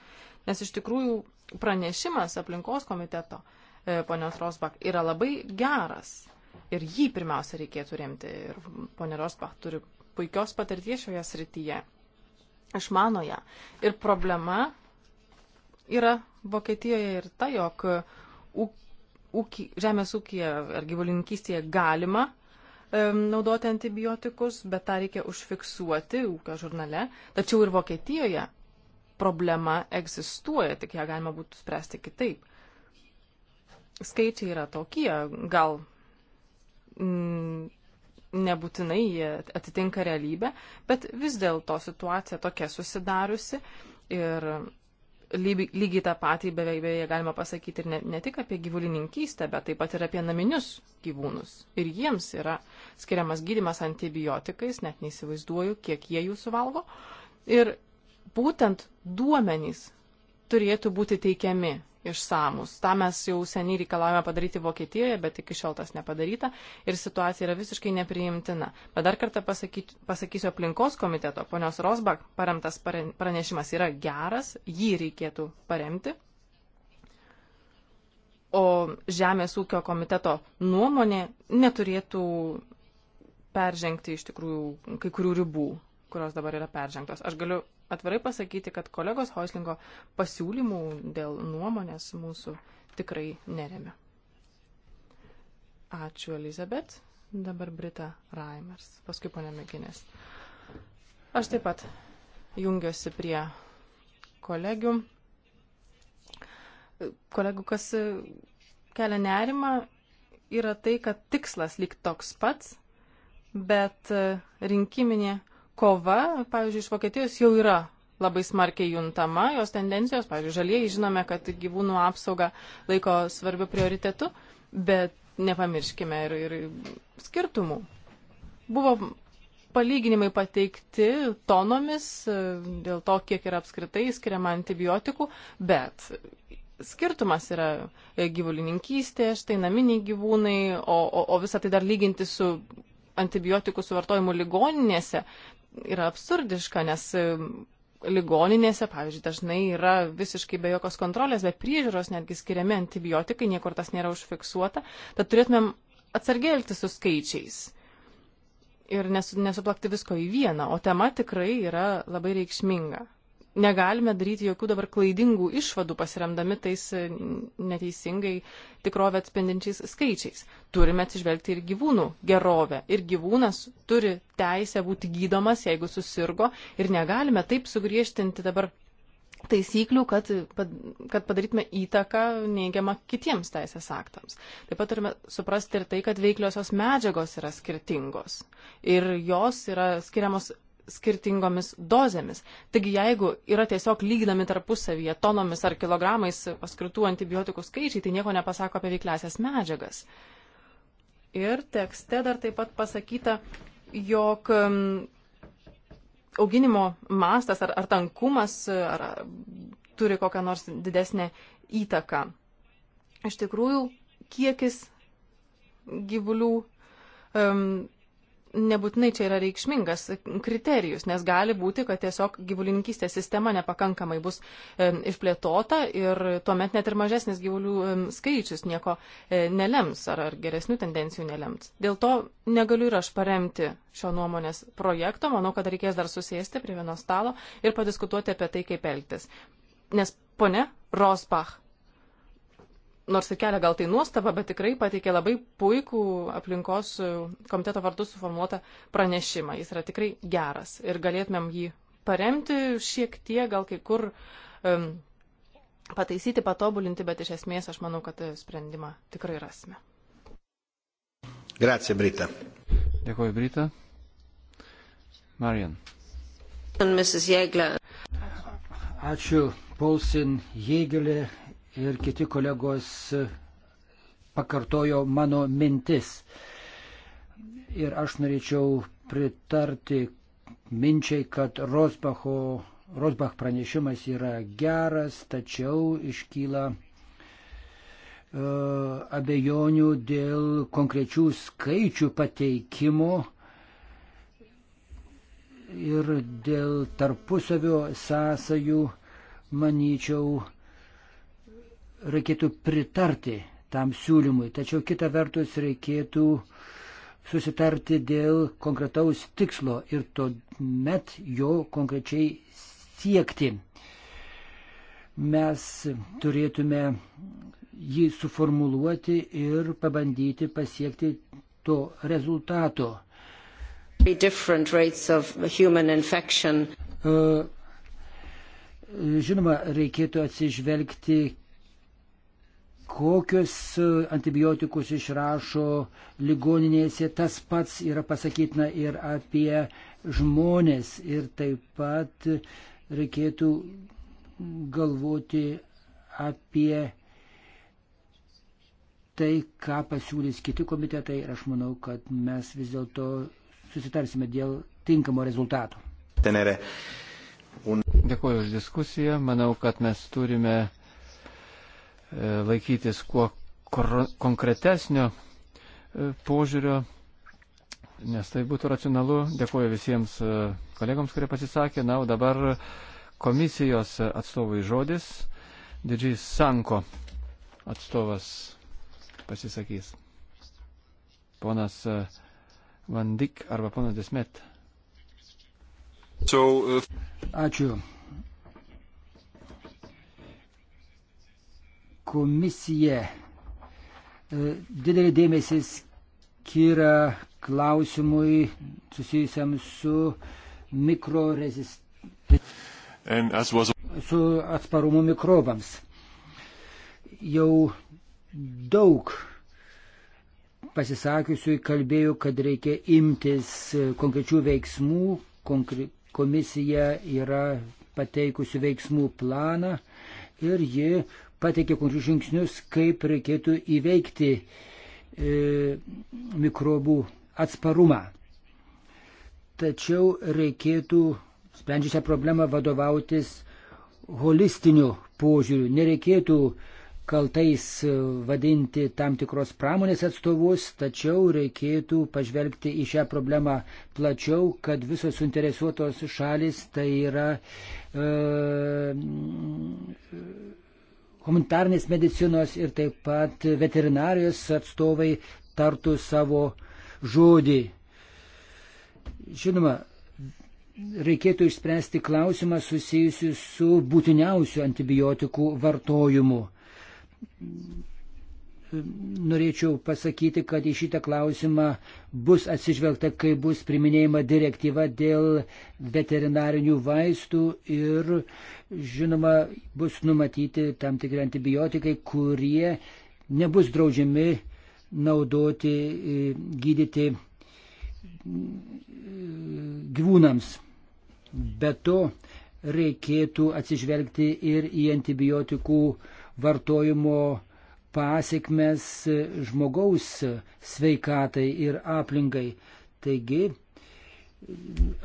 Nes iš tikrųjų pranešimas aplinkos komiteto e, ponios Rosbach yra labai geras ir jį pirmiausia reikėtų remti. Ir ponė Rosbach turi puikios patirties šioje srityje, išmano ją. Ir problema yra Vokietijoje ir ta, jog ūkį, žemės ūkija ar gyvulininkystėje galima naudoti antibiotikus, bet tą reikia užfiksuoti ūkio žurnale. Tačiau ir Vokietijoje problema egzistuoja, tik ją galima būtų spręsti kitaip. Skaičiai yra tokie, gal Mm, nebūtinai jie atitinka realybę, bet vis dėlto situacija tokia susidariusi ir lygiai tą patį beveik beje galima pasakyti ir ne, ne tik apie gyvulininkystę, bet taip pat ir apie naminius gyvūnus. Ir jiems yra skiriamas gydimas antibiotikais, net neįsivaizduoju, kiek jie jų suvalgo. Ir būtent duomenys turėtų būti teikiami išsamus. Ta mes jau seniai reikalavome padaryti Vokietijoje, bet iki šiol tas nepadaryta ir situacija yra visiškai nepriimtina. Bet dar kartą pasakyt, pasakysiu aplinkos komiteto, ponios Rosbach paremtas pranešimas yra geras, jį reikėtų paremti. O Žemės ūkio komiteto nuomonė neturėtų peržengti iš tikrųjų kai kurių ribų, kurios dabar yra peržengtos. Aš galiu atvirai pasakyti, kad kolegos Hoislingo pasiūlymų dėl nuomonės mūsų tikrai neremia. Ačiū, Elizabet. Dabar Brita Raimers, paskui ponė Meginės. Aš taip pat jungiuosi prie kolegių. Kolegų, kas kelia nerimą, yra tai, kad tikslas lyg toks pats, bet rinkiminė kova, pavyzdžiui, iš Vokietijos jau yra labai smarkiai juntama, jos tendencijos, pavyzdžiui, žalieji žinome, kad gyvūnų apsaugą laiko svarbiu prioritetu, bet nepamirškime ir, ir skirtumų. Buvo palyginimai pateikti tonomis dėl to, kiek yra apskritai skiriama antibiotikų, bet skirtumas yra gyvulininkystė, štai naminiai gyvūnai, o, o, o visą tai dar lyginti su antibiotikų suvartojimu ligoninėse, yra absurdiška, nes ligoninėse, pavyzdžiui, dažnai yra visiškai be jokios kontrolės, be priežiūros netgi skiriami antibiotikai, niekur tas nėra užfiksuota, tad turėtumėm atsargiai elgti su skaičiais ir nesu, nesuplakti visko į vieną, o tema tikrai yra labai reikšminga negalime daryti jokių dabar klaidingų išvadų pasiremdami tais e, neteisingai tikrovę atspindinčiais skaičiais. Turime atsižvelgti ir gyvūnų gerovę. Ir gyvūnas turi teisę būti gydomas, jeigu susirgo. Ir negalime taip sugriežtinti dabar taisyklių, kad, kad padarytume įtaką neigiamą kitiems teisės aktams. Taip pat turime suprasti ir tai, kad veikliosios medžiagos yra skirtingos ir jos yra skiriamos skirtingomis dozėmis. Taigi jeigu yra tiesiog lyginami tarpusavyje tonomis ar kilogramais paskirtų antibiotikų skaičiai, tai nieko nepasako apie veikliasias medžiagas. Ir tekste dar taip pat pasakyta, jog um, auginimo mastas ar, ar tankumas ar, turi kokią nors didesnę įtaką. Iš tikrųjų, kiekis gyvulių um, nebūtinai čia yra reikšmingas kriterijus, nes gali būti, kad tiesiog gyvulininkystės sistema nepakankamai bus e, išplėtota ir tuomet net ir mažesnis gyvulių e, skaičius nieko e, nelems ar, ar geresnių tendencijų nelems. Dėl to negaliu ir aš paremti šio nuomonės projekto, manau, kad reikės dar susėsti prie vieno stalo ir padiskutuoti apie tai, kaip elgtis. Nes pone Rosbach nors ir kelia gal tai nuostaba, bet tikrai pateikė labai puikų aplinkos komiteto vardu suformuotą pranešimą. Jis yra tikrai geras ir galėtumėm jį paremti šiek tiek, gal kai kur um, pataisyti, patobulinti, bet iš esmės aš manau, kad sprendimą tikrai rasime. Grazie, Brita. Dėkuoju, Brita. Marian. Ačiū, Paulsin Jėgelė ir kiti kolegos pakartojo mano mintis. Ir aš norėčiau pritarti minčiai, kad Rosbacho, Rosbach pranešimas yra geras, tačiau iškyla e, abejonių dėl konkrečių skaičių pateikimo ir dėl tarpusavio sąsajų, manyčiau, reikėtų pritarti tam siūlymui, tačiau kita vertus reikėtų susitarti dėl konkretaus tikslo ir tuomet jo konkrečiai siekti. Mes turėtume jį suformuluoti ir pabandyti pasiekti to rezultato. Uh, žinoma, reikėtų atsižvelgti, kokius e, antibiotikus išrašo ligoninėse, tas pats yra pasakytina ir apie žmonės. Ir taip pat reikėtų galvoti apie tai, ką pasiūlys kiti komitetai. Ir aš manau, kad mes vis dėlto susitarsime dėl tinkamo rezultato. Tenere. Un... Dėkuoju už diskusiją. Manau, kad mes turime E, laikytis kuo konkretesnio e, požiūrio, nes tai būtų racionalu. Dėkuoju visiems e, kolegoms, kurie pasisakė. Na, o dabar komisijos atstovai žodis. Didžiai Sanko atstovas pasisakys. Ponas Vandik arba ponas Desmet. So, uh... Ačiū, Komisija e, didelį dėmesį skiria klausimui susijusiam su mikrorezistencija, was... su atsparumu mikrobams. Jau daug pasisakiusių kalbėjo, kad reikia imtis konkrečių veiksmų, konkre... komisija yra pateikusi veiksmų planą ir ji pateikė konkrečius žingsnius, kaip reikėtų įveikti e, mikrobų atsparumą. Tačiau reikėtų, sprendžiant šią problemą, vadovautis holistiniu požiūriu. Nereikėtų kaltais vadinti tam tikros pramonės atstovus, tačiau reikėtų pažvelgti į šią problemą plačiau, kad visos suinteresuotos šalis tai yra e, humanitarnės medicinos ir taip pat veterinarijos atstovai tartų savo žodį. Žinoma, reikėtų išspręsti klausimą susijusiu su būtiniausiu antibiotikų vartojimu norėčiau pasakyti, kad į šitą klausimą bus atsižvelgta, kai bus priminėjama direktyva dėl veterinarinių vaistų ir, žinoma, bus numatyti tam tikri antibiotikai, kurie nebus draudžiami naudoti, e, gydyti e, gyvūnams. Be to, reikėtų atsižvelgti ir į antibiotikų vartojimo uh, pasiekmes žmogaus sveikatai ir aplinkai. Taigi,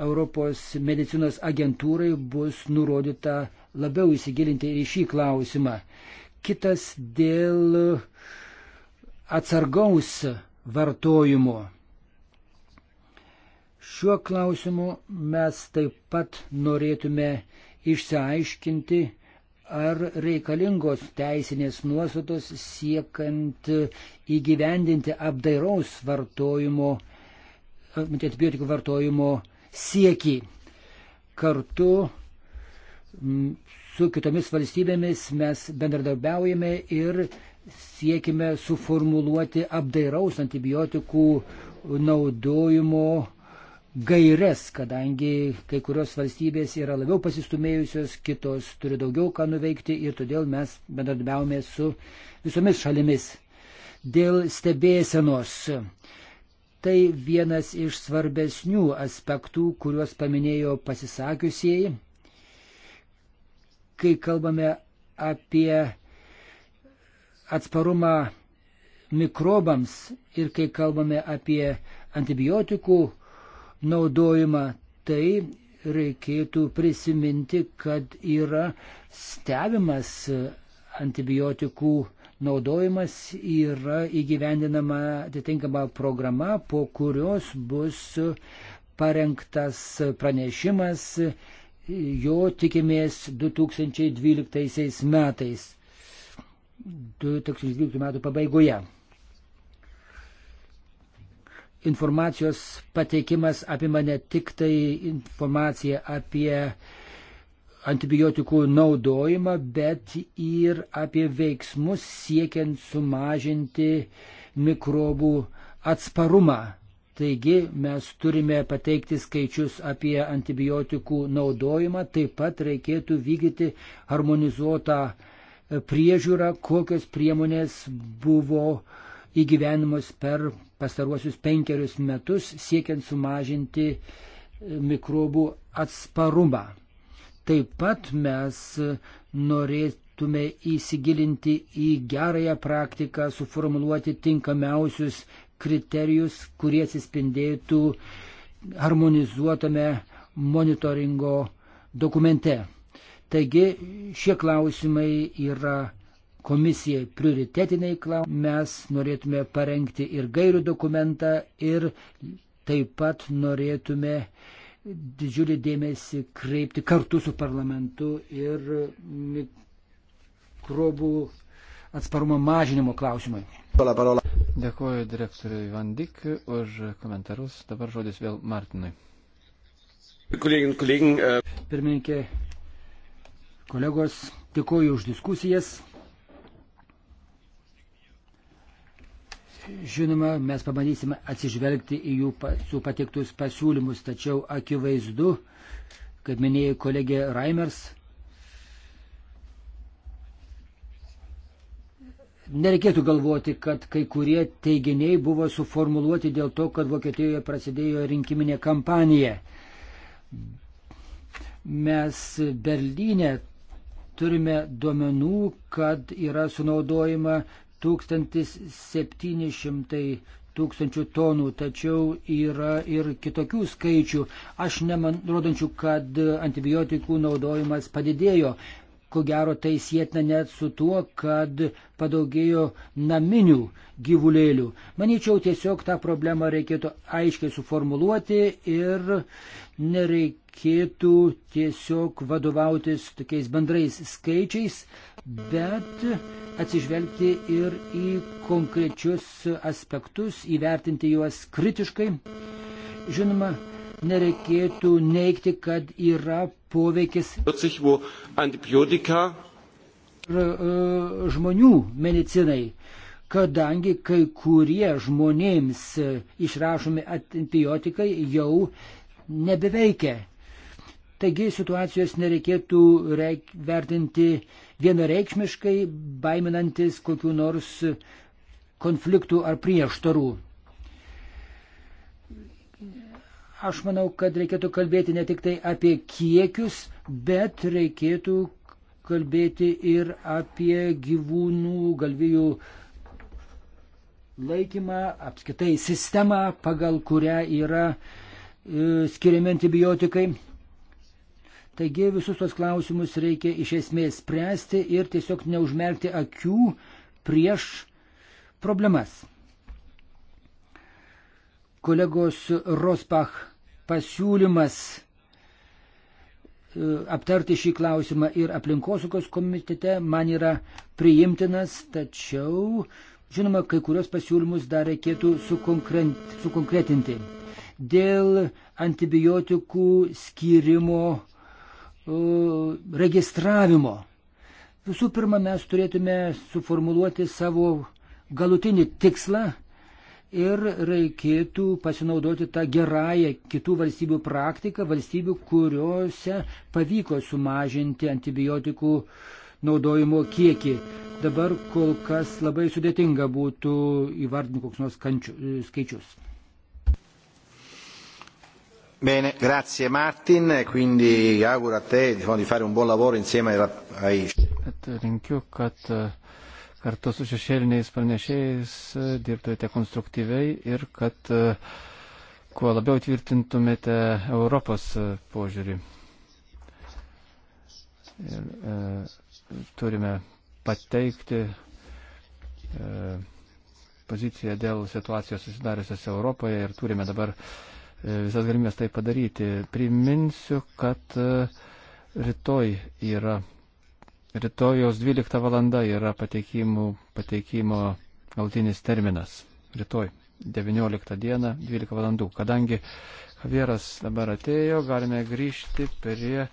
Europos medicinos agentūrai bus nurodyta labiau įsigilinti į šį klausimą. Kitas dėl atsargaus vartojimo. Šiuo klausimu mes taip pat norėtume išsiaiškinti, ar reikalingos teisinės nuostatos siekant įgyvendinti apdairaus vartojimo, antibiotikų vartojimo siekį. Kartu su kitomis valstybėmis mes bendradarbiaujame ir siekime suformuluoti apdairaus antibiotikų naudojimo gairias, kadangi kai kurios valstybės yra labiau pasistumėjusios, kitos turi daugiau ką nuveikti ir todėl mes bendradarbiaujame su visomis šalimis. Dėl stebėsenos. Tai vienas iš svarbesnių aspektų, kuriuos paminėjo pasisakiusieji, kai kalbame apie atsparumą mikrobams ir kai kalbame apie antibiotikų naudojimą, tai reikėtų prisiminti, kad yra stebimas antibiotikų naudojimas, yra įgyvendinama atitinkama programa, po kurios bus parengtas pranešimas, jo tikimės 2012 metais, 2012 metų pabaigoje informacijos pateikimas apima ne tik tai informaciją apie antibiotikų naudojimą, bet ir apie veiksmus siekiant sumažinti mikrobų atsparumą. Taigi mes turime pateikti skaičius apie antibiotikų naudojimą, taip pat reikėtų vykdyti harmonizuotą priežiūrą, kokios priemonės buvo uh, įgyvenimus per pastaruosius penkerius metus siekiant sumažinti e, mikrobų atsparumą. Taip pat mes norėtume įsigilinti į gerąją praktiką, suformuluoti tinkamiausius kriterijus, kurie atsispindėtų harmonizuotame monitoringo dokumente. Taigi šie klausimai yra komisijai prioritetiniai klausimai. Mes norėtume parengti ir gairių dokumentą ir taip pat norėtume didžiulį dėmesį kreipti kartu su parlamentu ir mikrobų atsparumo mažinimo klausimai. Dėkuoju direktoriui Vandik už komentarus. Dabar žodis vėl Martinui. Kolegin, kolegin, uh... Äh, Pirmininkė, kolegos, dėkuoju už diskusijas. Žinoma, mes pabandysime atsižvelgti į jų su patiktus pasiūlymus, tačiau akivaizdu, kaip minėjo kolegė Raimers, nereikėtų galvoti, kad kai kurie teiginiai buvo suformuluoti dėl to, kad Vokietijoje prasidėjo rinkiminė kampanija. Mes Berlyne turime duomenų, kad yra sunaudojama 1700 tūkstančių tonų, tačiau yra ir kitokių skaičių, aš neman, rodančių, kad antibiotikų naudojimas padidėjo. Ko gero tai sėtina net su tuo, kad padaugėjo naminių gyvulėlių. Maničiau, tiesiog tą problemą reikėtų aiškiai suformuluoti ir nereikėtų tiesiog vadovautis tokiais bendrais skaičiais, bet atsižvelgti ir į konkrečius aspektus, įvertinti juos kritiškai. Žinoma, nereikėtų neikti, kad yra poveikis e, žmonių medicinai, kadangi kai kurie žmonėms išrašomi antibiotikai jau nebeveikia. Taigi situacijos nereikėtų reik, vertinti vienareikšmiškai, baiminantis kokiu nors konfliktų ar prieštarų. Aš manau, kad reikėtų kalbėti ne tik tai apie kiekius, bet reikėtų kalbėti ir apie gyvūnų galvijų laikymą, apskaitai sistemą, pagal kurią yra e, skiriami antibiotikai. Taigi visus tos klausimus reikia iš esmės spręsti ir tiesiog neužmerkti akių prieš problemas. Kolegos Rospach pasiūlymas e, aptarti šį klausimą ir aplinkosaugos komitete man yra priimtinas, tačiau, žinoma, kai kurios pasiūlymus dar reikėtų sukonkretinti. Dėl antibiotikų skirimo E, registravimo. Visų pirma, mes turėtume suformuluoti savo galutinį tikslą ir reikėtų pasinaudoti tą gerąją kitų valstybių praktiką, valstybių, kuriuose pavyko sumažinti antibiotikų naudojimo kiekį. Dabar kol kas labai sudėtinga būtų įvardinti koks nors kančių, e, skaičius. Bene, grazie Martin, e quindi auguro a te di fare un buon lavoro insieme ai... Linkiu, kad e, kartu su šešėliniais pranešėjais e, dirbtumėte konstruktyviai ir kad kuo labiau tvirtintumėte Europos požiūrį. Ir e, turime pateikti e, poziciją dėl situacijos susidariusios Europoje ir turime dabar e, E, visas galimybės tai padaryti. Priminsiu, kad e, rytoj yra, rytojos 12 valanda yra pateikimo, pateikimo galtinis terminas. Rytoj 19 dieną 12 valandų. Kadangi Javieras dabar atėjo, galime grįžti prie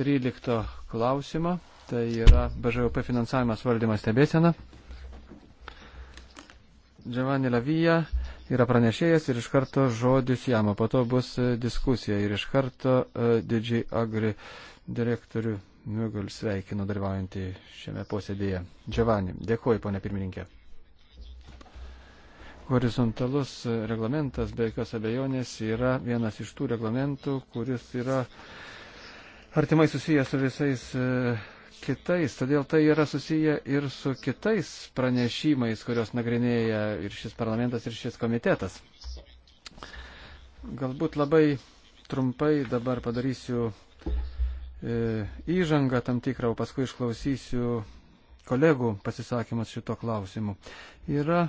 13 klausimą. Tai yra BŽOP finansavimas valdymas stebėsena. Giovanni Lavija yra pranešėjas ir iš karto žodis jam, o po to bus e, diskusija ir iš karto uh, e, didžiai agri direktorių Mugul sveikinu dalyvaujantį šiame posėdėje. Džiavani, dėkuoju, ponė pirmininkė. Horizontalus e, reglamentas, be jokios abejonės, yra vienas iš tų reglamentų, kuris yra artimai susijęs su visais kitais, todėl tai yra susiję ir su kitais pranešimais, kurios nagrinėja ir šis parlamentas, ir šis komitetas. Galbūt labai trumpai dabar padarysiu e, įžangą tam tikrą, o paskui išklausysiu kolegų pasisakymus šito klausimu. Yra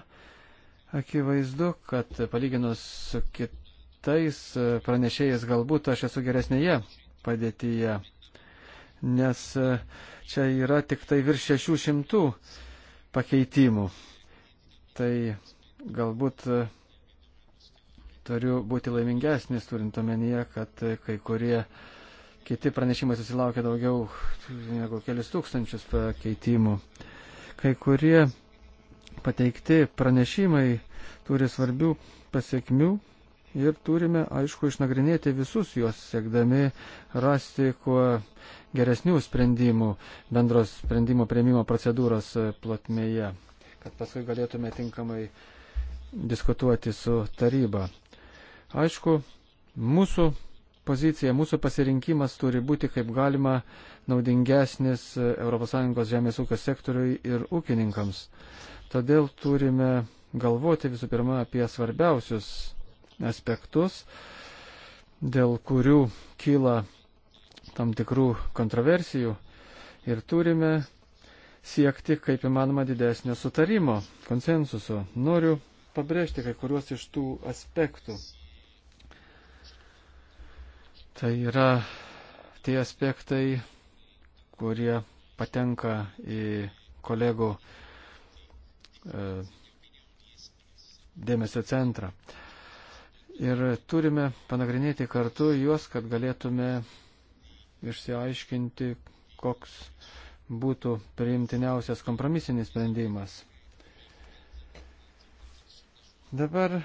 akivaizdu, kad palyginus su kitais pranešėjais galbūt aš esu geresnėje padėtyje nes e, čia yra tik tai virš 600 pakeitimų. Tai galbūt e, turiu būti laimingesnis, turint omenyje, kad e, kai kurie kiti pranešimai susilaukia daugiau negu kelis tūkstančius pakeitimų. Kai kurie pateikti pranešimai turi svarbių pasiekmių ir turime, aišku, išnagrinėti visus juos, siekdami rasti kuo geresnių sprendimų bendros sprendimo prieimimo procedūros e, plotmėje, kad paskui galėtume tinkamai diskutuoti su taryba. Aišku, mūsų pozicija, mūsų pasirinkimas turi būti kaip galima naudingesnis e, ES žemės ūkio sektoriui ir ūkininkams. Todėl turime galvoti visų pirma apie svarbiausius aspektus, dėl kurių kyla tam tikrų kontroversijų ir turime siekti kaip įmanoma didesnio sutarimo, konsensuso. Noriu pabrėžti kai kuriuos iš tų aspektų. Tai yra tie aspektai, kurie patenka į kolegų e, dėmesio centrą. Ir turime panagrinėti kartu juos, kad galėtume išsiaiškinti, koks būtų priimtiniausias kompromisinis sprendimas. Dabar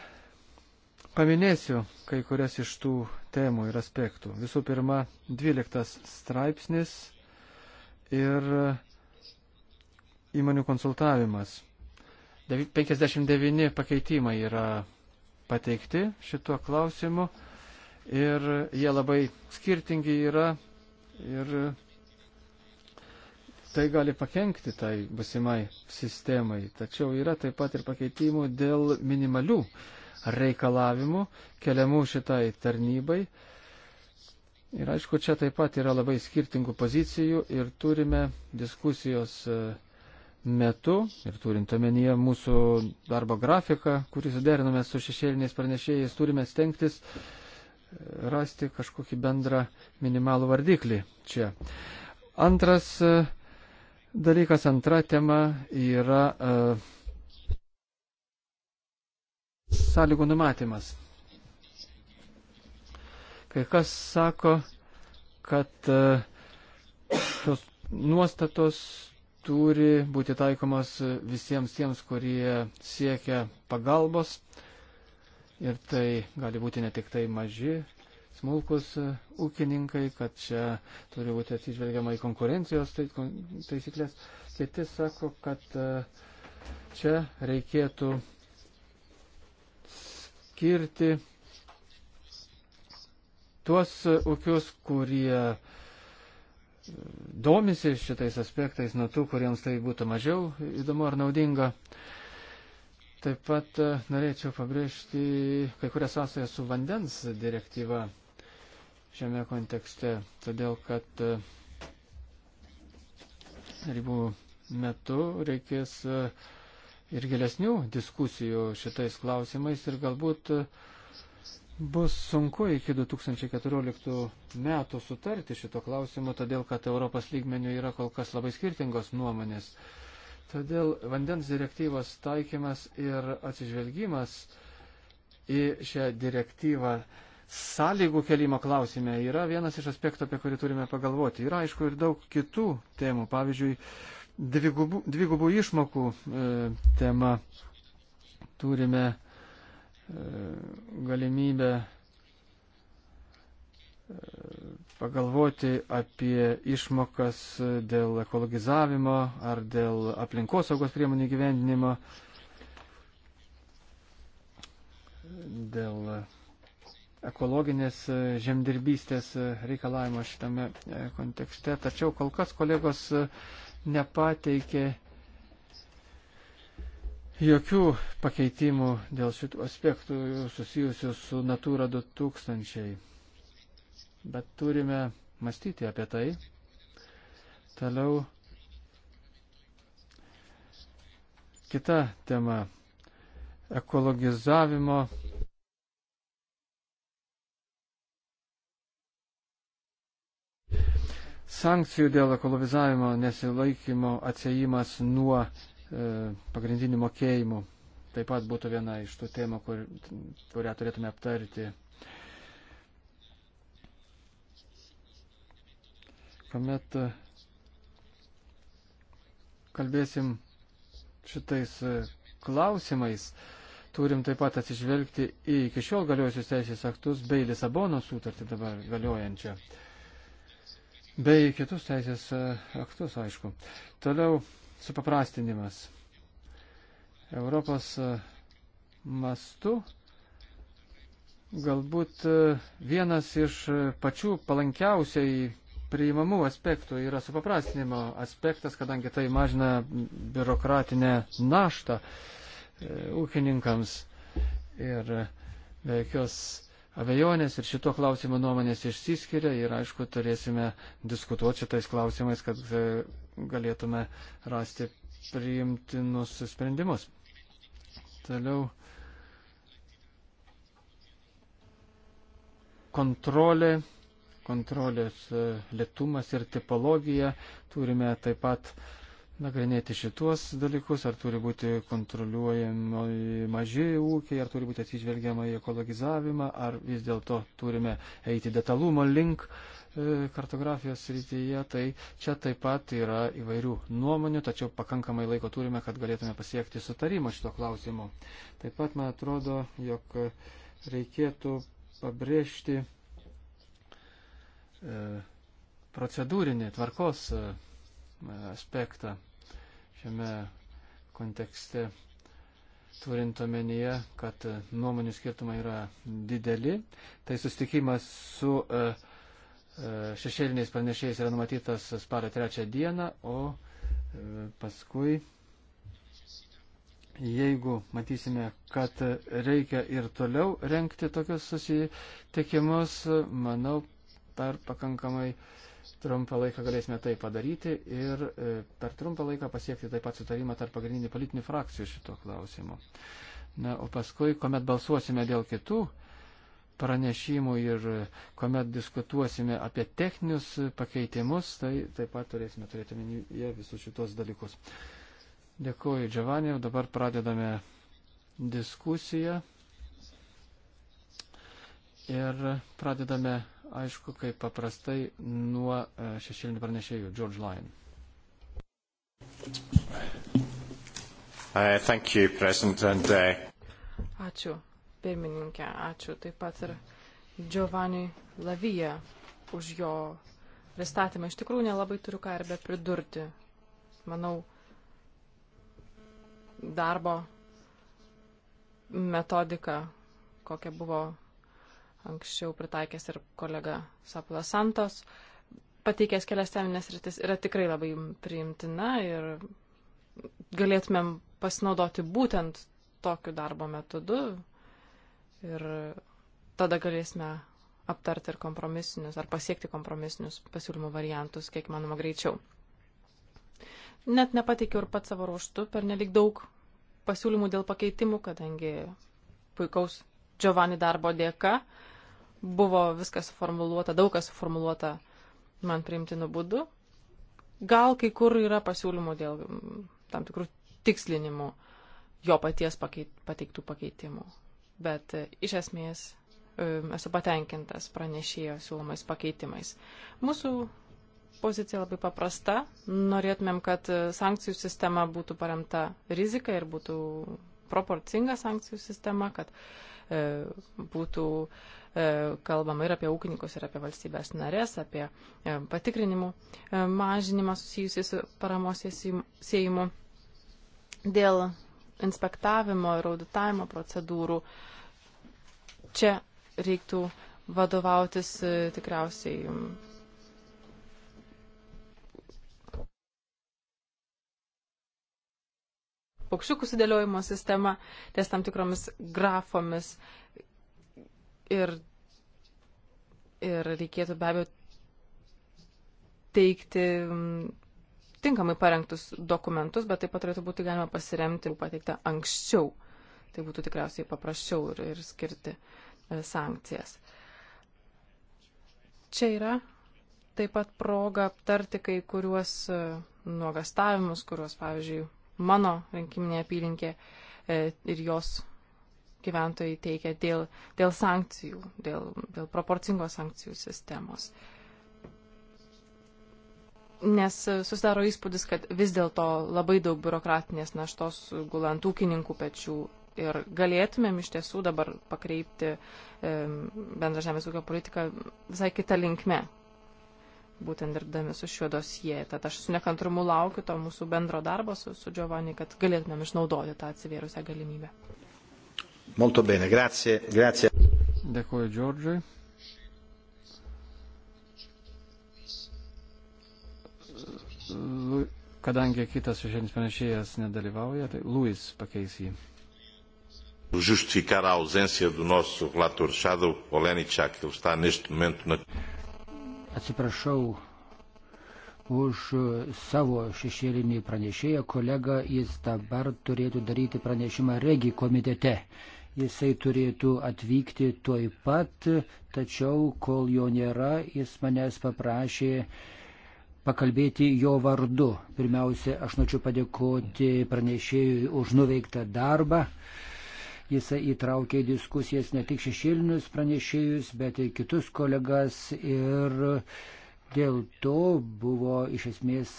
paminėsiu kai kurias iš tų temų ir aspektų. Visų pirma, 12 straipsnis ir įmonių konsultavimas. 59 pakeitimai yra pateikti šituo klausimu ir jie labai skirtingi yra ir e, tai gali pakengti tai busimai sistemai. Tačiau yra taip pat ir pakeitimų dėl minimalių reikalavimų keliamų šitai tarnybai. Ir aišku, čia taip pat yra labai skirtingų pozicijų ir turime diskusijos e, metu ir turint omenyje mūsų darbo grafiką, kurį suderinome su šešėliniais pranešėjais, turime stengtis uh, rasti kažkokį bendrą minimalų vardiklį čia. Antras e, dalykas, antra tema yra e, sąlygų numatymas. Kai kas sako, kad e, tos nuostatos turi būti taikomas visiems tiems, kurie siekia pagalbos, Ir tai gali būti ne tik tai maži, smulkus e, ūkininkai, kad čia turi būti atsižvelgiama į konkurencijos tai- taisyklės. Kiti sako, kad e, čia reikėtų skirti tuos ūkius, kurie e, domisi šitais aspektais nuo tų, kuriems tai būtų mažiau įdomu ar naudinga. Uh, Taip pat e, norėčiau pabrėžti kai kurias sąsajas su vandens direktyva šiame kontekste, todėl kad e, ribų metu reikės e, ir gilesnių diskusijų šitais klausimais ir galbūt bus sunku iki 2014 metų sutarti šito klausimu, todėl kad Europos lygmenių yra kol kas labai skirtingos nuomonės. Uh, Todėl vandens direktyvos taikymas ir atsižvelgimas į šią direktyvą sąlygų kelimo klausime yra vienas iš aspektų, apie kurį turime pagalvoti. Yra aišku ir daug kitų temų, pavyzdžiui, dvigubų, dvigubų išmokų e, tema. Turime e, galimybę pagalvoti apie išmokas dėl ekologizavimo ar dėl aplinkosaugos priemonių gyvendinimo, dėl ekologinės žemdirbystės reikalavimo šitame e, kontekste. Tačiau kol kas kolegos e, nepateikė jokių pakeitimų dėl šitų aspektų susijusių su Natura 2000 bet turime mąstyti apie tai. Toliau kita tema - ekologizavimo. Sankcijų dėl ekologizavimo nesilaikymo atsiejimas nuo e, pagrindinių mokėjimų taip pat būtų viena iš tų temų, kur, kurią turėtume aptarti kuomet e, kalbėsim šitais e, klausimais, turim taip pat atsižvelgti į iki šiol galiojusius teisės aktus bei Lisabono sutartį dabar galiojančią. Bei kitus teisės e, aktus, aišku. Toliau supaprastinimas. Europos mastu galbūt vienas iš pačių palankiausiai priimamų aspektų yra supaprastinimo aspektas, kadangi tai mažina biurokratinę naštą e, ūkininkams. Ir be jokios abejonės ir šito klausimo nuomonės išsiskiria ir aišku turėsime diskutuoti šitais klausimais, kad e, galėtume rasti priimtinus sprendimus. Toliau. Kontrolė kontrolės e, lėtumas ir tipologija. Turime taip pat nagrinėti šitos dalykus, ar turi būti kontroliuojami maži ūkiai, ar turi būti atsižvelgiama į ekologizavimą, ar vis dėlto turime eiti detalumo link e, kartografijos rytyje. Tai čia taip pat yra įvairių nuomonių, tačiau pakankamai laiko turime, kad galėtume pasiekti sutarimą šito klausimu. Taip pat man atrodo, jog reikėtų pabrėžti E, procedūrinį tvarkos e, aspektą šiame kontekste, turint omenyje, kad e, nuomonių skirtumai yra dideli. Tai sustikimas su šešėliniais pranešėjais yra numatytas spalio trečią dieną, o paskui, jeigu matysime, kad reikia ir toliau renkti tokius susitikimus, manau, per pakankamai trumpą laiką galėsime tai padaryti ir e, per trumpą laiką pasiekti taip pat sutarimą tarp pagrindinių politinių frakcijų šito klausimu. Na, o paskui, kuomet balsuosime dėl kitų pranešimų ir e, kuomet diskutuosime apie techninius pakeitimus, tai taip pat turėsime turėti omenyje visus šitos dalykus. Dėkuoju, Džavanė, dabar pradedame diskusiją ir pradedame aišku, kaip paprastai nuo e, šešėlinių pranešėjų, George Lyon. Uh, thank you, President, and, uh... Ačiū, pirmininkė, ačiū taip pat ir Giovanni Lavija už jo pristatymą. Iš tikrųjų, nelabai turiu ką ir be pridurti. Manau, darbo metodika, kokia buvo anksčiau pritaikęs ir kolega Sapulas Santos, pateikęs kelias teminės rytis, yra tikrai labai priimtina ir galėtumėm pasinaudoti būtent tokiu darbo metodu ir tada galėsime aptarti ir kompromisinius ar pasiekti kompromisinius pasiūlymų variantus kiek manoma greičiau. Net nepateikiau ir pat savo ruoštų per nelik daug pasiūlymų dėl pakeitimų, kadangi puikaus Giovanni darbo dėka uh, buvo viskas suformuluota, daug kas suformuluota man priimtinu būdu. Gal kai kur yra pasiūlymų dėl mm, tam tikrų tikslinimų jo paties pakeit, pateiktų pakeitimų. Bet e, iš esmės e, esu patenkintas pranešėjo siūlomais pakeitimais. Mūsų pozicija labai paprasta. Norėtumėm, kad e, sankcijų sistema būtų paremta rizika ir būtų proporcinga sankcijų sistema, kad e, būtų E, kalbama ir apie ūkininkus, ir apie valstybės narės, apie e, patikrinimų e, mažinimą susijusį su paramos siejimu. Dėl inspektavimo ir auditavimo procedūrų čia reiktų vadovautis tikriausiai paukščiukų sudėliojimo sistema, ties tam tikromis grafomis Ir, ir reikėtų be abejo teikti mm, tinkamai parengtus dokumentus, bet taip pat turėtų būti galima pasiremti pateiktą anksčiau. Tai būtų tikriausiai paprasčiau ir, ir skirti e, sankcijas. Čia yra taip pat proga aptarti kai kuriuos e, nuogastavimus, kuriuos, pavyzdžiui, mano rinkiminė apylinkė e, ir jos gyventojai teikia dėl, dėl sankcijų, dėl, dėl proporcingos sankcijų sistemos. Nes susidaro įspūdis, kad vis dėlto labai daug biurokratinės naštos gulant ūkininkų pečių ir galėtumėm iš tiesų dabar pakreipti e, bendrą žemės ūkio politiką visai kitą linkmę, būtent dirbdami su šiuo dosijai. Tad aš su nekantrumu laukiu to mūsų bendro darbo su, su Giovanni, kad galėtumėm išnaudoti tą atsivėrusią galimybę. Molto bene, grazie. grazie. Dėkuoju Džordžiui. Kadangi kitas šešėlis pranešėjas nedalyvauja, tai Luis pakeis jį. Justificar a ausência do nosso relator Shadow Olenichak, ele está neste momento na. Atsiprašau už uh, savo šešėlinį pranešėją, kolega jis dabar turėtų daryti pranešimą Regi komitete. Uh, jisai turėtų atvykti tuoj pat, tačiau kol jo nėra, jis manęs paprašė pakalbėti jo vardu. Pirmiausia, aš norėčiau padėkoti pranešėjui už nuveiktą darbą. Jisai įtraukė į diskusijas ne tik šešėlinius pranešėjus, bet ir kitus kolegas ir dėl to buvo iš esmės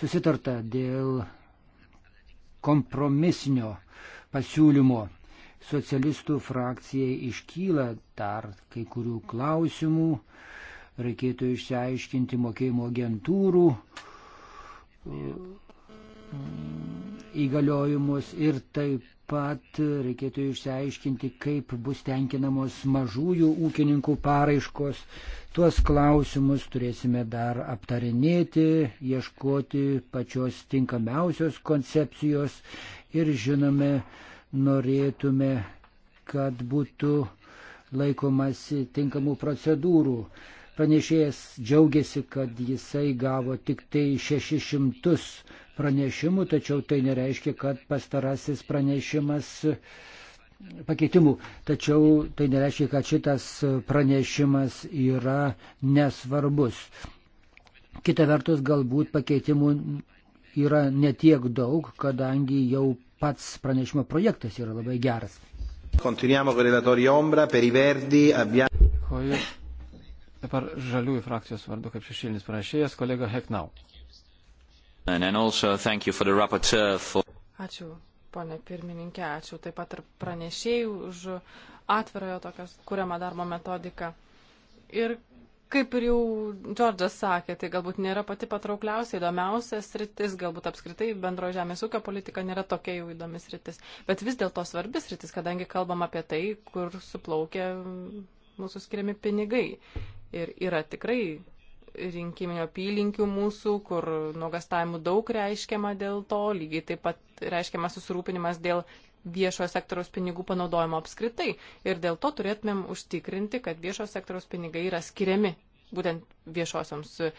susitarta dėl kompromisinio pasiūlymo socialistų frakcijai iškyla dar kai kurių klausimų. Reikėtų išsiaiškinti mokėjimo agentūrų mm, įgaliojimus ir taip pat reikėtų išsiaiškinti, kaip bus tenkinamos mažųjų ūkininkų paraiškos. Tuos klausimus turėsime dar aptarinėti, ieškoti pačios tinkamiausios koncepcijos ir žinome, norėtume, kad būtų laikomasi tinkamų procedūrų. Pranešėjas džiaugiasi, kad jisai gavo tik tai 600 pranešimų, tačiau tai nereiškia, kad pastarasis pranešimas pakeitimų. Tačiau tai nereiškia, kad šitas pranešimas yra nesvarbus. Kita vertus, galbūt pakeitimų yra netiek daug, kadangi jau pats pranešimo projektas yra labai geras. Continuiamo con relatori Ombra, per i Verdi abbiamo... Dėkoju. Dabar žaliųjų frakcijos vardu kaip šešėlinis pranešėjas, kolega Heknau. For... Ačiū, ponė pirmininkė, ačiū taip pat ir pranešėjų už atvirojo tokias kuriamą darbo metodiką. Ir Kaip ir jau Džordžas sakė, tai galbūt nėra pati patraukliausia, įdomiausia sritis, galbūt apskritai bendroji žemės ūkio politika nėra tokia jau įdomi sritis, bet vis dėlto svarbi sritis, kadangi kalbam apie tai, kur suplaukia mūsų skiriami pinigai. Ir yra tikrai rinkiminio apylinkių mūsų, kur nuogastavimų daug reiškiama dėl to, lygiai taip pat reiškiamas susirūpinimas dėl viešojo sektoriaus pinigų panaudojimo apskritai. Ir dėl to turėtumėm užtikrinti, kad viešojo sektoriaus pinigai yra skiriami būtent viešosioms e,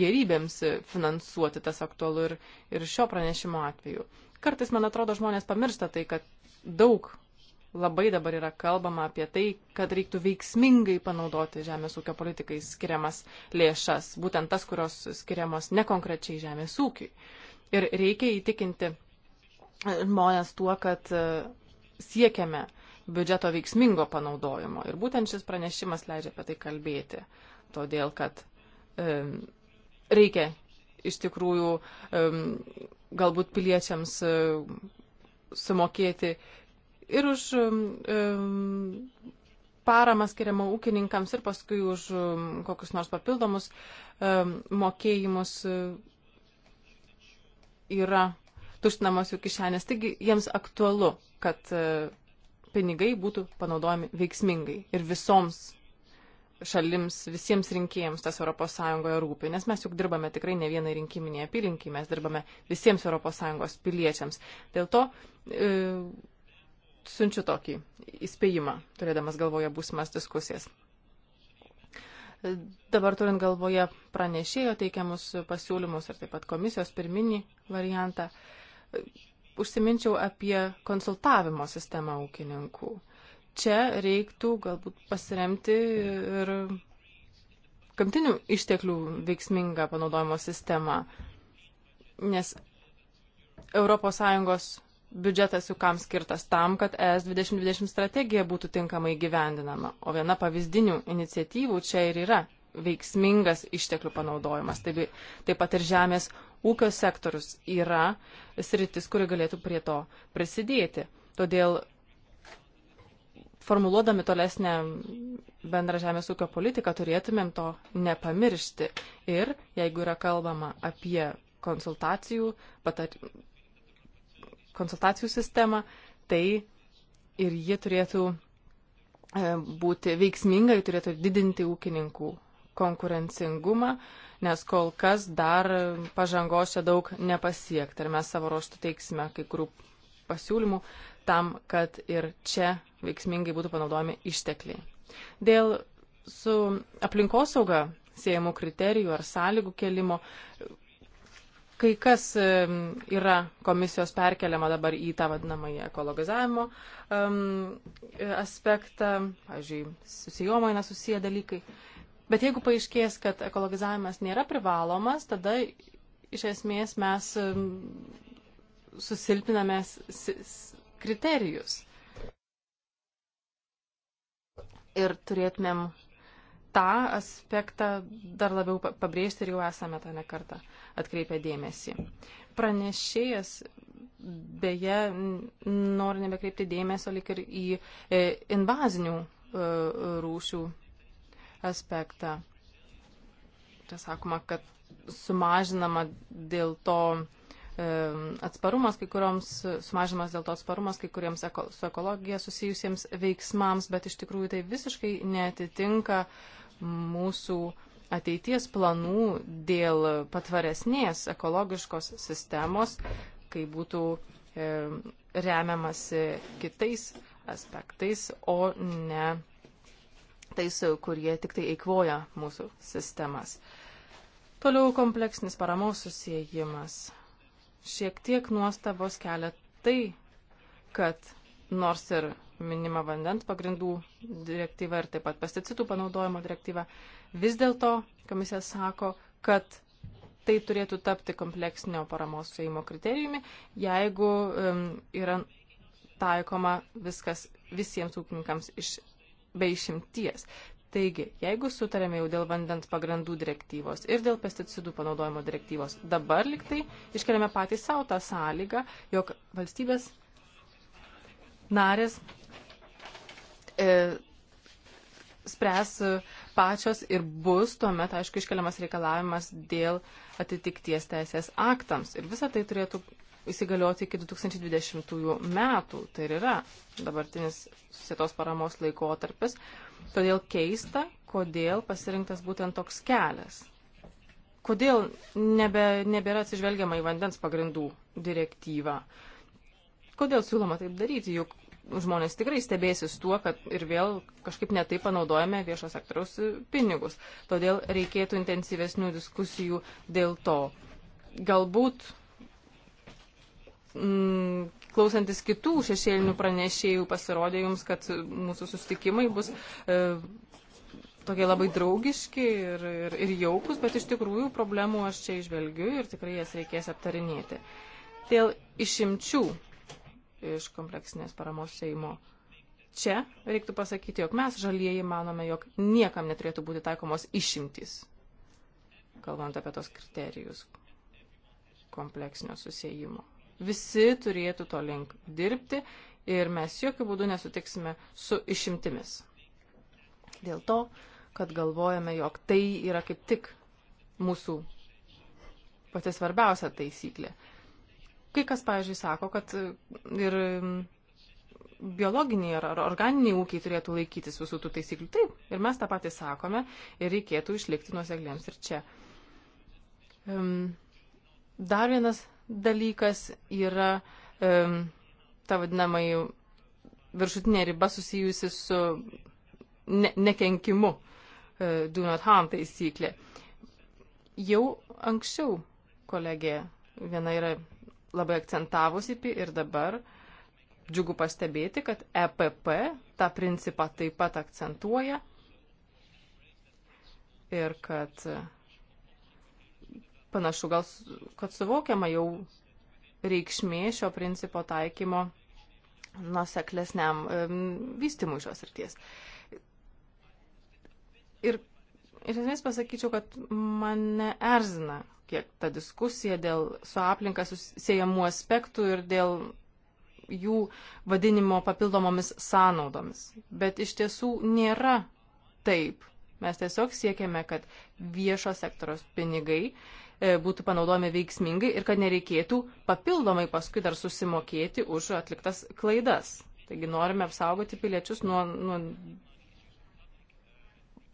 gerybėms finansuoti tas aktualu ir, ir šio pranešimo atveju. Kartais, man atrodo, žmonės pamiršta tai, kad daug labai dabar yra kalbama apie tai, kad reiktų veiksmingai panaudoti žemės ūkio politikai skiriamas lėšas, būtent tas, kurios skiriamos nekonkrečiai žemės ūkiui. Ir reikia įtikinti žmonės tuo, kad e, siekiame biudžeto veiksmingo panaudojimo. Ir būtent šis pranešimas leidžia apie tai kalbėti, todėl kad e, reikia iš tikrųjų e, galbūt piliečiams e, sumokėti ir už e, e paramą skiriamą ūkininkams ir paskui už e, kokius nors papildomus e, mokėjimus. E, yra tuštinamos jų kišenės. Taigi jiems aktualu, kad e, pinigai būtų panaudojami veiksmingai ir visoms šalims, visiems rinkėjams tas ES rūpi, nes mes juk dirbame tikrai ne vienai rinkiminiai apylinkiai, mes dirbame visiems ES piliečiams. Dėl to e, siunčiu tokį įspėjimą, turėdamas galvoje būsimas diskusijas. E, dabar turint galvoje pranešėjo teikiamus pasiūlymus ir taip pat komisijos pirminį variantą, e, užsiminčiau apie konsultavimo sistemą ūkininkų. Čia reiktų galbūt pasiremti ir gamtinių išteklių veiksmingą panaudojimo sistemą, nes ES biudžetas jau kam skirtas tam, kad ES 2020 strategija būtų tinkamai gyvendinama. O viena pavyzdinių iniciatyvų čia ir yra veiksmingas išteklių panaudojimas, taip, taip pat ir žemės ūkio sektorius yra sritis, kuri galėtų prie to prisidėti. Todėl formuluodami tolesnę bendrą žemės ūkio politiką turėtumėm to nepamiršti. Ir jeigu yra kalbama apie konsultacijų, patar, konsultacijų sistemą, tai ir ji turėtų e, būti veiksminga, ji turėtų didinti ūkininkų konkurencingumą, nes kol kas dar pažangos čia daug nepasiekti. Ir mes savo ruoštų teiksime kai kurių pasiūlymų tam, kad ir čia veiksmingai būtų panaudojami ištekliai. Dėl su aplinkosauga siejamų kriterijų ar sąlygų kelimo, kai kas yra komisijos perkeliama dabar į tą vadinamąjį ekologizavimo um, aspektą, pavyzdžiui, susijomai nesusiję dalykai. Uh, Bet jeigu paaiškės, kad ekologizavimas nėra privalomas, tada iš esmės mes um, susilpiname kriterijus. Ir turėtumėm tą aspektą dar labiau pabrėžti ir jau esame tą nekartą atkreipę dėmesį. Pranešėjas beje nori nebekreipti dėmesio lik ir į e, invazinių e, rūšių aspektą. Čia sakoma, kad sumažinama dėl to e, atsparumas kai kurioms, sumažinamas dėl to atsparumas kai kuriems eko, su ekologija susijusiems veiksmams, bet iš tikrųjų tai visiškai netitinka mūsų ateities planų dėl patvaresnės ekologiškos sistemos, kai būtų e, remiamasi kitais aspektais, o ne tais, kurie tik tai eikvoja mūsų sistemas. Toliau kompleksinis paramos susijimas. Šiek tiek nuostabos kelia tai, kad nors ir minima vandens pagrindų direktyva ir taip pat pesticidų panaudojimo direktyva, vis dėlto komisija sako, kad tai turėtų tapti kompleksinio paramos suėjimo kriterijumi, jeigu um, yra taikoma viskas visiems ūkininkams iš be išimties. Taigi, jeigu sutarėme jau dėl vandens pagrindų direktyvos ir dėl pesticidų panaudojimo direktyvos, dabar liktai iškeliame patys savo tą sąlygą, jog valstybės narės e, spręs pačios ir bus tuomet, aišku, iškeliamas reikalavimas dėl atitikties teisės aktams. Ir visa tai turėtų įsigalioti iki 2020 metų. Tai ir yra dabartinis susietos paramos laikotarpis. Todėl keista, kodėl pasirinktas būtent toks kelias. Kodėl nebe, nebėra atsižvelgiama į vandens pagrindų direktyvą. Kodėl siūloma taip daryti, juk žmonės tikrai stebėsis tuo, kad ir vėl kažkaip netai panaudojame viešo sektoriaus pinigus. Todėl reikėtų intensyvesnių diskusijų dėl to. Galbūt m, mm, klausantis kitų šešėlinių pranešėjų pasirodė jums, kad mūsų sustikimai bus e, tokie labai draugiški ir, ir, ir jaukus, bet iš tikrųjų problemų aš čia išvelgiu ir tikrai jas reikės aptarinėti. Dėl išimčių iš kompleksinės paramos Seimo. Čia reiktų pasakyti, jog mes žalieji manome, jog niekam neturėtų būti taikomos išimtis, kalbant apie tos kriterijus kompleksinio susijimo. Visi turėtų to link dirbti ir mes jokių būdų nesutiksime su išimtimis. Dėl to, kad galvojame, jog tai yra kaip tik mūsų pati svarbiausia taisyklė. Kai kas, pavyzdžiui, sako, kad ir biologiniai ar organiniai ūkiai turėtų laikytis visų tų taisyklių. Taip, ir mes tą patį sakome ir reikėtų išlikti nuosegliems ir čia. Dar vienas dalykas yra um, ta vadinamai viršutinė riba susijusi su ne, nekenkimu, uh, do not harm taisyklė. Jau anksčiau kolegė viena yra labai akcentavusi ir dabar džiugu pastebėti, kad EPP tą principą taip pat akcentuoja ir kad uh, Panašu gal, kad suvokiama jau reikšmė šio principo taikymo nuseklesniam vystimui šios ryties. Ir iš esmės pasakyčiau, kad mane erzina kiek ta diskusija dėl su aplinka susijęjamų aspektų ir dėl jų vadinimo papildomomis sąnaudomis. Bet iš tiesų nėra taip. Mes tiesiog siekiame, kad viešo sektoriaus pinigai E, būtų panaudojami veiksmingai ir kad nereikėtų papildomai paskui dar susimokėti už atliktas klaidas. Taigi norime apsaugoti piliečius nuo, nuo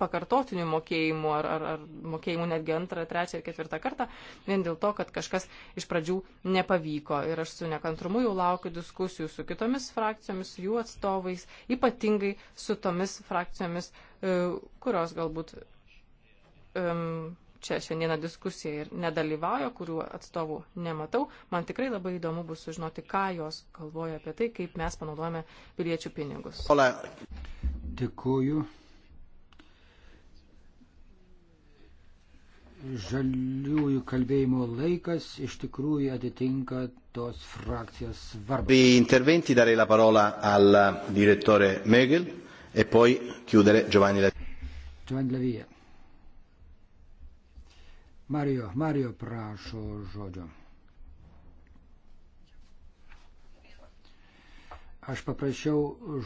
pakartotinių mokėjimų ar, ar, ar mokėjimų netgi antrą, trečią ir ketvirtą kartą, vien dėl to, kad kažkas iš pradžių nepavyko. Ir aš su nekantrumu jau laukiu diskusijų su kitomis frakcijomis, su jų atstovais, ypatingai su tomis frakcijomis, e, kurios galbūt um, čia šiandieną diskusija ir nedalyvauja, kurių atstovų nematau, man tikrai labai įdomu bus sužinoti, ką jos galvoja apie tai, kaip mes panaudojame piliečių pinigus. Ola. Dėkuoju. Žaliųjų kalbėjimo laikas iš tikrųjų atitinka tos frakcijos svarbą. Interventi darei la parola al direttore Megel e poi chiudere Giovanni Lavia. Giovanni Lavia. Marijo, Marijo prašo žodžio. Aš paprašiau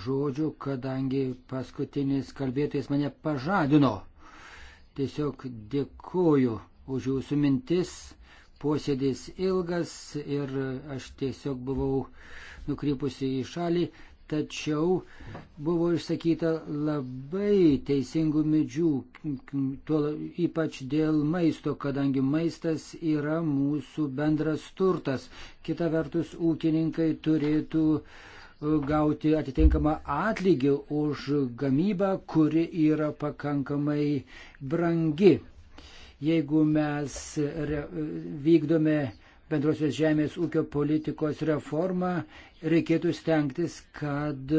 žodžių, kadangi paskutinis kalbėtojas mane pažadino. Tiesiog dėkoju už jūsų mintis. Posėdis ilgas ir aš tiesiog buvau nukrypusi į šalį tačiau buvo išsakyta labai teisingų midžių, ypač dėl maisto, kadangi maistas yra mūsų bendras turtas. Kita vertus, ūkininkai turėtų e, gauti atitinkamą atlygį už gamybą, kuri yra pakankamai brangi. Jeigu mes vykdome bendrosios žemės ūkio politikos reformą, reikėtų stengtis, kad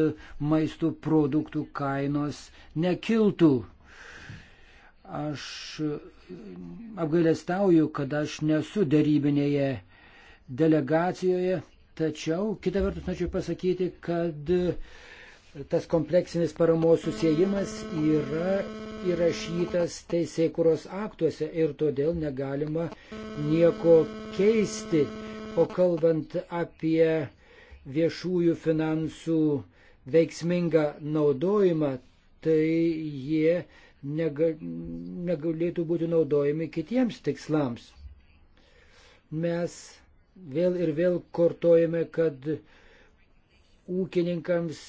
maistų produktų kainos nekiltų. Aš apgailestauju, kad aš nesu darybinėje delegacijoje, tačiau kitą vertus norėčiau pasakyti, kad uh, tas kompleksinis paramos susijimas yra įrašytas teisėkuros aktuose ir todėl negalima nieko keisti. O kalbant apie viešųjų finansų veiksmingą naudojimą, tai jie nega, negalėtų būti naudojami kitiems tikslams. Mes vėl ir vėl kartojame, kad ūkininkams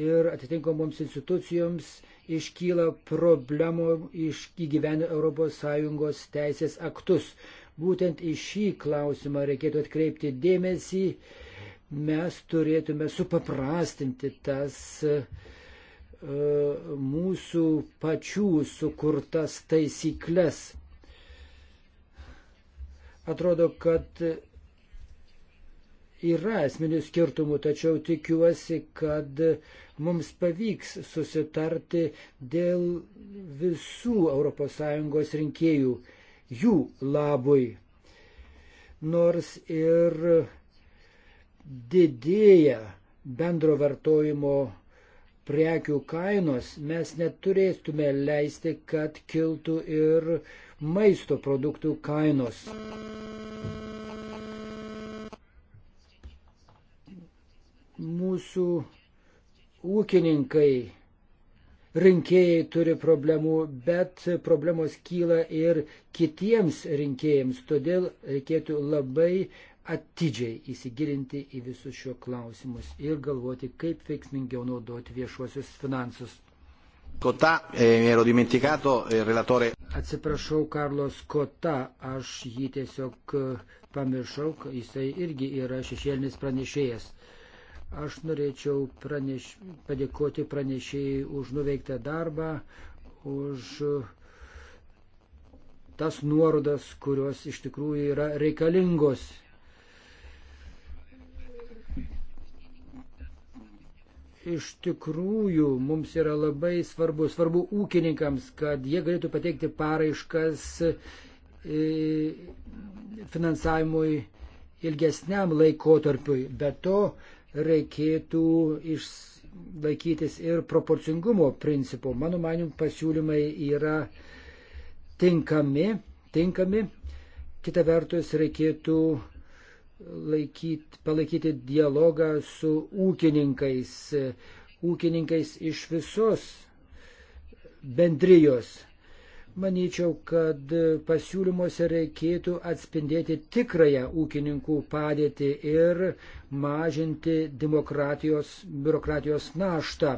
ir atitinkamoms institucijoms iškyla problemų iš įgyvenę ES teisės aktus. Būtent į šį klausimą reikėtų atkreipti dėmesį. Mes turėtume supaprastinti tas uh, mūsų pačių sukurtas taisyklės. Atrodo, kad yra esminių skirtumų, tačiau tikiuosi, kad mums pavyks susitarti dėl visų ES rinkėjų jų labui. Nors ir didėja bendro vartojimo prekių kainos, mes neturėtume leisti, kad kiltų ir maisto produktų kainos. mūsų ūkininkai, rinkėjai turi problemų, bet problemos kyla ir kitiems rinkėjams. Todėl reikėtų labai atidžiai įsigilinti į visus šio klausimus ir galvoti, kaip veiksmingiau naudoti viešuosius finansus. Kota, eh, ero dimenticato, eh, relatore. Atsiprašau, Karlos Kota, aš jį tiesiog e, pamiršau, jisai irgi yra šešėlinis pranešėjas. Eh, Aš norėčiau praneš, padėkoti pranešėjai už nuveiktą darbą, už tas nuorodas, kurios iš tikrųjų yra reikalingos. Iš tikrųjų, mums yra labai svarbu, svarbu ūkininkams, kad jie galėtų pateikti paraiškas e, finansavimui ilgesniam laikotarpiui. Be to, reikėtų išlaikytis ir proporcingumo principų. Mano manim, pasiūlymai yra tinkami, tinkami. Kita vertus, reikėtų laikyt, palaikyti dialogą su ūkininkais, ūkininkais iš visos bendrijos Manyčiau, kad pasiūlymuose reikėtų atspindėti tikrąją ūkininkų padėtį ir mažinti demokratijos, biurokratijos naštą.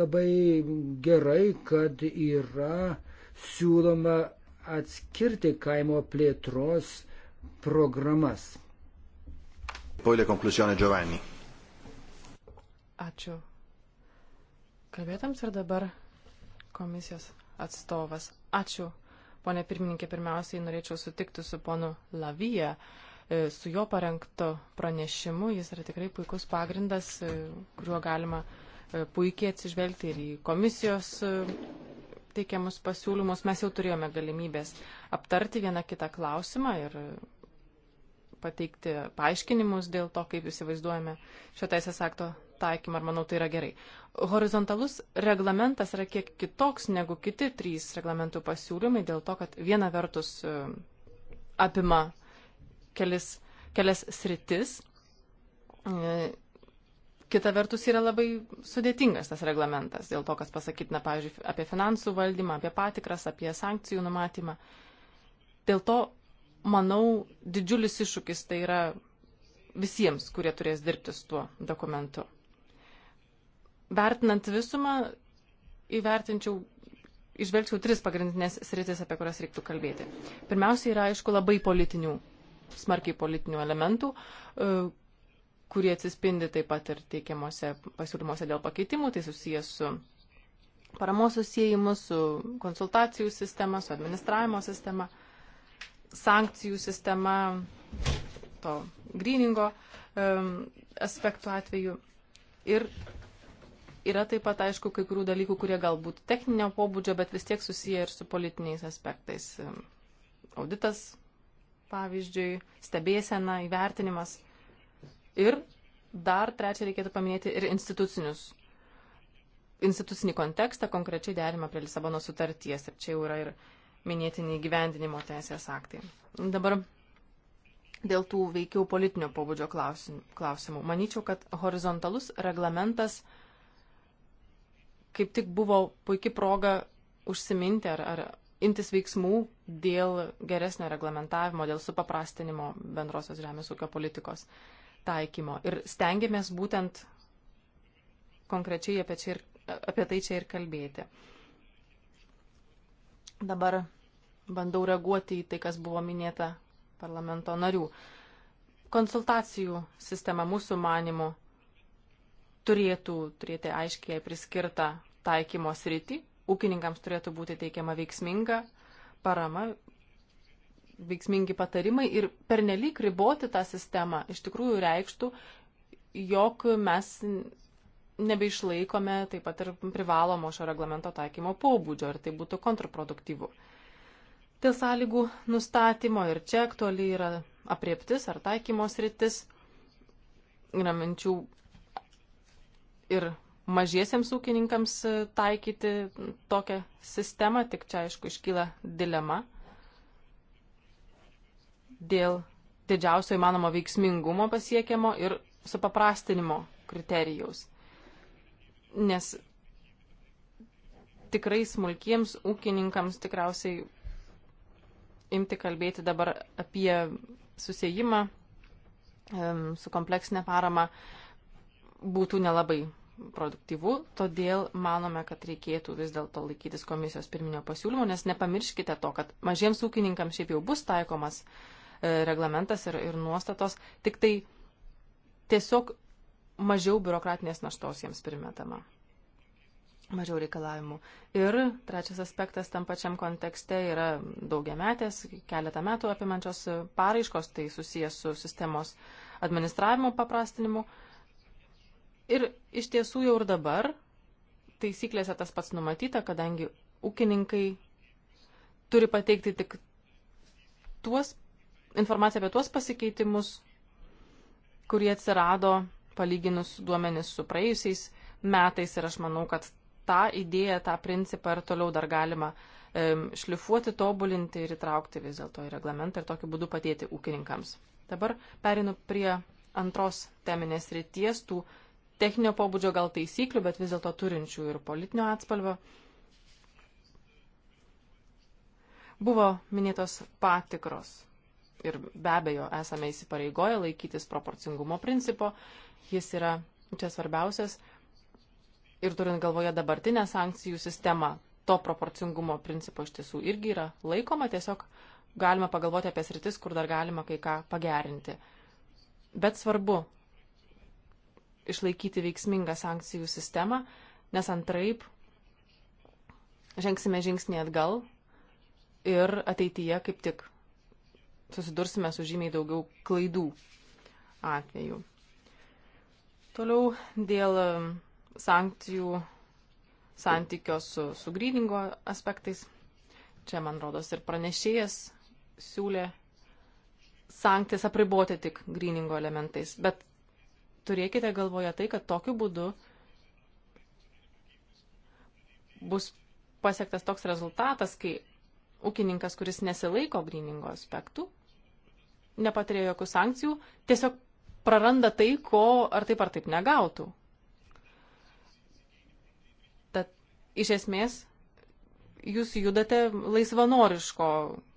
Labai gerai, kad yra siūloma atskirti kaimo plėtros programas. Poi le conclusioni Giovanni. Ačiū kalbėtams ir dabar komisijos atstovas. Ačiū, ponė pirmininkė. Pirmiausiai norėčiau sutikti su ponu Lavija, e, su jo parengto pranešimu. Jis yra tikrai puikus pagrindas, e, kuriuo galima e, puikiai atsižvelgti ir į komisijos teikiamus pasiūlymus. Mes jau turėjome galimybės aptarti vieną kitą klausimą ir pateikti paaiškinimus dėl to, kaip įsivaizduojame šio teisės akto taikymą ir manau tai yra gerai. Horizontalus reglamentas yra kiek kitoks negu kiti trys reglamentų pasiūlymai dėl to, kad viena vertus e, apima kelis, kelias sritis, e, kita vertus yra labai sudėtingas tas reglamentas dėl to, kas pasakytina, pavyzdžiui, apie finansų valdymą, apie patikras, apie sankcijų numatymą. Dėl to, manau, didžiulis iššūkis tai yra visiems, kurie turės dirbti su tuo dokumentu vertinant visumą, įvertinčiau, išvelgčiau tris pagrindinės sritis, apie kurias reiktų kalbėti. Pirmiausia, yra aišku labai politinių, smarkiai politinių elementų, e, kurie atsispindi taip pat ir teikiamuose pasiūlymuose dėl pakeitimų, tai susijęs su paramos susijimu, su konsultacijų sistema, su administravimo sistema, sankcijų sistema, to gryningo um, aspektų atveju. Ir yra taip pat, aišku, kai kurių dalykų, kurie galbūt techninio pobūdžio, bet vis tiek susiję ir su politiniais aspektais. Auditas, pavyzdžiui, stebėsena, įvertinimas. Ir dar trečia reikėtų paminėti ir institucinius. Institucinį kontekstą konkrečiai derima prie Lisabono sutarties. Ir čia jau yra ir minėtini gyvendinimo teisės aktai. Dabar dėl tų veikiau politinio pobūdžio klausimų. Manyčiau, kad horizontalus reglamentas uh, kaip tik buvo puikia proga užsiminti ar, ar imtis veiksmų dėl geresnio reglamentavimo, dėl supaprastinimo bendrosios žemės ūkio politikos taikymo. Ir stengiamės būtent konkrečiai apie, čia ir, apie tai čia ir kalbėti. Dabar bandau reaguoti į tai, kas buvo minėta parlamento narių. Konsultacijų sistema mūsų manimu turėtų turėti aiškiai priskirtą taikymo sritį, ūkininkams turėtų būti teikiama veiksminga parama, veiksmingi patarimai ir pernelyg riboti tą sistemą iš tikrųjų reikštų, jog mes nebeišlaikome taip pat ir privalomo šio reglamento taikymo pobūdžio ir tai būtų kontraproduktyvu. Dėl sąlygų nustatymo ir čia aktuali yra apriptis ar taikymos rytis. Yra minčių ir mažiesiems ūkininkams e, taikyti tokią sistemą, tik čia aišku iškyla dilema dėl didžiausio įmanomo veiksmingumo pasiekiamo ir supaprastinimo kriterijaus. Nes tikrai smulkiems ūkininkams tikriausiai imti kalbėti dabar apie susijimą su kompleksinė parama būtų nelabai produktyvu, todėl manome, kad reikėtų vis dėlto laikytis komisijos pirminio pasiūlymo, nes nepamirškite to, kad mažiems ūkininkams šiaip jau bus taikomas e, reglamentas ir, ir nuostatos, tik tai tiesiog mažiau biurokratinės naštos jiems primetama, mažiau reikalavimų. Ir trečias aspektas tam pačiam kontekste yra daugiametės, keletą metų apimančios paraiškos, tai susijęs su sistemos administravimo paprastinimu. Uh, Ir iš tiesų jau ir dabar taisyklėse tas pats numatyta, kadangi ūkininkai turi pateikti tik tuos, informaciją apie tuos pasikeitimus, kurie atsirado palyginus duomenis su praėjusiais metais ir aš manau, kad tą idėją, tą principą ir toliau dar galima um, šlifuoti, tobulinti ir įtraukti vis dėlto į reglamentą ir tokiu būdu padėti ūkininkams. Dabar perinu prie antros teminės ryties tų techninio pobūdžio gal taisyklių, bet vis dėlto turinčių ir politinio atspalvio. Buvo minėtos patikros ir be abejo esame įsipareigoję laikytis proporcingumo principo. Jis yra čia svarbiausias ir turint galvoje dabartinę sankcijų sistemą, to proporcingumo principo iš tiesų irgi yra laikoma, tiesiog galima pagalvoti apie sritis, kur dar galima kai ką pagerinti. Bet svarbu išlaikyti veiksmingą sankcijų sistemą, nes antraip žengsime žingsnį atgal ir ateityje kaip tik susidursime su žymiai daugiau klaidų atveju. Toliau dėl um, sankcijų santykio su, su grydingo aspektais. Čia, man rodos, ir pranešėjas siūlė sankcijas apriboti tik grydingo elementais. Bet turėkite galvoje tai, kad tokiu būdu bus pasiektas toks rezultatas, kai ūkininkas, kuris nesilaiko griningo aspektų, nepatiria jokių sankcijų, tiesiog praranda tai, ko ar taip ar taip negautų. Tad iš esmės jūs judate laisvanoriško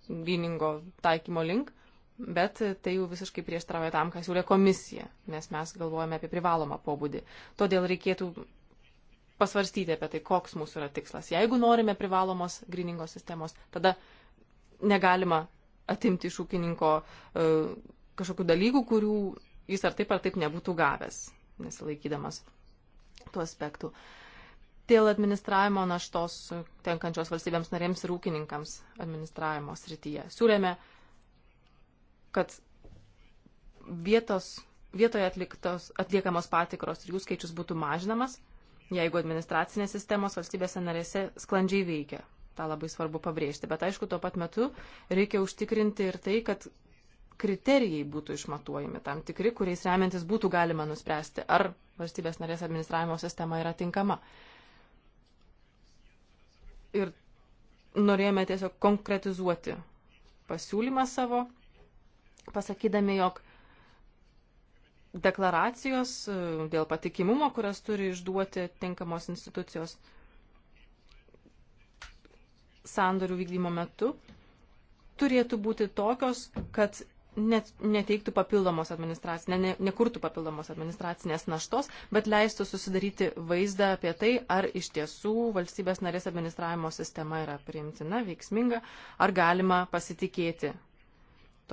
griningo taikymo link Bet tai jau visiškai prieštarauja tam, ką siūlė komisija, nes mes galvojame apie privalomą pobūdį. Todėl reikėtų pasvarstyti apie tai, koks mūsų yra tikslas. Jeigu norime privalomos griningos sistemos, tada negalima atimti iš ūkininko e, kažkokių dalykų, kurių jis ar taip ar taip nebūtų gavęs, nesilaikydamas tų aspektų. Dėl administravimo naštos tenkančios valstybėms narėms ir ūkininkams administravimo srityje. Siūlėme uh, kad vietos, vietoje atliktos, atliekamos patikros ir jų skaičius būtų mažinamas, jeigu administracinės sistemos valstybėse narėse sklandžiai veikia. Ta labai svarbu pabrėžti. Bet aišku, tuo pat metu reikia užtikrinti ir tai, kad kriterijai būtų išmatuojami tam tikri, kuriais remiantis būtų galima nuspręsti, ar valstybės narės administravimo sistema yra tinkama. Ir norėjome tiesiog konkretizuoti pasiūlymą savo pasakydami, jog deklaracijos e, dėl patikimumo, kurias turi išduoti tinkamos institucijos sandorių vykdymo metu, turėtų būti tokios, kad net, neteiktų papildomos administracinės, ne, nekurtų papildomos administracinės naštos, bet leistų susidaryti vaizdą apie tai, ar iš tiesų valstybės narės administravimo sistema yra priimtina, veiksminga, ar galima pasitikėti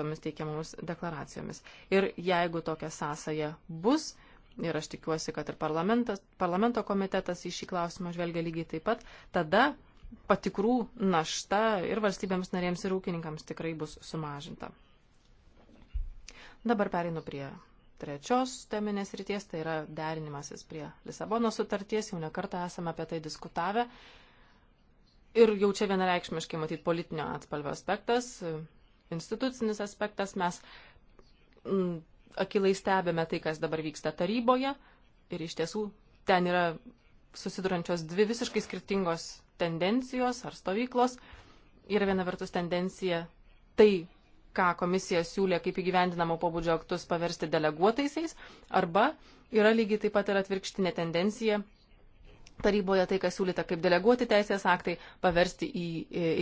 tomis teikiamomis deklaracijomis. Ir jeigu tokia sąsaja bus, ir aš tikiuosi, kad ir parlamento komitetas į šį klausimą žvelgia lygiai taip pat, tada patikrų našta ir valstybėms narėms ir ūkininkams tikrai bus sumažinta. Dabar pereinu prie trečios teminės ryties, tai yra derinimasis prie Lisabono sutarties, jau nekartą esame apie tai diskutavę. Ir jau čia vienareikšmiškai matyti politinio atspalvio aspektas, institucinis aspektas. Mes m, mm, akilai stebėme tai, kas dabar vyksta taryboje ir iš tiesų ten yra susidurančios dvi visiškai skirtingos tendencijos ar stovyklos. Yra viena vertus tendencija tai, ką komisija siūlė kaip įgyvendinamo pobūdžio aktus paversti deleguotaisiais, arba yra lygiai taip pat ir atvirkštinė tendencija taryboje tai, kas siūlyta kaip deleguoti teisės aktai, paversti į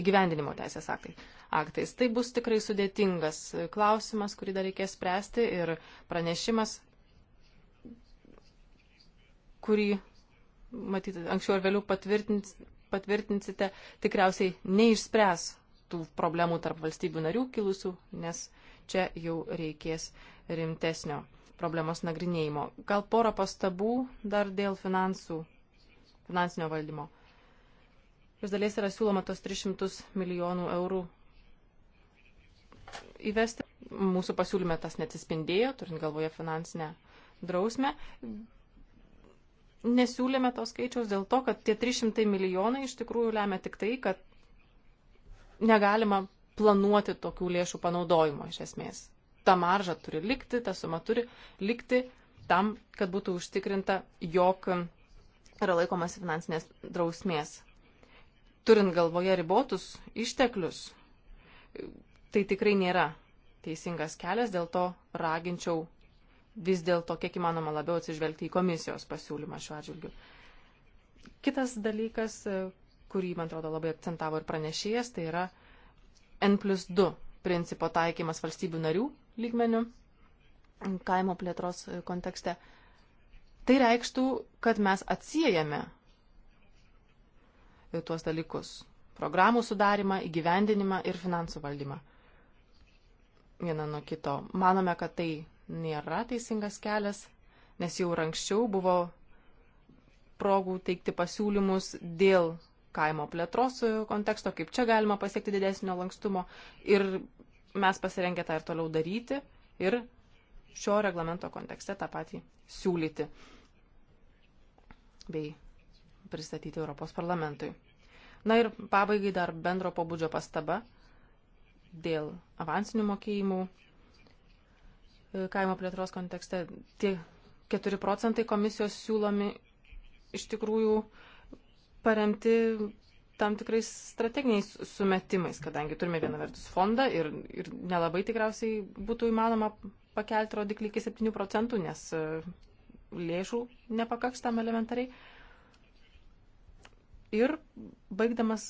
įgyvendinimo teisės aktai. aktais. Tai bus tikrai sudėtingas klausimas, kurį dar reikės spręsti ir pranešimas, kurį, matyt, anksčiau ar vėliau patvirtins, patvirtinsite, tikriausiai neišspręs tų problemų tarp valstybių narių kilusių, nes čia jau reikės rimtesnio problemos nagrinėjimo. Gal porą pastabų dar dėl finansų finansinio valdymo. Iš dalies yra siūloma tos 300 milijonų eurų įvesti. Mūsų pasiūlyme tas netispindėjo, turint galvoje finansinę drausmę. Nesiūlėme to skaičiaus dėl to, kad tie 300 milijonai iš tikrųjų lemia tik tai, kad negalima planuoti tokių lėšų panaudojimo iš esmės. Ta marža turi likti, ta suma turi likti tam, kad būtų užtikrinta, jog yra laikomas finansinės drausmės. Turint galvoje ribotus išteklius, tai tikrai nėra teisingas kelias, dėl to raginčiau vis dėlto kiek įmanoma labiau atsižvelgti į komisijos pasiūlymą šiuo atžvilgiu. Kitas dalykas, kurį, man atrodo, labai akcentavo ir pranešėjas, tai yra N plus 2 principo taikymas valstybių narių lygmenių kaimo plėtros kontekste. Tai reikštų, kad mes atsijėjame tuos dalykus - programų sudarimą, įgyvendinimą ir finansų valdymą vieną nuo kito. Manome, kad tai nėra teisingas kelias, nes jau ir anksčiau buvo progų teikti pasiūlymus dėl kaimo plėtros konteksto, kaip čia galima pasiekti didesnio lankstumo. Ir mes pasirengę tą ir toliau daryti ir šio reglamento kontekste tą patį siūlyti bei pristatyti Europos parlamentui. Na ir pabaigai dar bendro pobūdžio pastaba dėl avansinių mokėjimų e, kaimo plėtros kontekste. Tie 4 procentai komisijos siūlomi iš tikrųjų paremti tam tikrais strateginiais sumetimais, kadangi turime vieną vertus fondą ir, ir nelabai tikriausiai būtų įmanoma pakelti rodiklį iki 7 procentų, nes e, lėšų nepakaks tam elementariai. Ir baigdamas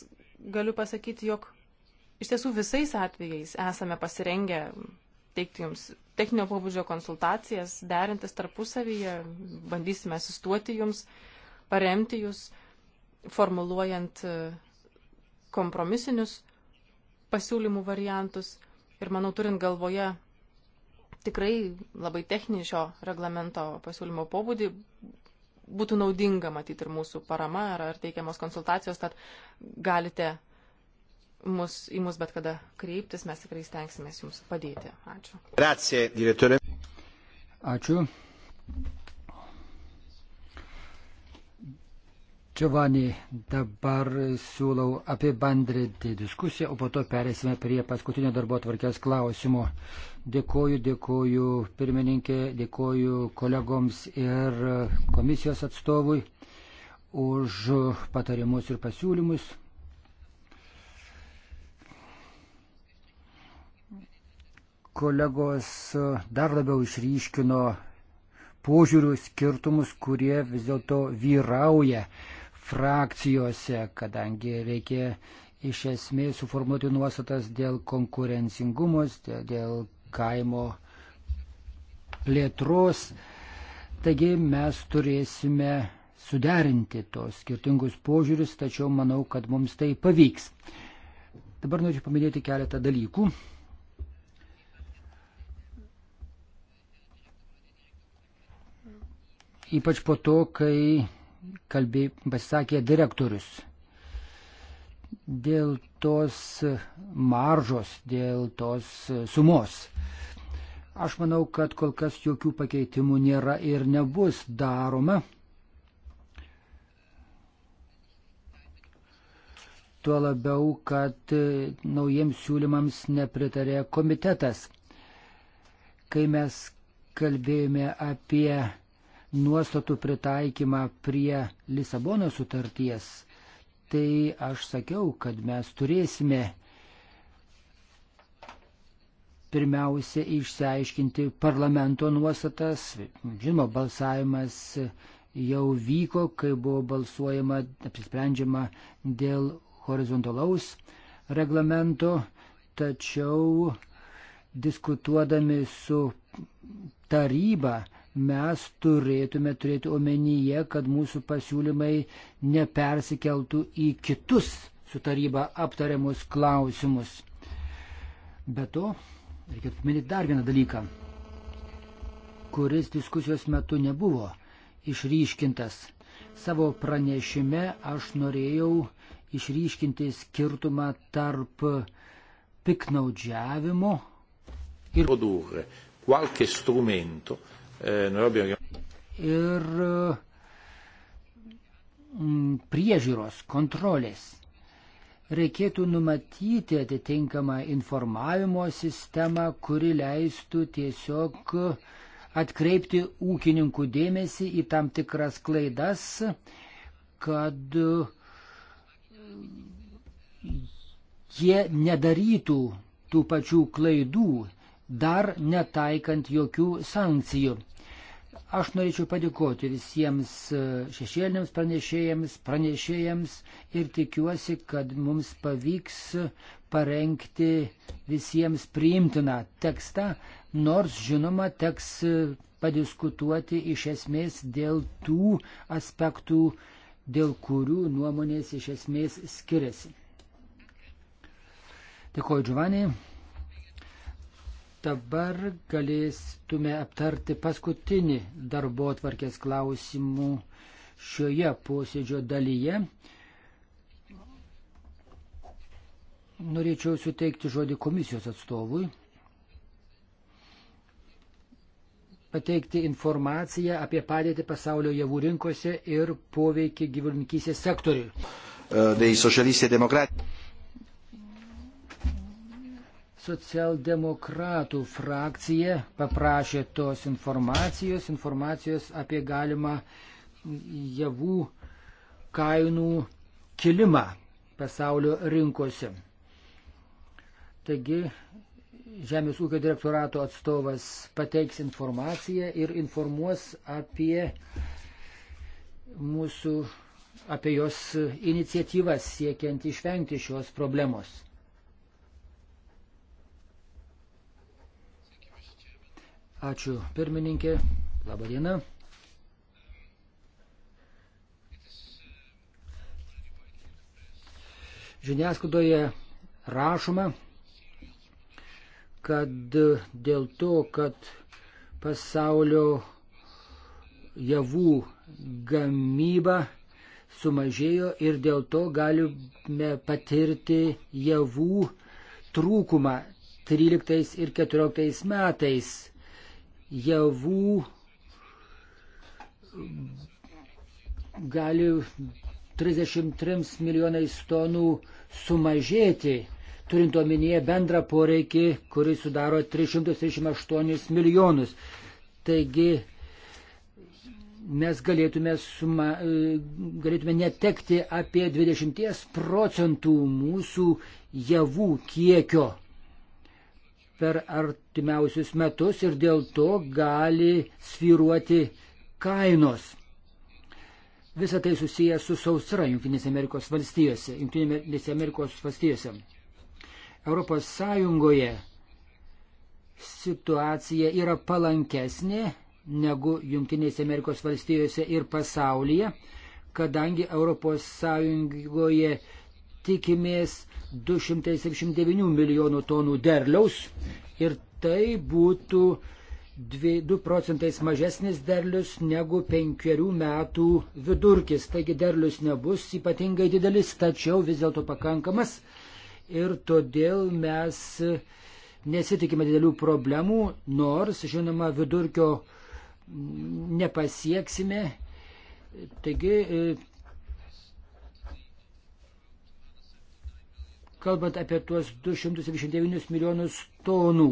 galiu pasakyti, jog iš tiesų visais atvejais esame pasirengę teikti jums techninio pobūdžio konsultacijas, derintis tarpusavyje, bandysime asistuoti jums, paremti jūs, formuluojant e, kompromisinius pasiūlymų variantus. Ir manau, turint galvoje tikrai labai techninį šio reglamento pasiūlymo pobūdį būtų naudinga matyti ir mūsų parama ar, ar teikiamos konsultacijos, tad galite mus, į mus bet kada kreiptis, mes tikrai stengsimės jums padėti. Ačiū. Grazie, direktorė. Ačiū. Giovanni, dabar siūlau apibendrinti diskusiją, o po to perėsime prie paskutinio darbo tvarkės klausimo. Dėkoju, dėkoju pirmininkė, dėkoju kolegoms ir komisijos atstovui už patarimus ir pasiūlymus. Kolegos dar labiau išryškino požiūrių skirtumus, kurie vis dėlto vyrauja frakcijose, kadangi reikia iš esmės suformuoti nuostatas dėl konkurencingumos, dėl kaimo plėtros. Taigi mes turėsime suderinti tos skirtingus požiūrius, tačiau manau, kad mums tai pavyks. Dabar norėčiau paminėti keletą dalykų. Ypač po to, kai kalbė, pasisakė direktorius. Dėl tos maržos, dėl tos sumos. Aš manau, kad kol kas jokių pakeitimų nėra ir nebus daroma. Tuo labiau, kad naujiems siūlymams nepritarė komitetas. Kai mes kalbėjome apie nuostatų pritaikymą prie Lisabono sutarties, tai aš sakiau, kad mes turėsime pirmiausia išsiaiškinti parlamento nuostatas. Žinoma, balsavimas jau vyko, kai buvo balsuojama, apsisprendžiama dėl horizontalaus reglamento, tačiau diskutuodami su taryba mes turėtume turėti omenyje, kad mūsų pasiūlymai nepersikeltų į kitus su taryba aptariamus klausimus. Be to, reikėtų paminėti dar vieną dalyką, kuris diskusijos metu nebuvo išryškintas. Savo pranešime aš norėjau išryškinti skirtumą tarp piknaudžiavimo ir produrre qualche strumento ir mm, priežiūros, kontrolės. Reikėtų numatyti atitinkamą informavimo sistemą, kuri leistų tiesiog atkreipti ūkininkų dėmesį į tam tikras klaidas, kad mm, jie nedarytų tų pačių klaidų, dar netaikant jokių sankcijų. Aš norėčiau padėkoti visiems e, šešėliniams pranešėjams, pranešėjams ir tikiuosi, kad mums pavyks parengti visiems priimtiną tekstą, nors žinoma teks e, padiskutuoti iš esmės dėl tų aspektų, dėl kurių nuomonės iš esmės skiriasi. Dėkuoju, Giovanni. Dabar galėsime aptarti paskutinį darbo atvarkės klausimų šioje posėdžio dalyje. Norėčiau suteikti žodį komisijos atstovui, pateikti informaciją apie padėtį pasaulio javų rinkose ir poveikį gyvulininkysės sektoriui. Uh, Socialdemokratų frakcija paprašė tos informacijos, informacijos apie galimą javų kainų kilimą pasaulio rinkose. Taigi, Žemės ūkio direktorato atstovas pateiks informaciją ir informuos apie mūsų, apie jos iniciatyvas siekiant išvengti šios problemos. Ačiū pirmininkė. Labą dieną. Žiniasklaidoje rašoma, kad dėl to, kad pasaulio javų gamyba sumažėjo ir dėl to galime patirti javų trūkumą 13 ir 14 metais javų gali 33 milijonais tonų sumažėti, turint omenyje bendrą poreikį, kuris sudaro 338 milijonus. Taigi mes galėtume, suma, galėtume netekti apie 20 procentų mūsų javų kiekio per artimiausius metus ir dėl to gali sviruoti kainos. Visą tai susiję su sausra Junktinėse Amerikos valstijose. Junktinėse Amerikos valstijose. Europos Sąjungoje situacija yra palankesnė negu Junktinėse Amerikos valstijose ir pasaulyje, kadangi Europos Sąjungoje tikimės 279 milijonų tonų derliaus ir tai būtų 2 procentais mažesnis derlius negu penkerių metų vidurkis. Taigi derlius nebus ypatingai didelis, tačiau vis dėlto pakankamas ir todėl mes nesitikime didelių problemų, nors, žinoma, vidurkio nepasieksime. Taigi kalbant apie tuos 279 milijonus tonų.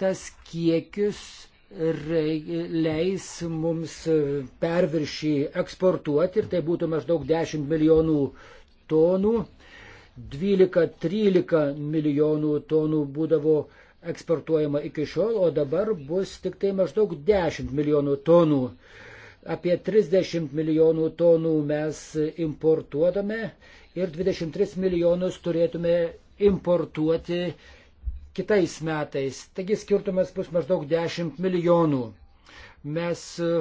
Tas kiekis leis mums perviršį eksportuoti ir tai būtų maždaug 10 milijonų tonų. 12-13 milijonų tonų būdavo eksportuojama iki šiol, o dabar bus tik tai maždaug 10 milijonų tonų. Apie 30 milijonų tonų mes importuodame ir 23 milijonus turėtume importuoti kitais metais. Taigi skirtumas bus maždaug 10 milijonų. Mes, e,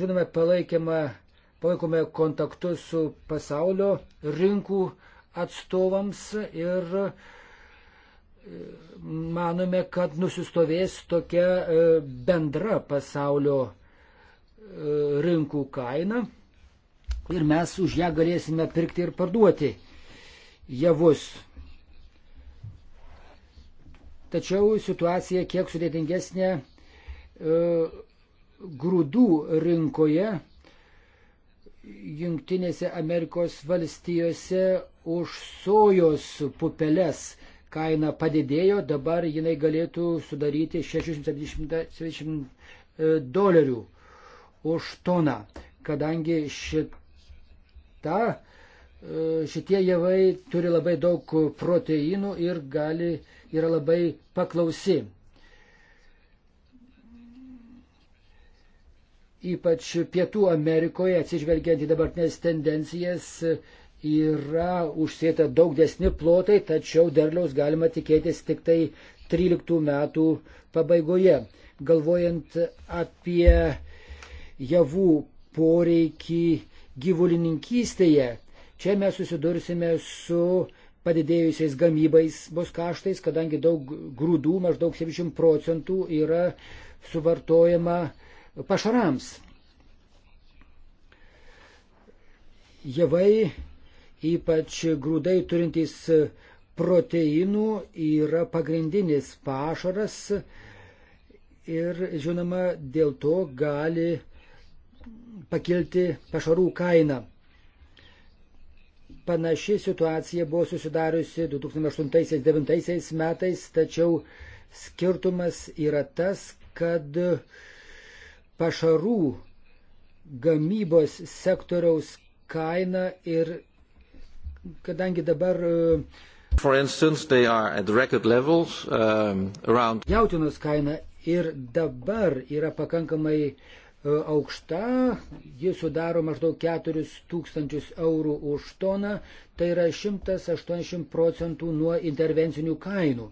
žinome, palaikėme, palaikome kontaktus su pasaulio rinkų atstovams ir e, manome, kad nusistovės tokia e, bendra pasaulio rinkų kaina ir mes už ją galėsime pirkti ir parduoti javus. Tačiau situacija kiek sudėtingesnė e, grūdų rinkoje Junktinėse Amerikos valstijose už sojos pupeles kaina padidėjo, dabar jinai galėtų sudaryti 670 e, dolerių už toną, kadangi šit ta, e, šitie javai turi labai daug proteinų ir gali, yra labai paklausi. Ypač Pietų Amerikoje, atsižvelgiant į dabartinės tendencijas, yra užsėta daug desni plotai, tačiau derliaus galima tikėtis tik tai 13 metų pabaigoje. Galvojant apie javų poreikį gyvulininkystėje. Čia mes susidursime su padidėjusiais gamybais bus kaštais, kadangi daug grūdų, maždaug 70 procentų yra suvartojama pašarams. Javai, ypač grūdai turintys proteinų, yra pagrindinis pašaras ir, žinoma, dėl to gali uh, pakilti pašarų kainą. Panaši situacija buvo susidariusi 2008-2009 metais, tačiau skirtumas yra tas, kad pašarų gamybos sektoriaus kaina ir kadangi dabar e, For instance, they are at record levels um, around. Jautinos kaina ir dabar yra pakankamai E, aukšta, ji sudaro maždaug 4 tūkstančius eurų už toną, tai yra 180 procentų nuo intervencinių kainų.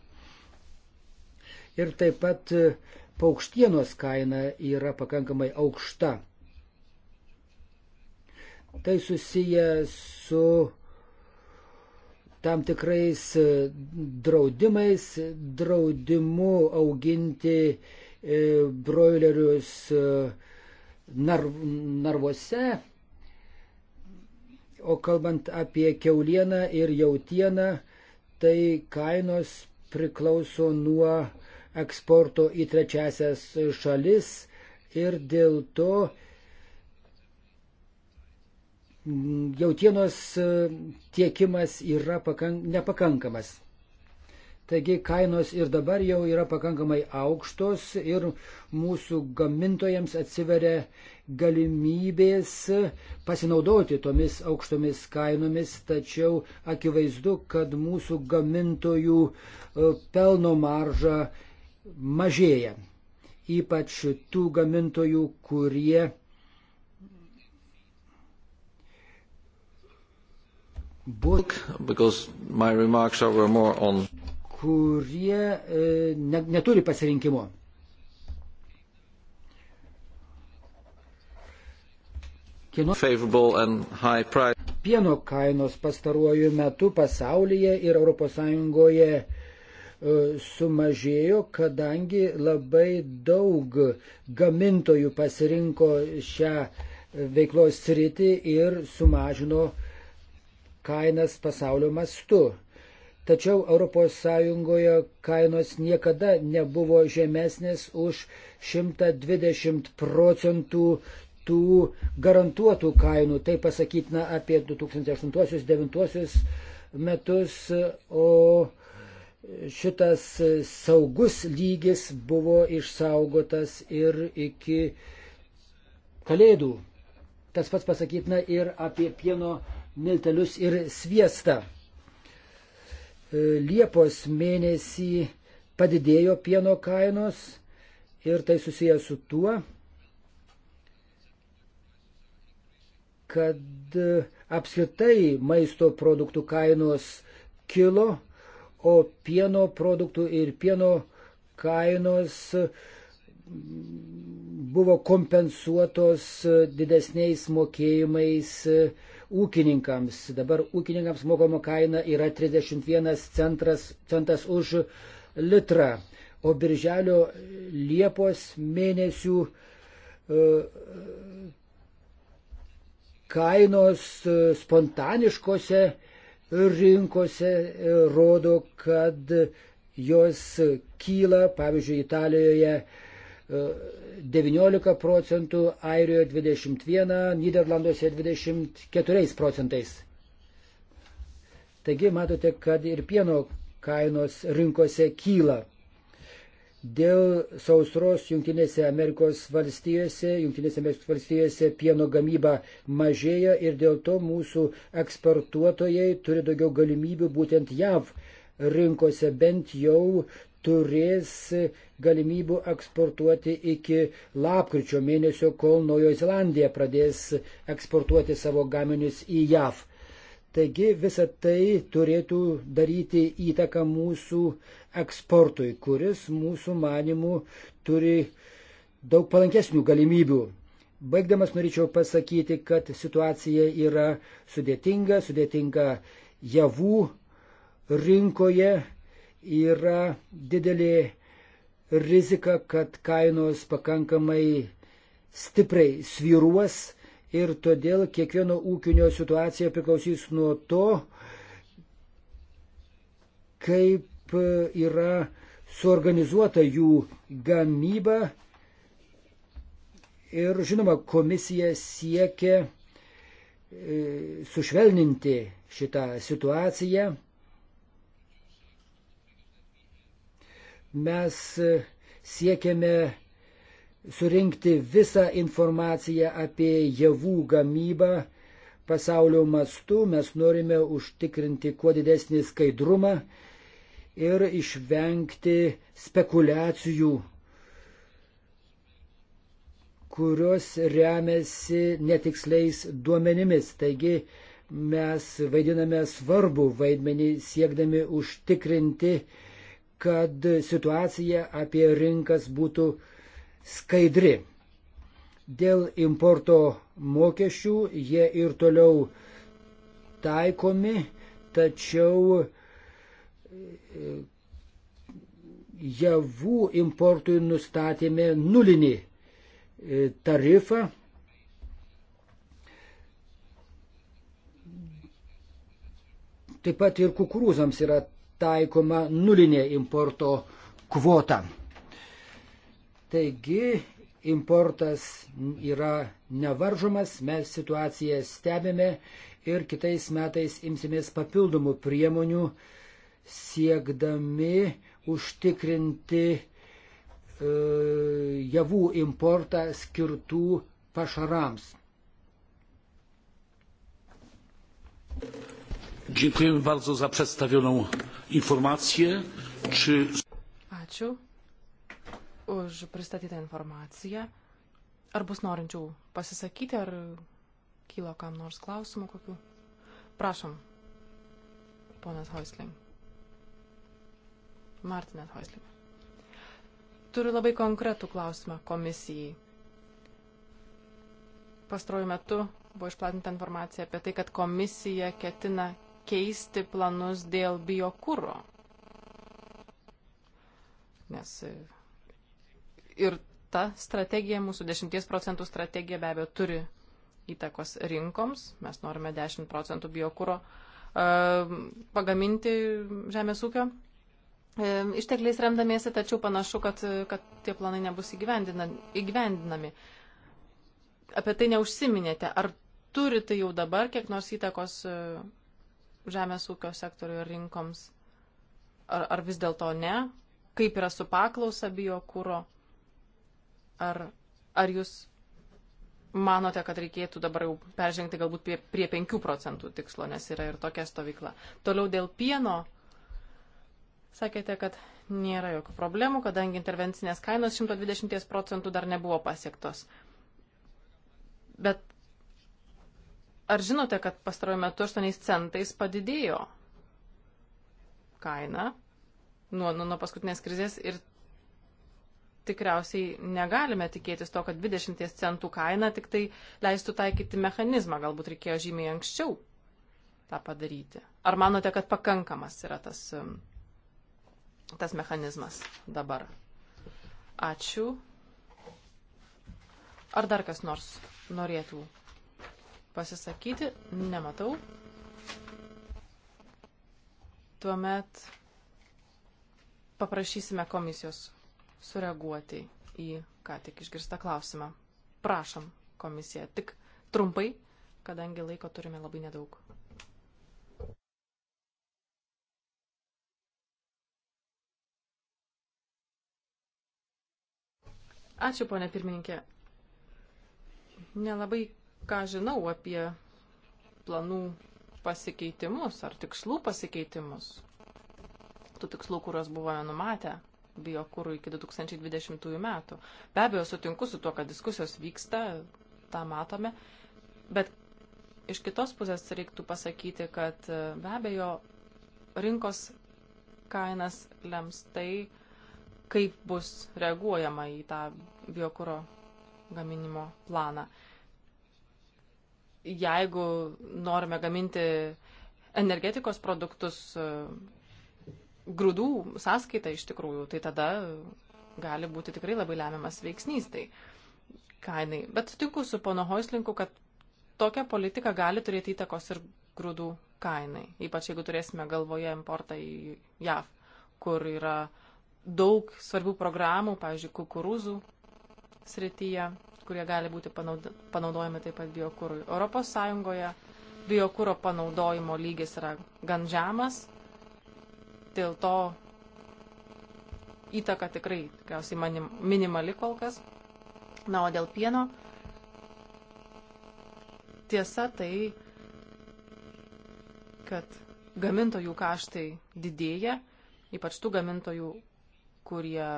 Ir taip pat e, paukštienos kaina yra pakankamai aukšta. Tai susiję su tam tikrais e, draudimais, draudimu auginti broilerius e, nar, narvuose. O kalbant apie keulieną ir jautieną, tai kainos priklauso nuo eksporto į trečiasias šalis ir dėl to jautienos tiekimas yra pakank, nepakankamas. Taigi kainos ir dabar jau yra pakankamai aukštos ir mūsų gamintojams atsiveria galimybės pasinaudoti tomis aukštomis kainomis, tačiau akivaizdu, kad mūsų gamintojų e, pelno marža mažėja. Ypač tų gamintojų, kurie book because my remarks are more on kurie e, ne, neturi pasirinkimo. Kieno... Pieno kainos pastaruoju metu pasaulyje ir ES e, sumažėjo, kadangi labai daug gamintojų pasirinko šią veiklos sritį ir sumažino kainas pasaulio mastu. Tačiau ES kainos niekada nebuvo žemesnės už 120 procentų tų garantuotų kainų. Tai pasakytina apie 2008-2009 metus, o šitas saugus lygis buvo išsaugotas ir iki kalėdų. Tas pats pasakytina ir apie pieno miltelius ir sviestą. E, Liepos mėnesį padidėjo pieno kainos ir tai susijęs su tuo, kad apskritai maisto produktų kainos kilo, o pieno produktų ir pieno kainos buvo kompensuotos didesniais mokėjimais ūkininkams. Dabar ūkininkams mokama kaina yra 31 centras, centas už litrą, o birželio Liepos mėnesių e, kainos e, spontaniškose rinkose e, rodo, kad jos kyla, pavyzdžiui, Italijoje 19 procentų, Airijoje 21, Niderlanduose 24 procentais. Taigi matote, kad ir pieno kainos rinkose kyla. Dėl sausros Junktinėse Amerikos valstijose, Junktinėse Amerikos valstijose pieno gamyba mažėja ir dėl to mūsų eksportuotojai turi daugiau galimybių būtent JAV rinkose bent jau turės galimybių eksportuoti iki lapkričio mėnesio, kol Naujoji Zelandija pradės eksportuoti savo gaminius į JAV. Taigi visa tai turėtų daryti įtaką mūsų eksportui, kuris mūsų manimų turi daug palankesnių galimybių. Baigdamas norėčiau pasakyti, kad situacija yra sudėtinga, sudėtinga javų rinkoje yra didelė rizika, kad kainos pakankamai stipriai sviruos ir todėl kiekvieno ūkinio situacija priklausys nuo to, kaip yra suorganizuota jų gamyba. Ir žinoma, komisija siekia e, sušvelninti šitą situaciją mes e, siekiame surinkti visą informaciją apie javų gamybą pasaulio mastu. Mes norime užtikrinti kuo didesnį skaidrumą ir išvengti spekulacijų, kurios remiasi netiksliais duomenimis. Taigi mes vaidiname svarbu vaidmenį siekdami užtikrinti, kad situacija apie rinkas būtų skaidri. Dėl importo mokesčių jie ir toliau taikomi, tačiau e, javų importui nustatėme nulinį e, tarifą. Taip pat ir kukurūzams yra taikoma nulinė importo kvota. Taigi importas yra nevaržomas, mes situaciją stebime ir kitais metais imsimės papildomų priemonių siekdami užtikrinti e, javų importą skirtų pašarams. Thank you. Dziękujemy bardzo za przedstawioną informację. Czy... Ačiū už pristatytą informaciją. Ar bus norinčių pasisakyti, ar kyla kam nors klausimų kokių? Prašom, ponas Hoisling. Martinas Hoisling. Turiu labai konkretų klausimą komisijai. Pastrojų metu buvo išplatinta informacija apie tai, kad komisija ketina keisti planus dėl biokūro. Nes e, ir ta strategija, mūsų 10 procentų strategija be abejo turi įtakos rinkoms. Mes norime 10 procentų biokūro e, pagaminti žemės ūkio e, ištekliais remdamiesi, tačiau panašu, kad, kad tie planai nebus įgyvendinami. Apie tai neužsiminėte. Ar turite jau dabar kiek nors įtakos žemės ūkio sektoriui ir rinkoms? Ar, ar vis dėlto ne? Kaip yra su paklausa biokūro? Ar, ar jūs manote, kad reikėtų dabar jau peržengti galbūt prie, prie 5 procentų tikslo, nes yra ir tokia stovykla. Toliau dėl pieno. Sakėte, kad nėra jokių problemų, kadangi intervencinės kainos 120 procentų dar nebuvo pasiektos. Bet Ar žinote, kad pastaruoju metu 8 centais padidėjo kaina nuo, nuo, nuo paskutinės krizės ir tikriausiai negalime tikėtis to, kad 20 centų kaina tik tai leistų taikyti mechanizmą, galbūt reikėjo žymiai anksčiau tą padaryti. Ar manote, kad pakankamas yra tas, um, tas mechanizmas dabar? Ačiū. Ar dar kas nors norėtų pasisakyti? Nematau. Tuomet paprašysime komisijos sureaguoti į ką tik išgirstą klausimą. Prašom komisiją, tik trumpai, kadangi laiko turime labai nedaug. Ačiū, ponė pirmininkė. Nelabai ką žinau apie planų pasikeitimus ar tikslų pasikeitimus. Tų tikslų, kuriuos buvome numatę biokūrų iki 2020 metų. Be abejo, sutinku su tuo, kad diskusijos vyksta, tą matome, bet iš kitos pusės reiktų pasakyti, kad e, be abejo, rinkos kainas lems tai, kaip bus reaguojama į tą biokūro gaminimo planą jeigu norime gaminti energetikos produktus e, grūdų sąskaita iš tikrųjų, tai tada gali būti tikrai labai lemiamas veiksnys tai kainai. Bet sutinku su pono Hoislinku, kad tokia politika gali turėti įtakos ir grūdų kainai, ypač jeigu turėsime galvoje importą į JAV, kur yra daug svarbių programų, pavyzdžiui, kukurūzų srityje, kurie gali būti panaudojami taip pat biokūrui. Europos Sąjungoje biokūro panaudojimo lygis yra gan žemas, dėl to įtaka tikrai tikriausiai minimali kol kas. Na, o dėl pieno, tiesa tai, kad gamintojų kaštai didėja, ypač tų gamintojų, kurie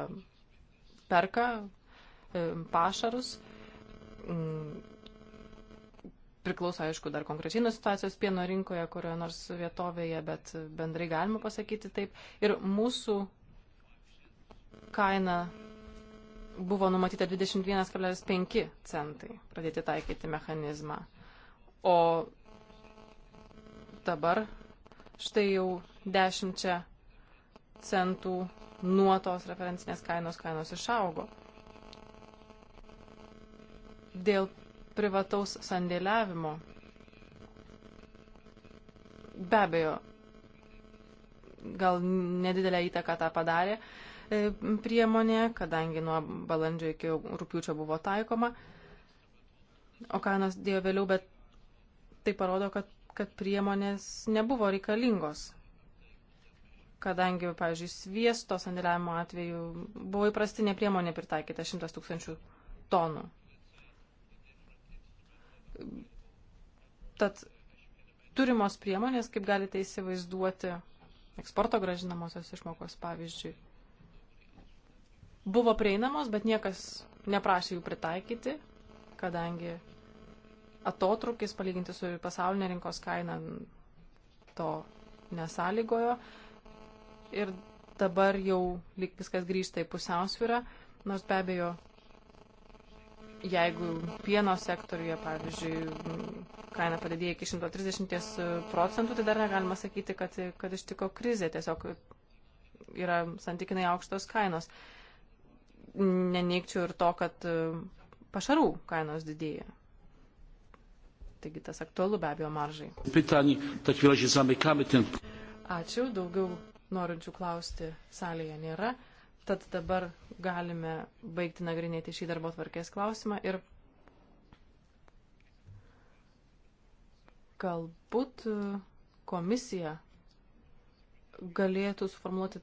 perka e, pašarus m, mm, priklauso, aišku, dar konkrečiai nuo situacijos pieno rinkoje, kurioje nors vietovėje, bet bendrai galima pasakyti taip. Ir mūsų kaina buvo numatyta 21,5 centai pradėti taikyti mechanizmą. O dabar štai jau 10 centų nuo tos referencinės kainos kainos išaugo dėl privataus sandėliavimo. Be abejo, gal nedidelę įtaką tą padarė e, priemonė, kadangi nuo balandžio iki rūpiučio buvo taikoma. O kainos dėjo vėliau, bet tai parodo, kad, kad priemonės nebuvo reikalingos. Kadangi, pavyzdžiui, sviesto sandėliavimo atveju buvo įprastinė priemonė pritaikyta 100 tūkstančių tonų Tad turimos priemonės, kaip galite įsivaizduoti, eksporto gražinamosios išmokos pavyzdžiui, buvo prieinamos, bet niekas neprašė jų pritaikyti, kadangi atotrukis palyginti su pasaulinė rinkos kaina to nesąlygojo. Ir dabar jau lik viskas grįžta į pusiausvyrą, nors be abejo jeigu pieno sektoriuje, pavyzdžiui, kaina padidėjo iki 130 procentų, tai dar negalima sakyti, kad, kad ištiko krizė, tiesiog yra santykinai aukštos kainos. Neneikčiau ir to, kad pašarų kainos didėja. Taigi tas aktualu be abejo maržai. Ačiū, daugiau norinčių klausti salėje nėra. Tad dabar galime baigti nagrinėti šį darbo tvarkės klausimą ir galbūt e, komisija galėtų suformuoti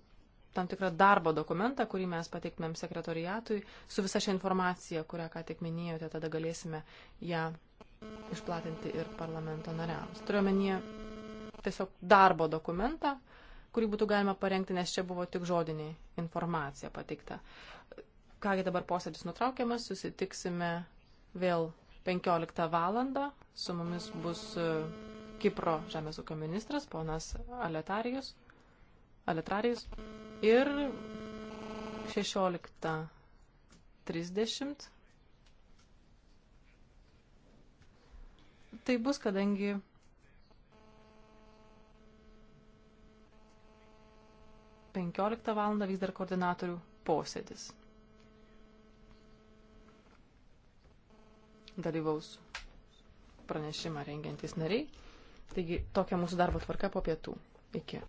tam tikrą darbo dokumentą, kurį mes pateiktumėm sekretoriatui su visa šia informacija, kurią ką tik minėjote, tada galėsime ją išplatinti ir parlamento nariams. Turiuomenyje tiesiog darbo dokumentą, kurį būtų galima parengti, nes čia buvo tik žodinė informacija pateikta. Kągi dabar posėdis nutraukiamas, susitiksime vėl 15 valandą. Su mumis bus e, Kipro žemės ūkio ministras, ponas Aletarijus. Aletarijus. Ir 16.30. Tai bus, kadangi 15 val. vyks dar koordinatorių posėdis. Dalyvaus pranešimą rengiantis nariai. Taigi tokia mūsų darbo tvarka po pietų. Iki.